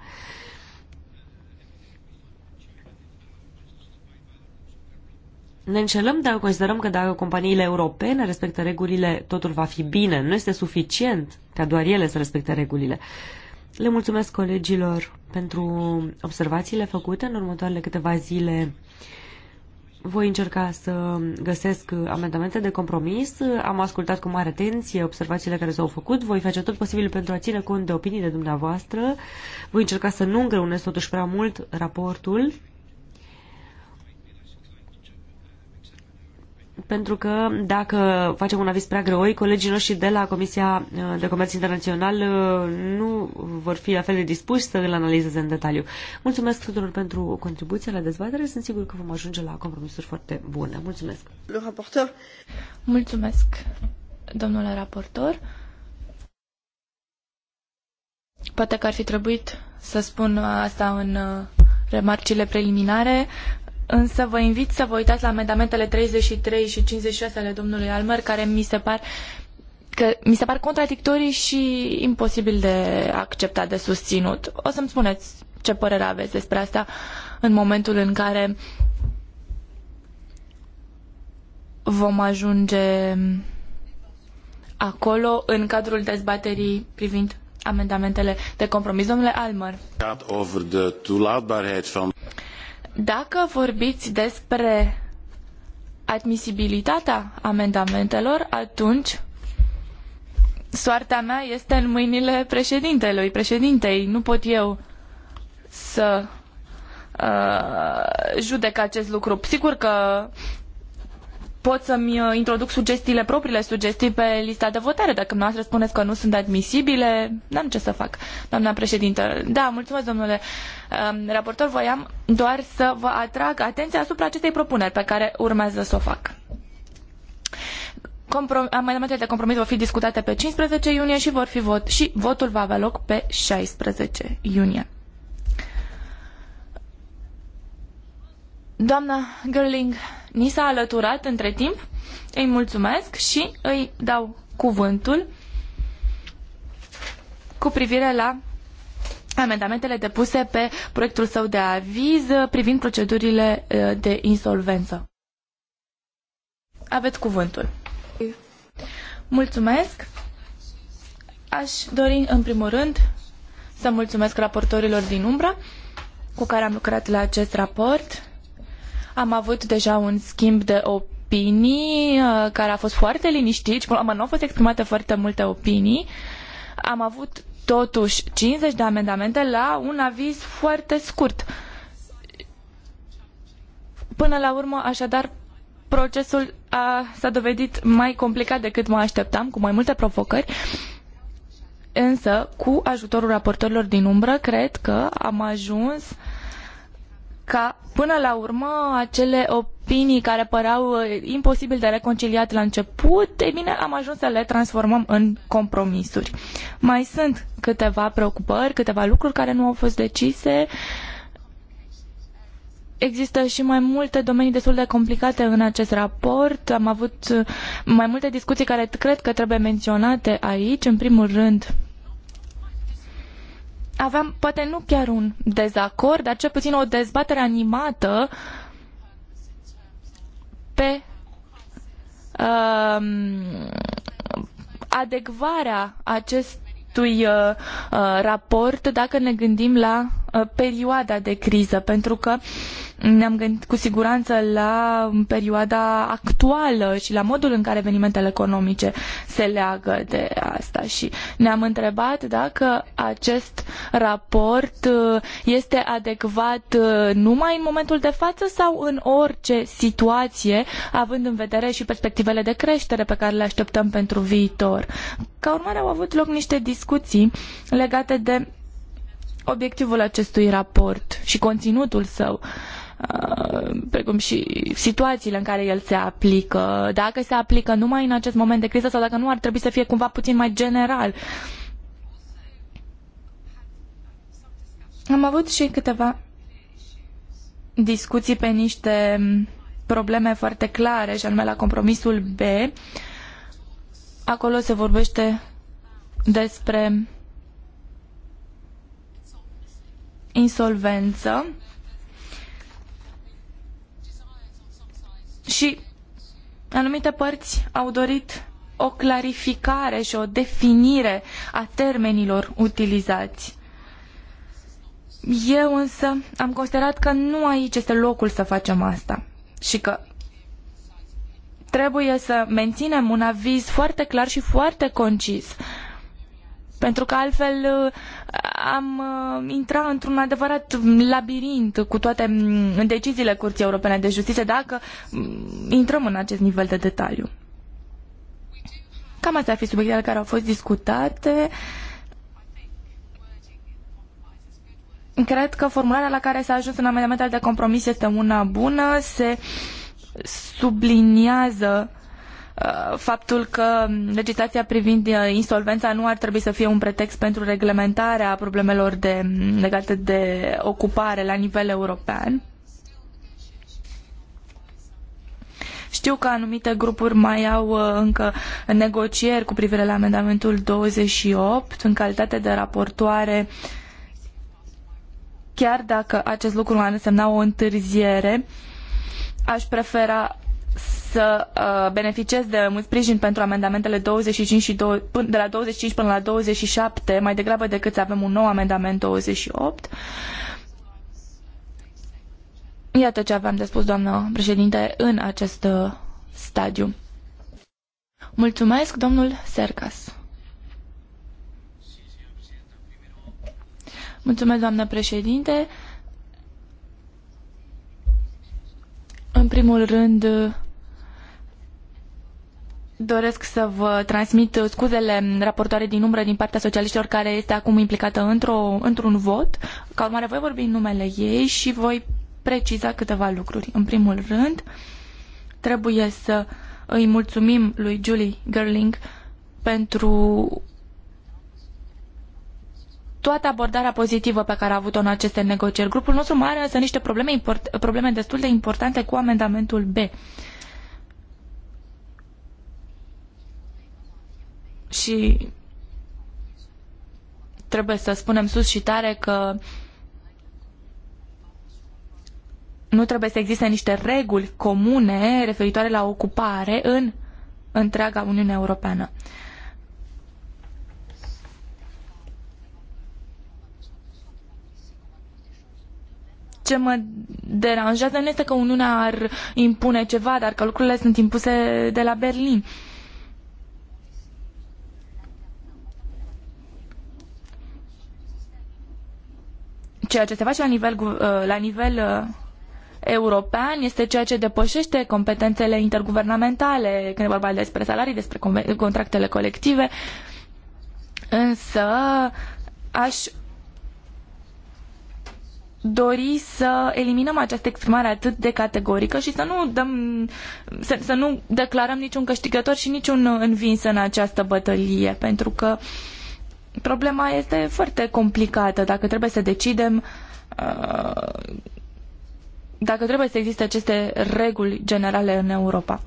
Ne înșelăm dacă considerăm că dacă companiile europene respectă regulile, totul va fi bine. Nu este suficient ca doar ele să respecte regulile. Le mulțumesc colegilor pentru observațiile făcute în următoarele câteva zile. Voi încerca să găsesc uh, amendamente de compromis. Am ascultat cu mare atenție observațiile care s-au făcut. Voi face tot posibilul pentru a ține cont de opiniile dumneavoastră. Voi încerca să nu îngreunesc totuși prea mult raportul pentru că dacă facem un aviz prea greu, colegii noștri de la Comisia uh, de Comerț Internațional uh, nu vor fi la fel de dispuși să îl analizeze în detaliu. Mulțumesc tuturor pentru contribuția la dezbatere. Sunt sigur că vom ajunge la compromisuri foarte bune. Mulțumesc. Le raportor. Mulțumesc, domnule raportor. Poate că ar fi trebuit să spun asta în uh, remarcile preliminare. Însă vă invit să vă uitați la amendamentele 33 și 56 ale domnului Almer, care mi se par că mi se par contradictorii și imposibil de acceptat, de susținut. O să-mi spuneți ce părere aveți despre asta în momentul în care vom ajunge acolo în cadrul dezbaterii privind amendamentele de compromis. Domnule Almer. Dacă vorbiți despre admisibilitatea amendamentelor, atunci soarta mea este în mâinile președintelui, președintei. Nu pot eu să uh, judec acest lucru. Sigur că pot să-mi uh, introduc sugestiile, propriile sugestii pe lista de votare. Dacă dumneavoastră spuneți că nu sunt admisibile, n-am ce să fac, doamna președintă. Da, mulțumesc, domnule um, raportor. Voiam doar să vă atrag atenția asupra acestei propuneri pe care urmează să o fac. amendamentele de compromis vor fi discutate pe 15 iunie și vor fi vot și votul va avea loc pe 16 iunie. Doamna Gerling ni s-a alăturat între timp. Îi mulțumesc și îi dau cuvântul cu privire la amendamentele depuse pe proiectul său de aviz privind procedurile uh, de insolvență. Aveți cuvântul. Mulțumesc. Aș dori, în primul rând, să mulțumesc raportorilor din umbră cu care am lucrat la acest raport am avut deja un schimb de opinii uh, care a fost foarte liniștit, până nu au fost exprimate foarte multe opinii. Am avut totuși 50 de amendamente la un aviz foarte scurt. Până la urmă, așadar, procesul s-a dovedit mai complicat decât mă așteptam, cu mai multe provocări. Însă, cu ajutorul raportorilor din umbră, cred că am ajuns ca până la urmă acele opinii care păreau uh, imposibil de reconciliat la început, e bine, am ajuns să le transformăm în compromisuri. Mai sunt câteva preocupări, câteva lucruri care nu au fost decise. Există și mai multe domenii destul de complicate în acest raport. Am avut uh, mai multe discuții care cred că trebuie menționate aici. În primul rând, aveam poate nu chiar un dezacord, dar cel puțin o dezbatere animată pe uh, adecvarea acestui uh, uh, raport dacă ne gândim la Uh, perioada de criză, pentru că ne-am gândit cu siguranță la perioada actuală și la modul în care evenimentele economice se leagă de asta și ne-am întrebat dacă acest raport uh, este adecvat uh, numai în momentul de față sau în orice situație, având în vedere și perspectivele de creștere pe care le așteptăm pentru viitor. Ca urmare au avut loc niște discuții legate de obiectivul acestui raport și conținutul său uh, precum și situațiile în care el se aplică, dacă se aplică numai în acest moment de criză sau dacă nu ar trebui să fie cumva puțin mai general. Am avut și câteva discuții pe niște probleme foarte clare, și anume la compromisul B. Acolo se vorbește despre insolvență și anumite părți au dorit o clarificare și o definire a termenilor utilizați. Eu însă am considerat că nu aici este locul să facem asta și că trebuie să menținem un aviz foarte clar și foarte concis pentru că altfel uh, am uh, intra într-un adevărat labirint cu toate mm, deciziile Curții Europene de Justiție dacă mm, intrăm în acest nivel de detaliu. Cam astea ar fi subiectele care au fost discutate. Cred că formularea la care s-a ajuns în amendamentele de compromis este una bună, se subliniază Uh, faptul că legislația privind uh, insolvența nu ar trebui să fie un pretext pentru reglementarea problemelor de, legate de ocupare la nivel european. Știu că anumite grupuri mai au uh, încă negocieri cu privire la amendamentul 28 în calitate de raportoare chiar dacă acest lucru ar însemna o întârziere, aș prefera să uh, beneficiez de mult sprijin pentru amendamentele 25 și 20, de la 25 până la 27, mai degrabă decât să avem un nou amendament 28. Iată ce aveam de spus, doamnă președinte, în acest uh, stadiu. Mulțumesc, domnul Sercas. Mulțumesc, doamnă președinte. În primul rând, Doresc să vă transmit scuzele raportoare din umbră din partea socialiștilor care este acum implicată într-o, într-un vot. Ca urmare voi vorbi în numele ei și voi preciza câteva lucruri. În primul rând, trebuie să îi mulțumim lui Julie Gerling pentru toată abordarea pozitivă pe care a avut-o în aceste negocieri. Grupul nostru mai are însă niște probleme, import- probleme destul de importante cu amendamentul B. Uh, Și trebuie să spunem sus și tare că nu trebuie să existe niște reguli comune referitoare la ocupare în întreaga Uniune Europeană. ce mă deranjează nu este că Uniunea ar impune ceva, dar că lucrurile sunt impuse de la Berlin. Uh, ceea ce se face la nivel, uh, la nivel uh, european este ceea ce depășește competențele interguvernamentale, când e vorba despre salarii, despre contractele colective. Însă aș dori să eliminăm această exprimare atât de categorică și să nu dăm să, să nu declarăm niciun câștigător și niciun învins în această bătălie, pentru că uh, problema este foarte complicată dacă trebuie să decidem uh, dacă trebuie să existe aceste reguli generale în Europa.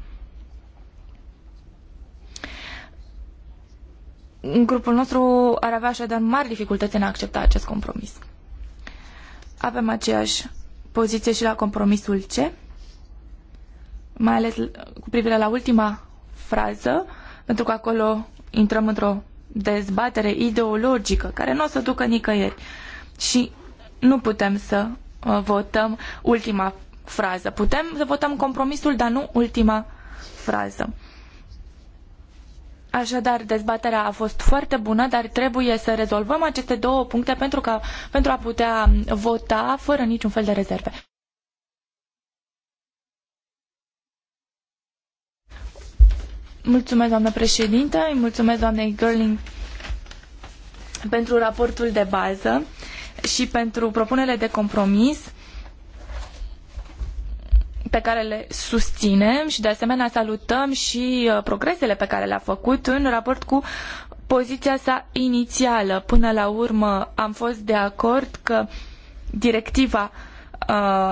Grupul nostru ar avea așadar mari dificultăți în a accepta acest compromis. Avem aceeași poziție și la compromisul C, mai ales cu privire la ultima frază, pentru că acolo intrăm într-o dezbatere ideologică care nu o să ducă nicăieri. Și nu putem să uh, votăm ultima frază. Putem să votăm compromisul, dar nu ultima frază. Așadar, dezbaterea a fost foarte bună, dar trebuie să rezolvăm aceste două puncte pentru, ca, pentru a putea vota fără niciun fel de rezerve. Mulțumesc, doamnă președintă, îi mulțumesc doamnei Gerling pentru raportul de bază și pentru propunerile de compromis pe care le susținem și de asemenea salutăm și uh, progresele pe care le-a făcut în raport cu poziția sa inițială. Până la urmă am fost de acord că directiva uh,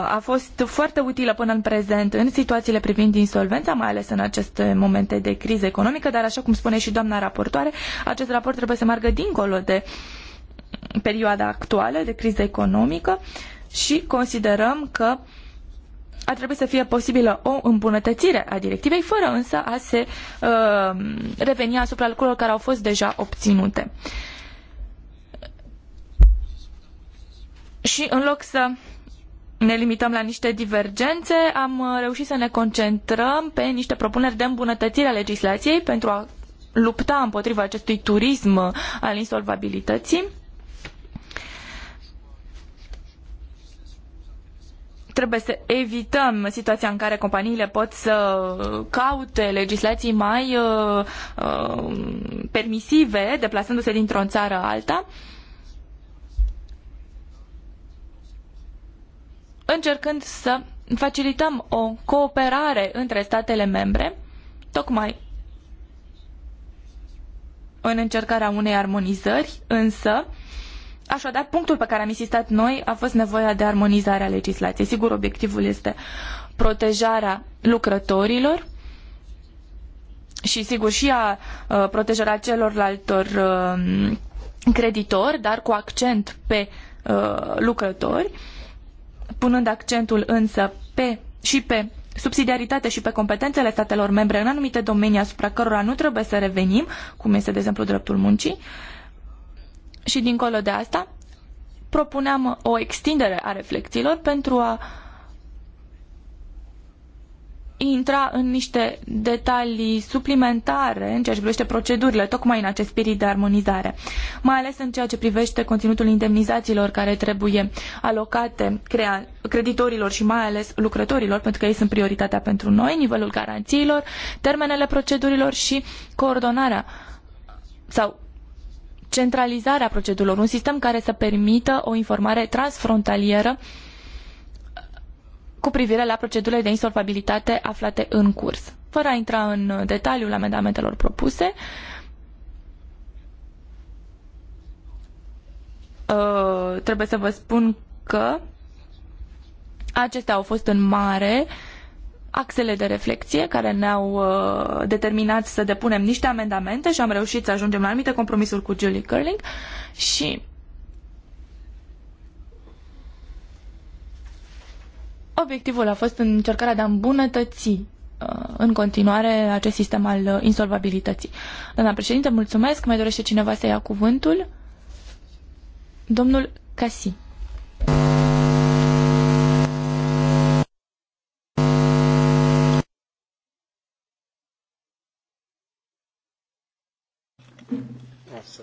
a fost foarte utilă până în prezent în situațiile privind insolvența, mai ales în aceste momente de criză economică, dar așa cum spune și doamna raportoare, acest raport trebuie să meargă dincolo de perioada actuală de criză economică și considerăm că ar trebui să fie posibilă o îmbunătățire a directivei, fără însă a se uh, reveni asupra lucrurilor care au fost deja obținute. Și în loc să ne limităm la niște divergențe, am uh, reușit să ne concentrăm pe niște propuneri de îmbunătățire a legislației pentru a lupta împotriva acestui turism uh, al insolvabilității. Trebuie să evităm situația în care companiile pot să caute legislații mai uh, uh, permisive, deplasându-se dintr-o țară alta. Uh, încercând să facilităm o cooperare între statele membre, tocmai în încercarea unei armonizări, însă, așadar, punctul pe care am insistat noi a fost nevoia de armonizare a legislației. Sigur, obiectivul este protejarea lucrătorilor și, sigur, și a protejarea celorlaltor creditori, dar cu accent pe lucrători. Uh, punând accentul însă pe și pe subsidiaritate și pe competențele statelor membre în anumite domenii asupra cărora nu trebuie să revenim, cum este, de exemplu, dreptul muncii. Și dincolo de asta, propuneam o extindere a reflexiilor pentru a uh, intra în niște detalii suplimentare în ceea ce privește procedurile, tocmai în acest spirit de armonizare, mai ales în ceea ce privește conținutul indemnizațiilor care trebuie alocate creditorilor și mai ales lucrătorilor, pentru că ei sunt prioritatea pentru noi, nivelul garanțiilor, termenele procedurilor și coordonarea sau centralizarea procedurilor, un sistem care să permită o informare transfrontalieră cu privire la procedurile de insolvabilitate aflate în curs. Fără a intra în detaliul amendamentelor propuse, uh, trebuie să vă spun că acestea au fost în mare axele de reflexie care ne-au uh, determinat să depunem niște amendamente și am reușit să ajungem la anumite compromisuri cu Julie Curling și Obiectivul a fost în încercarea de a îmbunătăți uh, în continuare acest sistem al uh, insolvabilității. Doamna președinte, mulțumesc. Mai dorește cineva să ia cuvântul? Domnul Casi. Ah,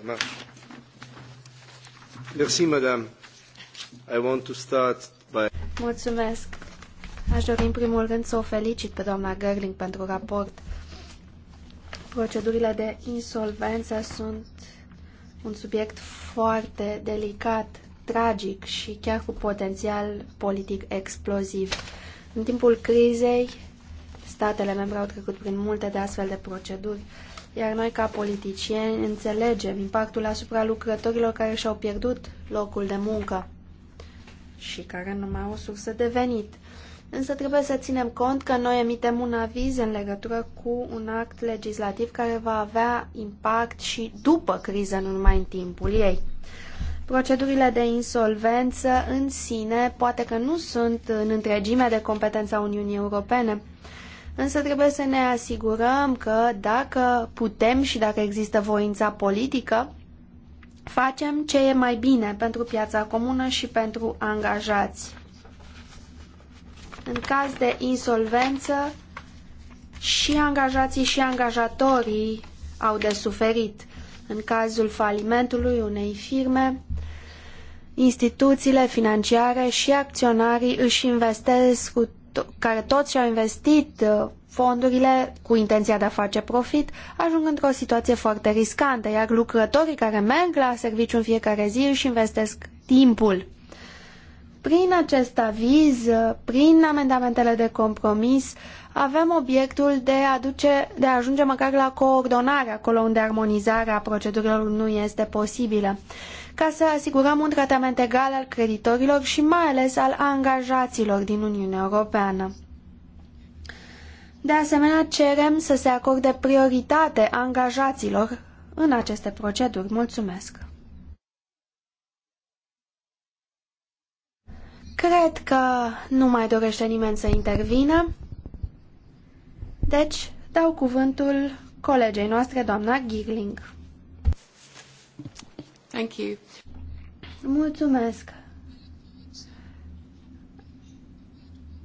Merci, madame. I want to start by... Mulțumesc. Aș dori în primul rând să o felicit pe doamna Gerling pentru raport. Procedurile de insolvență sunt un subiect foarte delicat, tragic și chiar cu potențial politic exploziv. În timpul crizei, statele membre au trecut prin multe de astfel de proceduri, iar noi ca politicieni înțelegem impactul asupra lucrătorilor care și-au pierdut locul de muncă și care nu mai au o sursă de venit. Însă trebuie să ținem cont că noi emitem un aviz în legătură cu un act legislativ care va avea impact și după criză, nu numai în timpul ei. Procedurile de insolvență în sine poate că nu sunt în întregime de competența Uniunii Europene, însă trebuie să ne asigurăm că dacă putem și dacă există voința politică, facem ce e mai bine pentru piața comună și pentru angajați în caz de insolvență, și angajații și angajatorii au de suferit. În cazul falimentului unei firme, instituțiile financiare și acționarii își investesc cu care toți și-au investit uh, fondurile cu intenția de a face profit, ajung într-o situație foarte riscantă, iar lucrătorii care merg la serviciu în fiecare zi își investesc timpul. Prin acest aviz, prin amendamentele de compromis, avem obiectul de, aduce, de a ajunge măcar la coordonare, acolo unde armonizarea procedurilor nu este posibilă, ca să asigurăm un tratament egal al creditorilor și mai ales al angajaților din Uniunea Europeană. De asemenea, cerem să se acorde prioritate angajaților în aceste proceduri. Mulțumesc! Cred că nu mai dorește nimeni să intervină. Deci, dau cuvântul colegei noastre, doamna Girling. Thank you. Mulțumesc.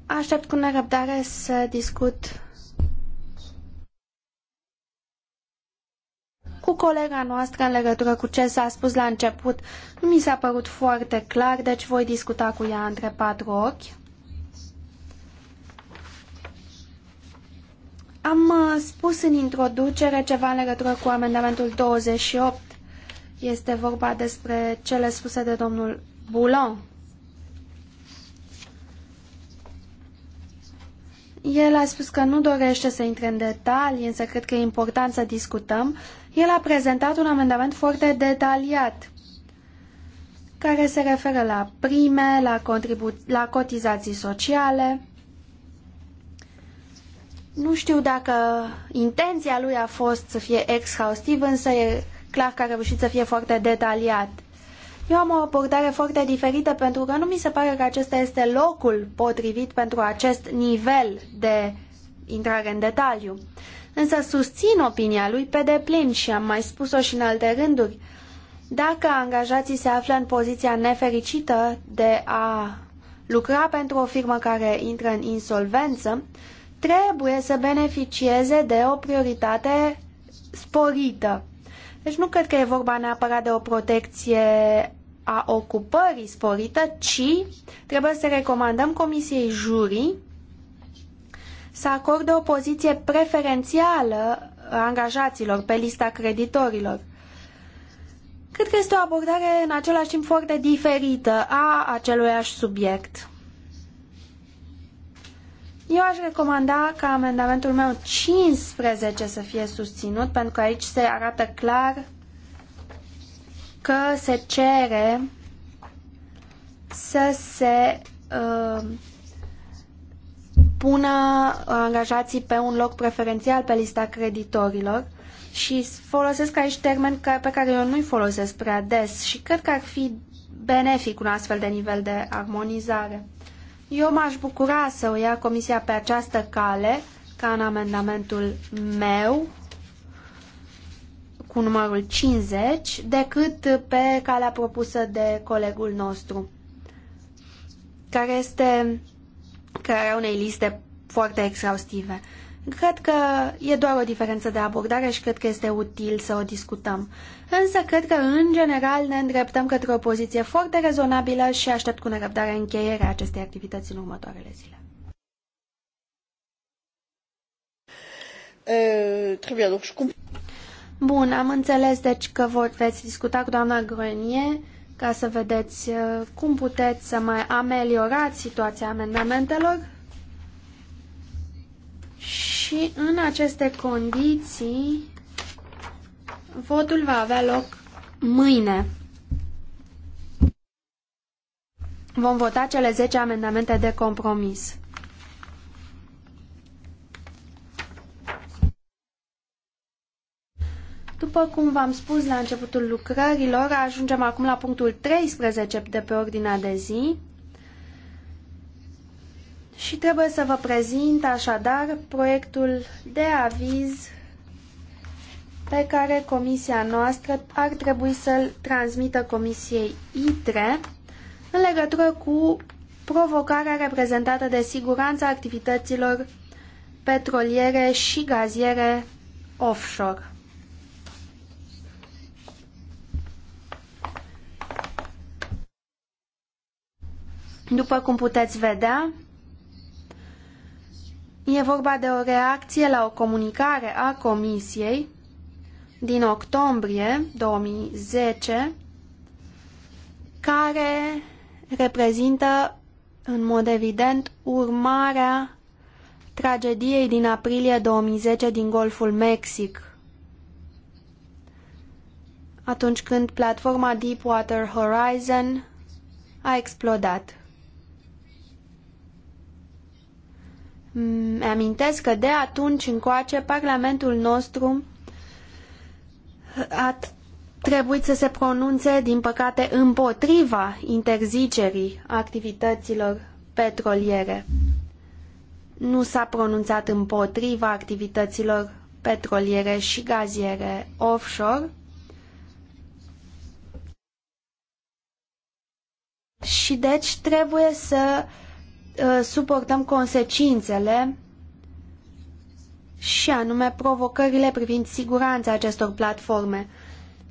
Aștept cu nerăbdare să discut cu colega noastră în legătură cu ce s-a spus la început. Nu mi s-a părut foarte clar, deci voi discuta cu ea între patru ochi. Am uh, spus în introducere ceva în legătură cu amendamentul 28. Este vorba despre cele spuse de domnul Boulon. El a spus că nu dorește să intre în detalii, însă cred că e important să discutăm. Uh, el a prezentat un amendament foarte detaliat care se referă la prime, la, contribu- la cotizații sociale. Nu știu dacă intenția lui a fost să fie exhaustiv, însă e clar că a reușit să fie foarte detaliat. Eu am o abordare foarte diferită pentru că nu mi se pare că acesta este locul potrivit pentru acest nivel de intrare în detaliu însă susțin opinia lui pe deplin și am mai spus-o și în alte rânduri. Dacă angajații se află în poziția nefericită de a lucra pentru o firmă care intră în insolvență, trebuie să beneficieze de o prioritate sporită. Deci nu cred că e vorba neapărat de o protecție a ocupării sporită, ci trebuie să recomandăm Comisiei Jurii să acorde o poziție preferențială angajaților pe lista creditorilor. Cred că este o abordare în același timp foarte diferită a aceluiași subiect. Eu aș recomanda ca amendamentul meu 15 să fie susținut, pentru că aici se arată clar că se cere să se uh, pună angajații pe un loc preferențial pe lista creditorilor și folosesc aici termeni pe care eu nu-i folosesc prea des și cred că ar fi benefic un astfel de nivel de armonizare. Eu m-aș bucura să o ia Comisia pe această cale, ca în amendamentul meu, cu numărul 50, decât pe calea propusă de colegul nostru, care este crearea unei liste foarte exhaustive. Cred că e doar o diferență de abordare și cred că este util să o discutăm. Însă cred că, în general, ne îndreptăm către o poziție foarte rezonabilă și aștept cu nerăbdare încheierea acestei activități în următoarele zile. Eh, Bun, am înțeles deci că vor, veți discuta cu doamna Grenier ca să vedeți uh, cum puteți să mai ameliorați situația amendamentelor. Și în aceste condiții, votul va avea loc mâine. Vom vota cele 10 amendamente de compromis. După cum v-am spus la începutul lucrărilor, ajungem acum la punctul 13 de pe ordinea de zi și trebuie să vă prezint așadar proiectul de aviz pe care comisia noastră ar trebui să-l transmită comisiei ITRE în legătură cu provocarea reprezentată de siguranța activităților petroliere și gaziere offshore. După cum puteți vedea, e vorba de o reacție la o comunicare a Comisiei din octombrie 2010 care reprezintă în mod evident urmarea tragediei din aprilie 2010 din Golful Mexic atunci când platforma Deepwater Horizon a explodat. Îmi amintesc că de atunci încoace Parlamentul nostru a trebuit să se pronunțe, din păcate, împotriva interzicerii activităților petroliere. Nu s-a pronunțat împotriva activităților petroliere și gaziere offshore și deci trebuie să uh, Uh, suportăm consecințele și anume provocările privind siguranța acestor platforme.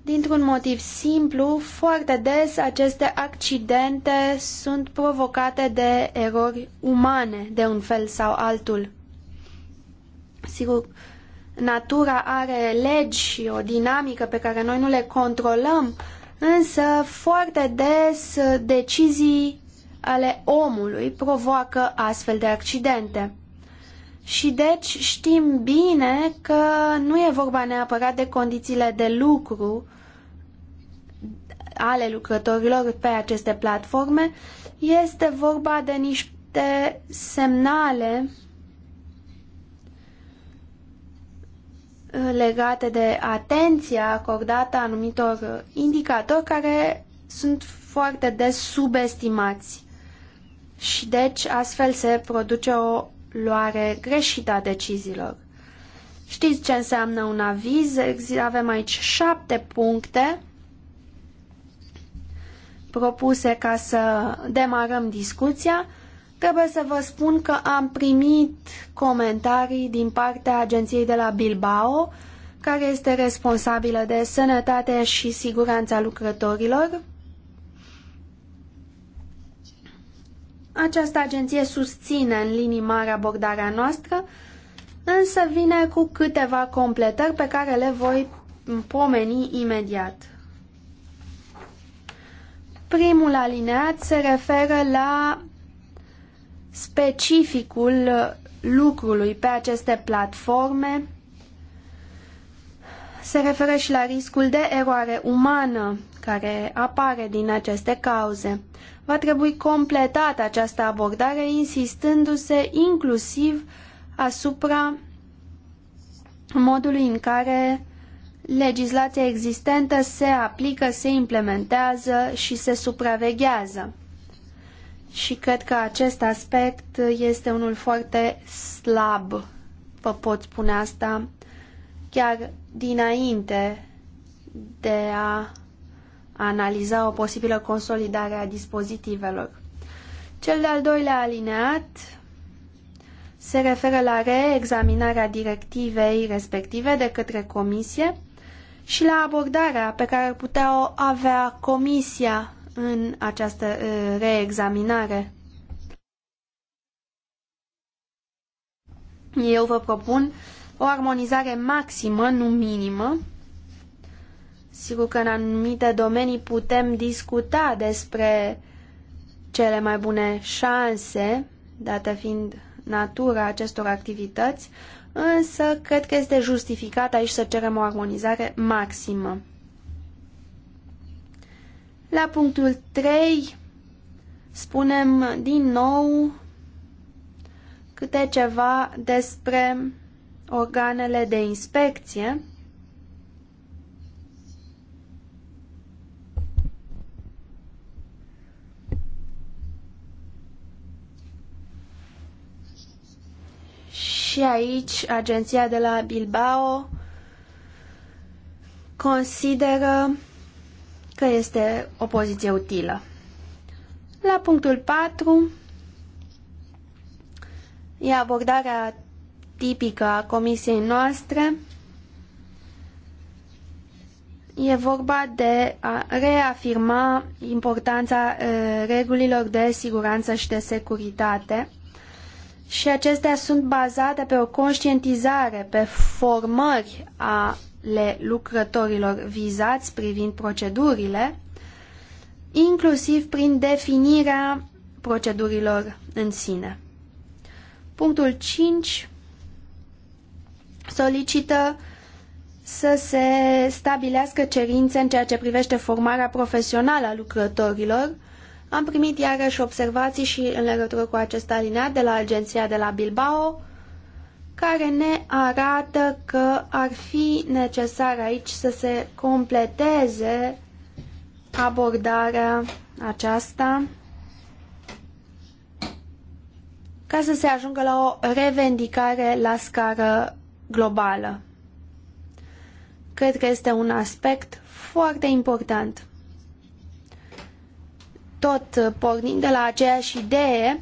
Dintr-un motiv simplu, foarte des aceste accidente sunt provocate de erori umane, de un fel sau altul. Sigur, natura are legi și o dinamică pe care noi nu le controlăm, însă foarte des decizii ale omului provoacă astfel de accidente. Și deci știm bine că nu e vorba neapărat de condițiile de lucru ale lucrătorilor pe aceste platforme, este vorba de niște semnale legate de atenția acordată anumitor indicatori care sunt foarte des subestimați și deci astfel se produce o luare greșită a deciziilor. Știți ce înseamnă un aviz? Avem aici șapte puncte propuse ca să demarăm discuția. Trebuie să vă spun că am primit comentarii din partea agenției de la Bilbao, care este responsabilă de sănătate și siguranța lucrătorilor. Această agenție susține în linii mari abordarea noastră, însă vine cu câteva completări pe care le voi pomeni imediat. Primul alineat se referă la specificul lucrului pe aceste platforme, se referă și la riscul de eroare umană care apare din aceste cauze. Va trebui completată această abordare insistându-se inclusiv asupra modului în care legislația existentă se aplică, se implementează și se supraveghează. Și cred că acest aspect este unul foarte slab, vă pot spune asta, chiar dinainte de a analiza o posibilă consolidare a dispozitivelor. Cel de-al doilea alineat se referă la reexaminarea directivei respective de către Comisie și la abordarea pe care ar putea o avea Comisia în această uh, reexaminare. Eu vă propun o armonizare maximă, nu minimă, Sigur că în anumite domenii putem discuta despre cele mai bune șanse, dată fiind natura acestor activități, însă cred că este justificat aici să cerem o armonizare maximă. La punctul 3 spunem din nou câte ceva despre organele de inspecție Și aici, agenția de la Bilbao consideră că este o poziție utilă. La punctul 4 e abordarea tipică a comisiei noastre. E vorba de a reafirma importanța eh, regulilor de siguranță și de securitate și acestea sunt bazate pe o conștientizare, pe formări ale lucrătorilor vizați privind procedurile, inclusiv prin definirea procedurilor în sine. Punctul 5 solicită să se stabilească cerințe în ceea ce privește formarea profesională a lucrătorilor, am primit iarăși observații și în legătură cu acest alineat de la agenția de la Bilbao, care ne arată că ar fi necesar aici să se completeze abordarea aceasta ca să se ajungă la o revendicare la scară globală. Cred că este un aspect foarte important tot pornind de la aceeași idee,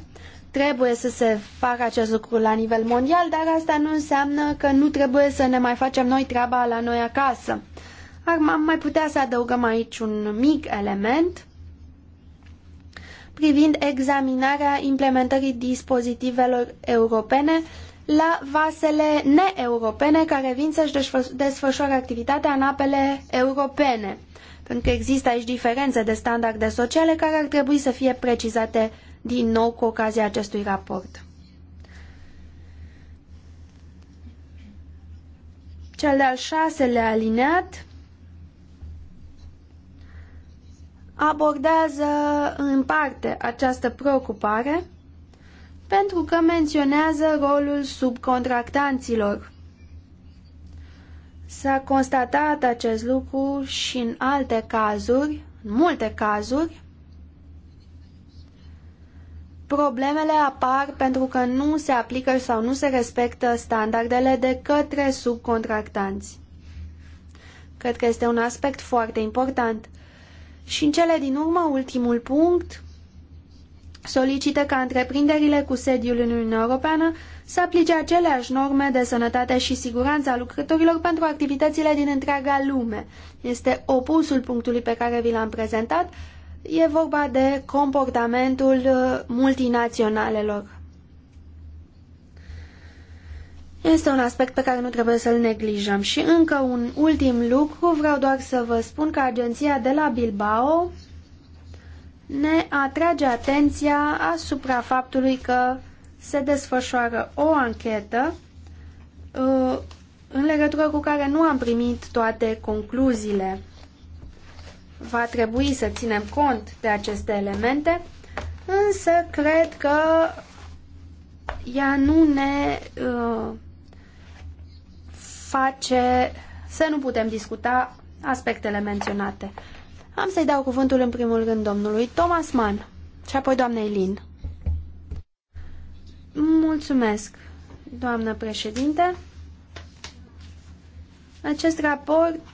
trebuie să se facă acest lucru la nivel mondial, dar asta nu înseamnă că nu trebuie să ne mai facem noi treaba la noi acasă. Am mai putea să adăugăm aici un mic element privind examinarea implementării dispozitivelor europene la vasele neeuropene care vin să-și desfășoare activitatea în apele europene. Pentru că există aici diferențe de standarde sociale care ar trebui să fie precizate din nou cu ocazia acestui raport. Cel de-al șaselea alineat abordează în parte această preocupare pentru că menționează rolul subcontractanților S-a constatat acest lucru și în alte cazuri, în multe cazuri, problemele apar pentru că nu se aplică sau nu se respectă standardele de către subcontractanți. Cred că este un aspect foarte important. Și în cele din urmă, ultimul punct, solicită ca întreprinderile cu sediul în Uniunea Europeană să aplice aceleași norme de sănătate și siguranță a lucrătorilor pentru activitățile din întreaga lume. Este opusul punctului pe care vi l-am prezentat. E vorba de comportamentul uh, multinaționalelor. Este un aspect pe care nu trebuie să-l neglijăm. Și încă un ultim lucru, vreau doar să vă spun că agenția de la Bilbao ne atrage atenția asupra faptului că se desfășoară o anchetă uh, în legătură cu care nu am primit toate concluziile. Va trebui să ținem cont de aceste elemente, însă cred că ea nu ne uh, face să nu putem discuta aspectele menționate. Am să-i dau cuvântul în primul rând domnului Thomas Mann și apoi doamnei Lin. Mulțumesc, doamnă președinte. Acest raport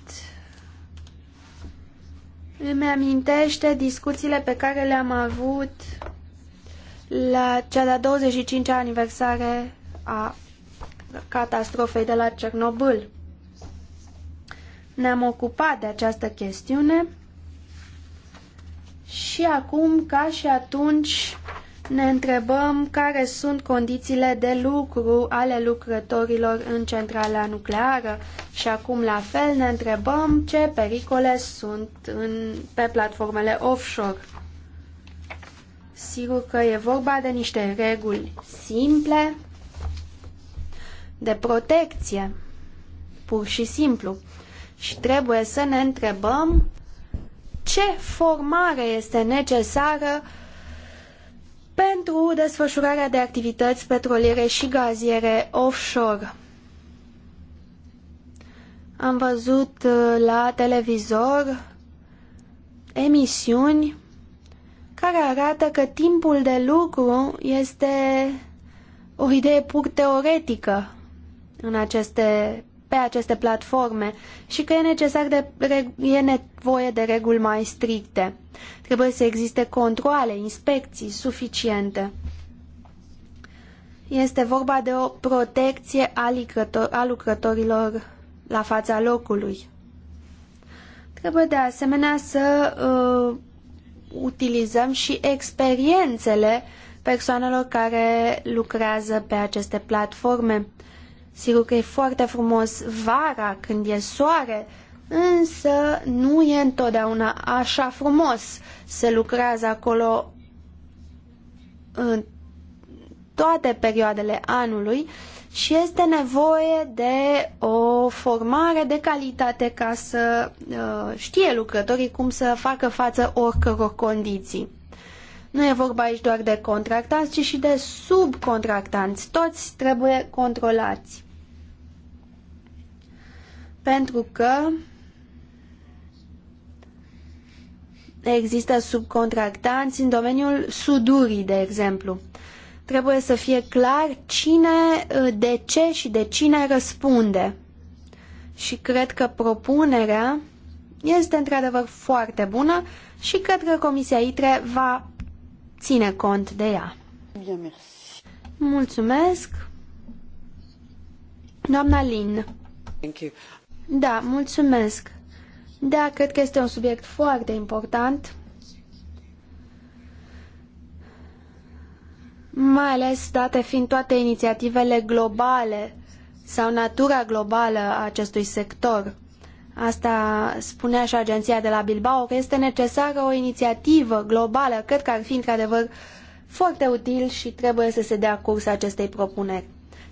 îmi amintește discuțiile pe care le-am avut la cea de-a 25-a aniversare a catastrofei de la Cernobâl. Ne-am ocupat de această chestiune și acum, ca și atunci, ne întrebăm care sunt condițiile de lucru ale lucrătorilor în centrala nucleară și acum la fel ne întrebăm ce pericole sunt în, pe platformele offshore. Sigur că e vorba de niște reguli simple de protecție, pur și simplu. Și trebuie să ne întrebăm ce formare este necesară pentru desfășurarea de activități petroliere și gaziere offshore. Am văzut uh, la televizor emisiuni care arată că timpul de lucru este o idee pur teoretică în aceste pe aceste platforme și că e, necesar de, e nevoie de reguli mai stricte. Trebuie să existe controle, inspecții suficiente. Este vorba de o protecție a, lucrător, a lucrătorilor la fața locului. Trebuie de asemenea să uh, utilizăm și experiențele persoanelor care lucrează pe aceste platforme Sigur că e foarte frumos vara când e soare, însă nu e întotdeauna așa frumos. Se lucrează acolo în toate perioadele anului și este nevoie de o formare de calitate ca să uh, știe lucrătorii cum să facă față oricăror condiții. Nu e vorba aici doar de contractanți, ci și de subcontractanți. Toți trebuie controlați pentru că există subcontractanți în domeniul sudurii, de exemplu. Trebuie să fie clar cine, uh, de ce și de cine răspunde. Și cred că propunerea este într-adevăr foarte bună și cred că Comisia ITRE va ține cont de ea. Mulțumesc. Doamna Lin. Thank you. Da, mulțumesc. Da, cred că este un subiect foarte important. Mai ales date fiind toate inițiativele globale sau natura globală a acestui sector. Asta spunea și agenția de la Bilbao, că este necesară o inițiativă globală. Cred că ar fi într-adevăr foarte util și trebuie să se dea curs acestei propuneri.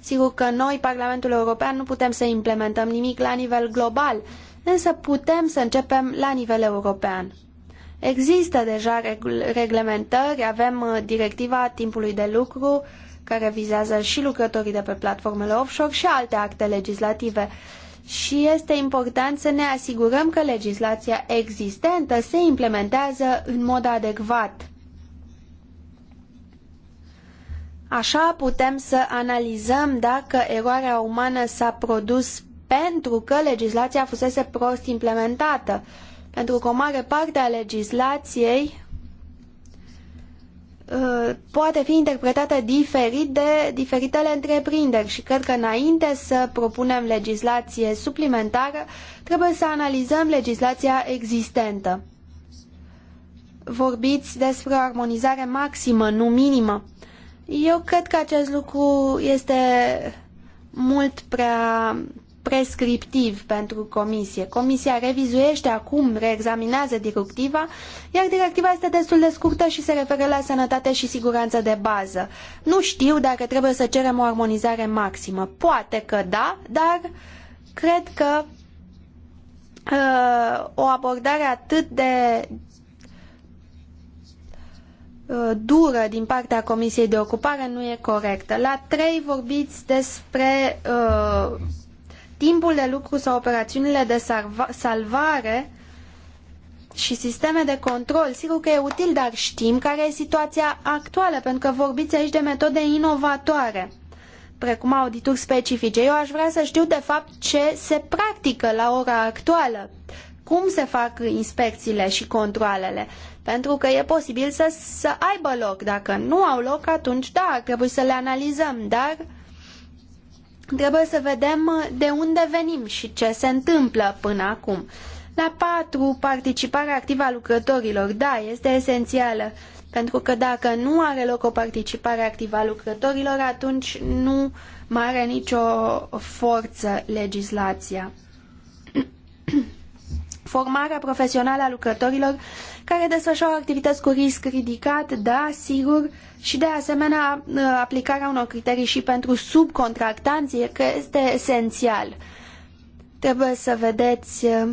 Sigur că noi, Parlamentul European, nu putem să implementăm nimic la nivel global, însă putem să începem la nivel european. Există deja reglementări, avem uh, directiva timpului de lucru, care vizează și lucrătorii de pe platformele offshore și alte acte legislative. Și este important să ne asigurăm că legislația existentă se implementează în mod adecvat. Așa putem să analizăm dacă eroarea umană s-a produs pentru că legislația fusese prost implementată, pentru că o mare parte a legislației ă, poate fi interpretată diferit de diferitele întreprinderi și cred că înainte să propunem legislație suplimentară, trebuie să analizăm legislația existentă. Vorbiți despre o armonizare maximă, nu minimă. Eu cred că acest lucru este mult prea prescriptiv pentru comisie. Comisia revizuiește acum, reexaminează directiva, iar directiva este destul de scurtă și se referă la sănătate și siguranță de bază. Nu știu dacă trebuie să cerem o armonizare maximă. Poate că da, dar cred că uh, o abordare atât de Uh, dură din partea Comisiei de Ocupare nu e corectă. La trei vorbiți despre uh, timpul de lucru sau operațiunile de salva salvare și sisteme de control. Sigur că e util, dar știm care e situația actuală, pentru că vorbiți aici de metode inovatoare, precum audituri specifice. Eu aș vrea să știu, de fapt, ce se practică la ora actuală cum se fac inspecțiile și controalele. Pentru că e posibil să, să aibă loc. Dacă nu au loc, atunci da, ar trebui să le analizăm, dar trebuie să vedem de unde venim și ce se întâmplă până acum. La patru, participarea activă a lucrătorilor. Da, este esențială. Pentru că dacă nu are loc o participare activă a lucrătorilor, atunci nu mai are nicio forță legislația. formarea profesională a lucrătorilor care desfășoară activități cu risc ridicat, da, sigur, și de asemenea uh, aplicarea unor criterii și pentru subcontractanți, că este esențial. Trebuie să vedeți uh,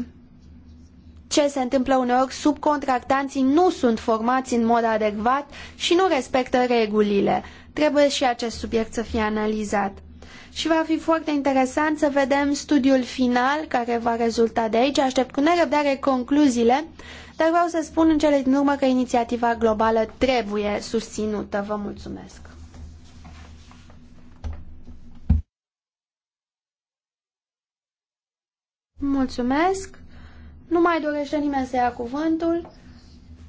ce se întâmplă uneori, subcontractanții nu sunt formați în mod adecvat și nu respectă regulile. Trebuie și acest subiect să fie analizat și va fi foarte interesant să vedem studiul final care va rezulta de aici. Aștept cu nerăbdare concluziile, dar vreau să spun în cele din urmă că inițiativa globală trebuie susținută. Vă mulțumesc! Mulțumesc! Nu mai dorește nimeni să ia cuvântul.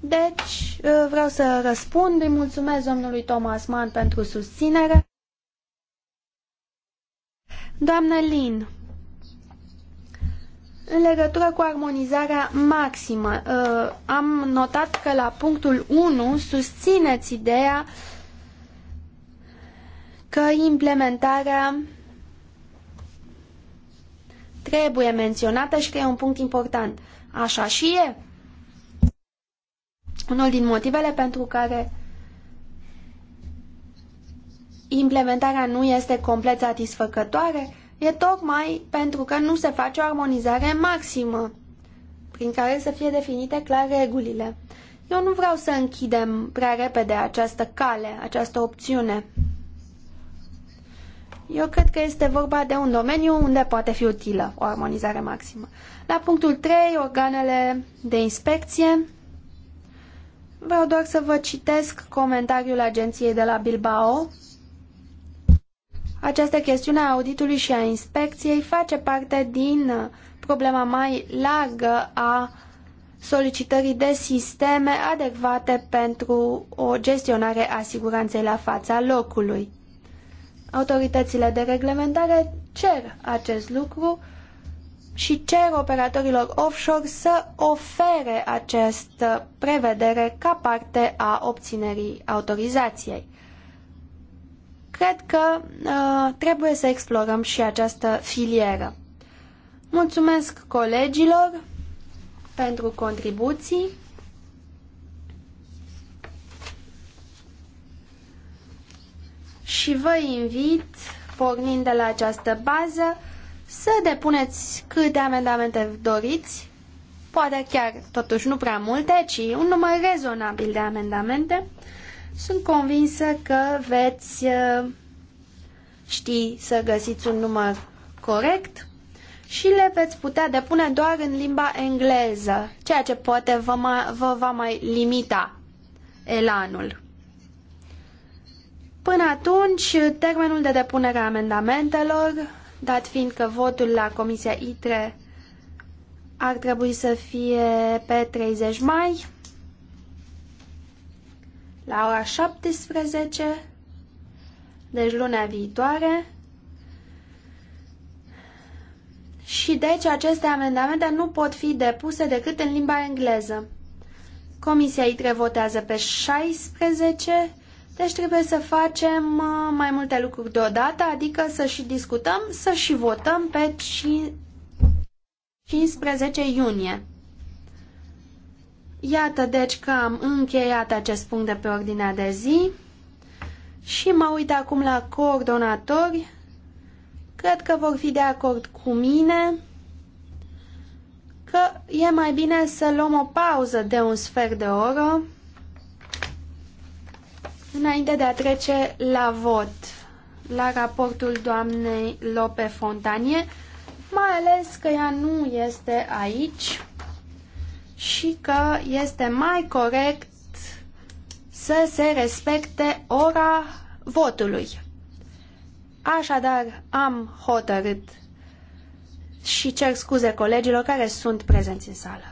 Deci, uh, vreau să răspund. Îi mulțumesc domnului Thomas Mann pentru susținere. Doamnă Lin, în legătură cu armonizarea maximă, uh, am notat că la punctul 1 susțineți ideea că implementarea trebuie menționată și că e un punct important. Așa și e. Unul din motivele pentru care implementarea nu este complet satisfăcătoare e tocmai pentru că nu se face o armonizare maximă prin care să fie definite clar regulile. Eu nu vreau să închidem prea repede această cale, această opțiune. Eu cred că este vorba de un domeniu unde poate fi utilă o armonizare maximă. La punctul 3, organele de inspecție. Vreau doar să vă citesc comentariul agenției de la Bilbao, această chestiune a auditului și a inspecției face parte din uh, problema mai largă a solicitării de sisteme adecvate pentru o gestionare a siguranței la fața locului. Autoritățile de reglementare cer acest lucru și cer operatorilor offshore să ofere această prevedere ca parte a obținerii autorizației cred că uh, trebuie să explorăm și această filieră. Mulțumesc colegilor pentru contribuții. Și vă invit, pornind de la această bază, să depuneți câte amendamente doriți, poate chiar totuși nu prea multe, ci un număr rezonabil de amendamente, sunt convinsă că veți uh, ști să găsiți un număr corect și le veți putea depune doar în limba engleză, ceea ce poate vă, mai, vă va mai limita elanul. Până atunci, termenul de depunere a amendamentelor, dat fiind că votul la Comisia ITRE ar trebui să fie pe 30 mai, la ora 17, deci lunea viitoare. Și deci aceste amendamente nu pot fi depuse decât în limba engleză. Comisia ITRE votează pe 16, deci trebuie să facem uh, mai multe lucruri deodată, adică să și discutăm, să și votăm pe 5 15 iunie. Iată deci că am încheiat acest punct de pe ordinea de zi și mă uit acum la coordonatori. Cred că vor fi de acord cu mine că e mai bine să luăm o pauză de un sfert de oră înainte de a trece la vot la raportul doamnei Lope Fontanie, mai ales că ea nu este aici și că este mai corect să se respecte ora votului. Așadar, am hotărât și cer scuze colegilor care sunt prezenți în sală.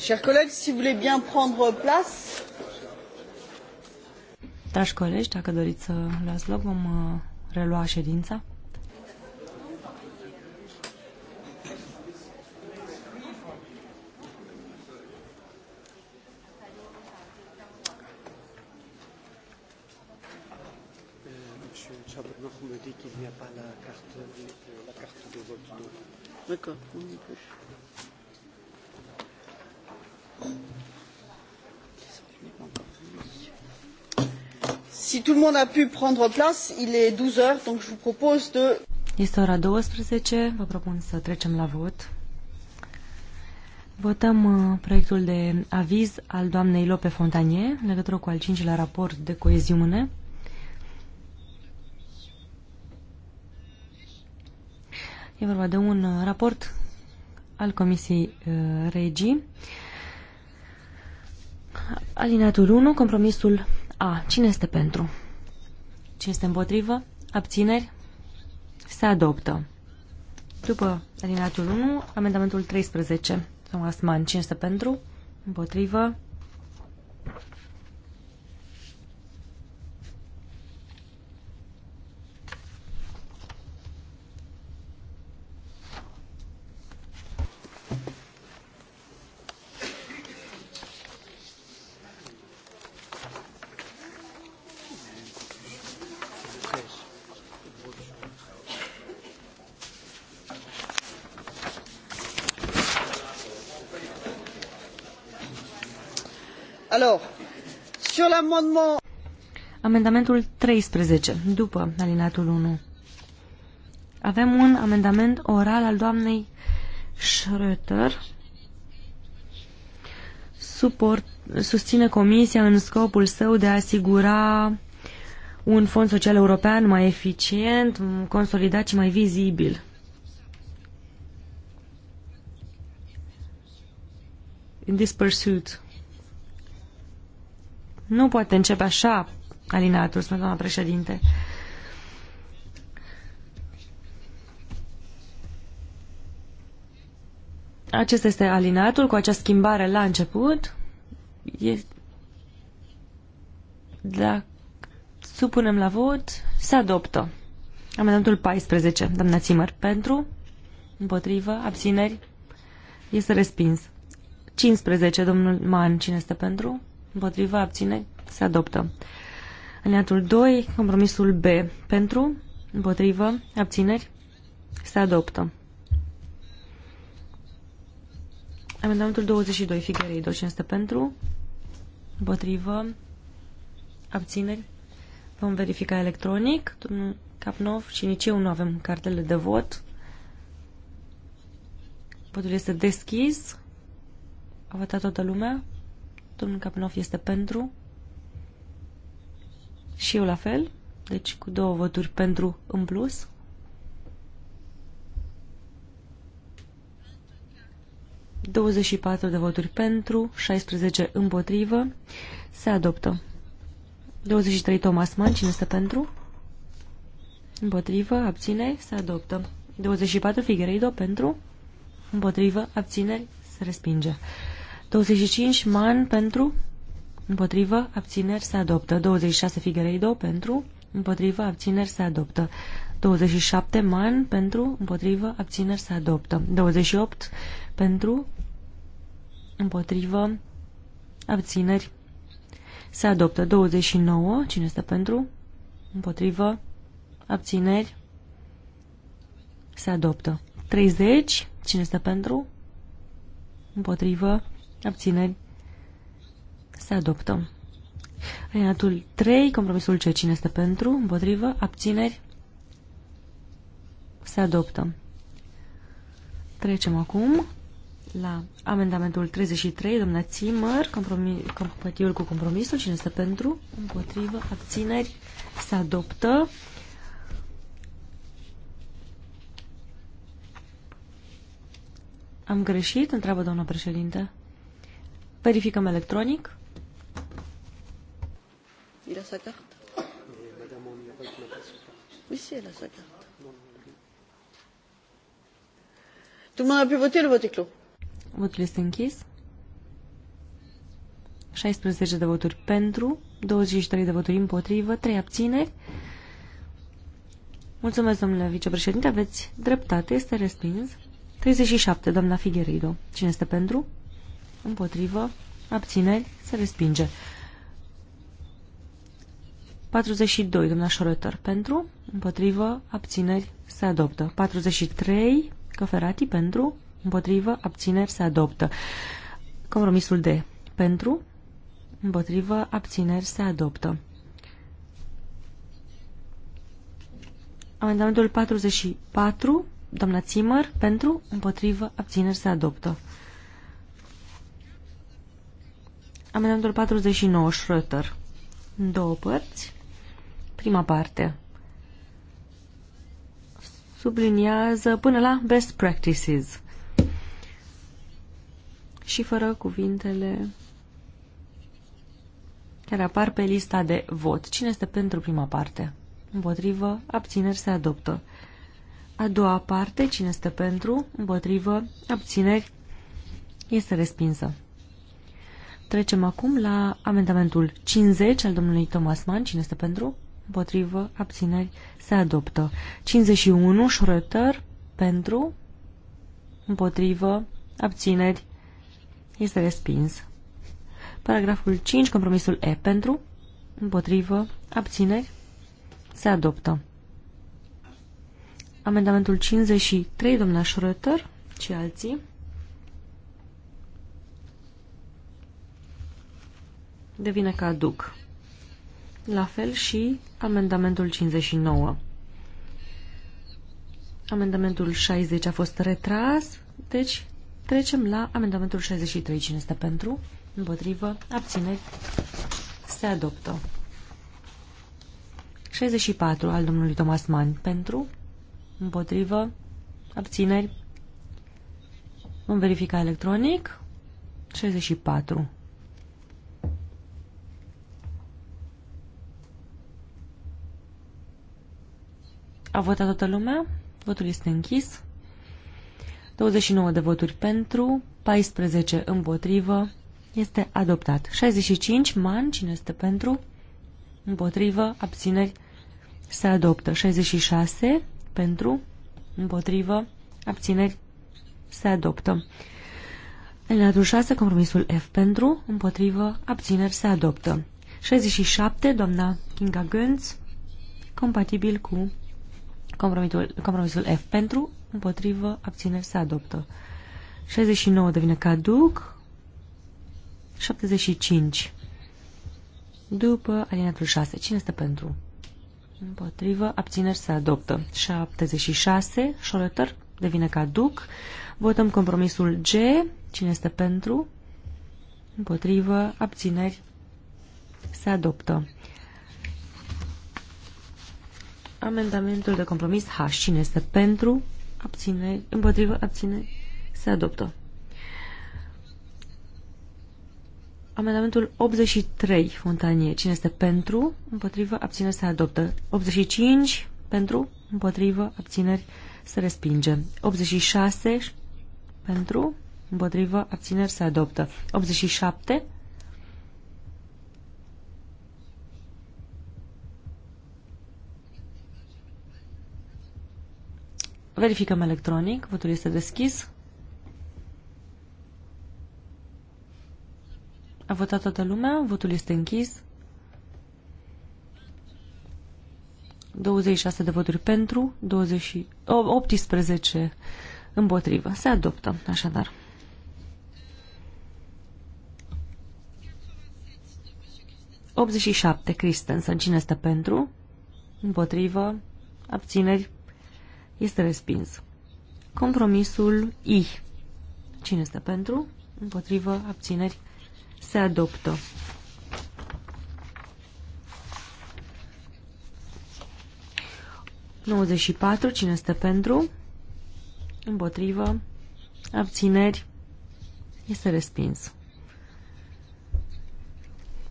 Chers collègues, si vous voulez bien prendre place. Dragi colegi, dacă doriți să luați loc, vom uh, relua ședința. monde a pu prendre place. Il est 12 heures, donc je vous propose de... Este ora 12, vă propun să trecem la vot. Votăm uh, proiectul de aviz al doamnei Lope Fontanie în legătură cu al cincilea raport de coeziune. E vorba de un uh, raport al Comisiei uh, Regii. Alinatul 1, compromisul A. Cine este pentru? Ce este împotrivă? Abțineri? Se adoptă. După alineatul 1, amendamentul 13. Thomas Mann, 500 pentru, împotrivă, Sur l'amendement. Amendamentul 13, după alineatul 1. Avem un amendament oral al doamnei Schröter. Suport, susține Comisia în scopul său de a asigura un fond social european mai eficient, consolidat și mai vizibil. In this pursuit. Nu poate începe așa alineatul, spune doamna președinte. Acesta este alinatul cu acea schimbare la început. E... Dacă supunem la vot, se adoptă. Amendamentul 14, doamna Țimăr, pentru, împotrivă, abțineri, este respins. 15, domnul Man, cine este pentru? împotriva, abține, se adoptă. Alineatul 2, compromisul B, pentru, împotrivă, abțineri, se adoptă. Amendamentul 22, figurei cine pentru? Împotrivă? Abțineri? Vom verifica electronic. Domnul Capnov și nici eu nu avem cartele de vot. Votul este deschis. A votat toată lumea. Domnul Capanov este pentru. Și eu la fel. Deci cu două voturi pentru în plus. ...24 de voturi pentru, 16 împotrivă, se adoptă. 23 Thomas Mann, cine este pentru? Împotrivă, abține, se adoptă. 24 Figueiredo pentru, împotrivă, abține se respinge. 25 man pentru, împotrivă, abțineri se adoptă. 26 Figueiredo pentru, împotrivă, abțineri se adoptă. 27 man pentru, împotrivă, abțineri se adoptă. 28 pentru, împotrivă, abțineri se adoptă. 29, cine este pentru, împotrivă, abțineri se adoptă. 30, cine este pentru, împotrivă, Abțineri. Se adoptă. Alineatul 3, compromisul C. Cine este pentru? Împotrivă? Abțineri? Se adoptă. Trecem acum la amendamentul 33, doamna Țimăr, compatibil cu compromisul. Cine este pentru? Împotrivă? Abțineri? Se adoptă. Am greșit? Întreabă doamna președinte. Verificăm electronic. Il a sa carte Oui, si, elle a sa carte. Tout le monde a pu voter, le vote est clos. Votul este închis. 16 de voturi pentru, 23 de voturi împotrivă, 3 abțineri. Mulțumesc, domnule vicepreședinte, aveți dreptate, este respins. 37, doamna Figueiredo. Cine este pentru? Împotrivă. Abțineri. Se respinge. 42. Domnul Șorător. Pentru. Împotrivă. Abțineri. Se adoptă. 43. Căferati. Pentru. Împotrivă. Abțineri. Se adoptă. Compromisul D. Pentru. Împotrivă. Abțineri. Se adoptă. Amendamentul 44, doamna Țimăr, pentru, împotrivă, abțineri se adoptă. Amendamentul 49, Schröter. În două părți. Prima parte subliniază până la best practices și fără cuvintele care apar pe lista de vot. Cine este pentru prima parte? Împotrivă, abțineri se adoptă. A doua parte, cine este pentru? Împotrivă, abțineri este respinsă. Trecem acum la amendamentul 50 al domnului Thomas Mann. Cine este pentru? Împotrivă. Abțineri. Se adoptă. 51. Schröter. Pentru. Împotrivă. Abțineri. Este respins. Paragraful 5. Compromisul E. Pentru. Împotrivă. Abțineri. Se adoptă. Amendamentul 53, domnul Schröter și alții. devine caduc. La fel și amendamentul 59. Amendamentul 60 a fost retras, deci trecem la amendamentul 63. Cine este pentru? Împotrivă? Abțineri? Se adoptă. 64 al domnului Thomas Mann. Pentru? Împotrivă? Abțineri? Vom verifica electronic. 64. A votat toată lumea? Votul este închis. 29 de voturi pentru, 14 împotrivă. Este adoptat. 65, man, cine este pentru? Împotrivă, abțineri, se adoptă. 66, pentru, împotrivă, abțineri, se adoptă. Alineatul 6, compromisul F pentru, împotrivă, abțineri, se adoptă. 67, doamna Kinga Gönz, compatibil cu Compromisul, compromisul F pentru, împotrivă, abțineri se adoptă. 69 devine caduc. 75. După alineatul 6. Cine este pentru? Împotrivă, abțineri se adoptă. 76. Șoleter devine caduc. Votăm compromisul G. Cine este pentru? Împotrivă, abțineri se adoptă. Amendamentul de compromis H. Cine este pentru? Abține. Împotrivă? abține, Se adoptă. Amendamentul 83, Fontanie. Cine este pentru? Împotrivă? abține, Se adoptă. 85, pentru? Împotrivă? Abțineri. Se respinge. 86, pentru? Împotrivă? Abțineri. Se adoptă. 87, Verificăm electronic. Votul este deschis. A votat toată lumea. Votul este închis. 26 de voturi pentru, 20, 18 împotrivă. Se adoptă, așadar. ...87, Christensen. Cine este pentru? Împotrivă? Abțineri? Este respins. Compromisul I. Cine este pentru? Împotrivă, abțineri, se adoptă. 94. patru, cine este pentru? Împotrivă, abțineri, este respins.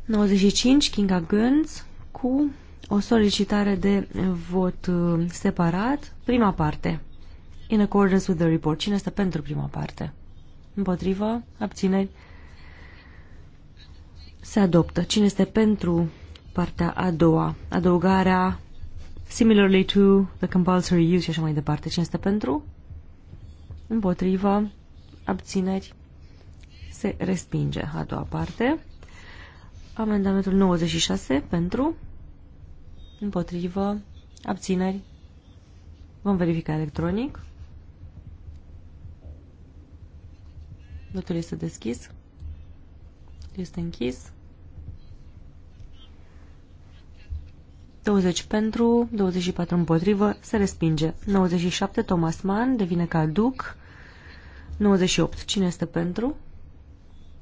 95, Kinga Gânz, cu o solicitare de vot uh, separat. Prima parte. In accordance with the report. Cine este pentru prima parte? Împotrivă? Abțineri? Se adoptă. Cine este pentru partea a doua? Adăugarea similarly to the compulsory use și așa mai departe. Cine este pentru? Împotrivă? Abțineri? Se respinge a doua parte. Amendamentul 96 pentru Împotrivă. Abțineri. Vom verifica electronic. Votul este deschis. Este închis. 20 pentru, 24 împotrivă, se respinge. 97, Thomas Mann, devine caduc. 98, cine este pentru?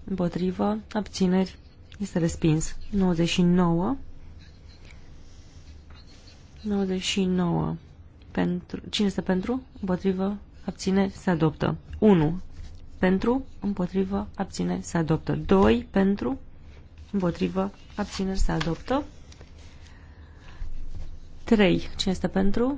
Împotrivă, abțineri, este respins. 99, 99. Pentru, cine este pentru? Împotrivă? Abține? Se adoptă. 1. Pentru? Împotrivă? Abține? Se adoptă. 2. Pentru? Împotrivă? Abține? Se adoptă. 3. Cine este pentru?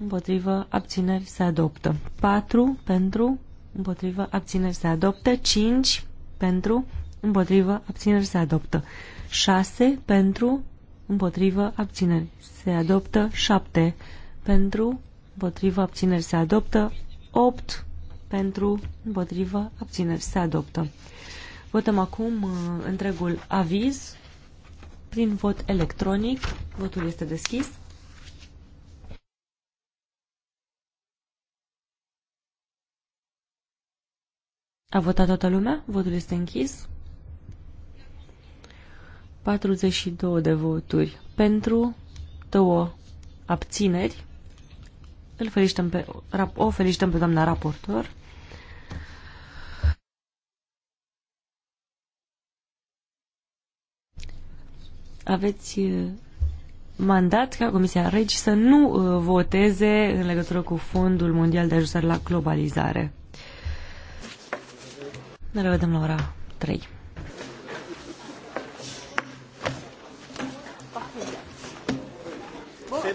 Împotrivă? Abțineri? Se adoptă. 4. Pentru? Împotrivă? Abțineri? Se adoptă. 5. Pentru? Împotrivă? Abțineri? Se adoptă. 6. Pentru? împotrivă, abțineri se adoptă, 7 pentru, împotrivă, abțineri se adoptă, 8 pentru, împotrivă, abțineri se adoptă. Votăm acum uh, întregul aviz prin vot electronic. Votul este deschis. A votat toată lumea? Votul este închis. 42 de voturi pentru, două abțineri. Îl felicităm pe, o felicităm pe doamna raportor. Aveți uh, mandat ca Comisia Regi să nu uh, voteze în legătură cu Fondul Mondial de Ajustare la Globalizare. Ne revedem la ora 3.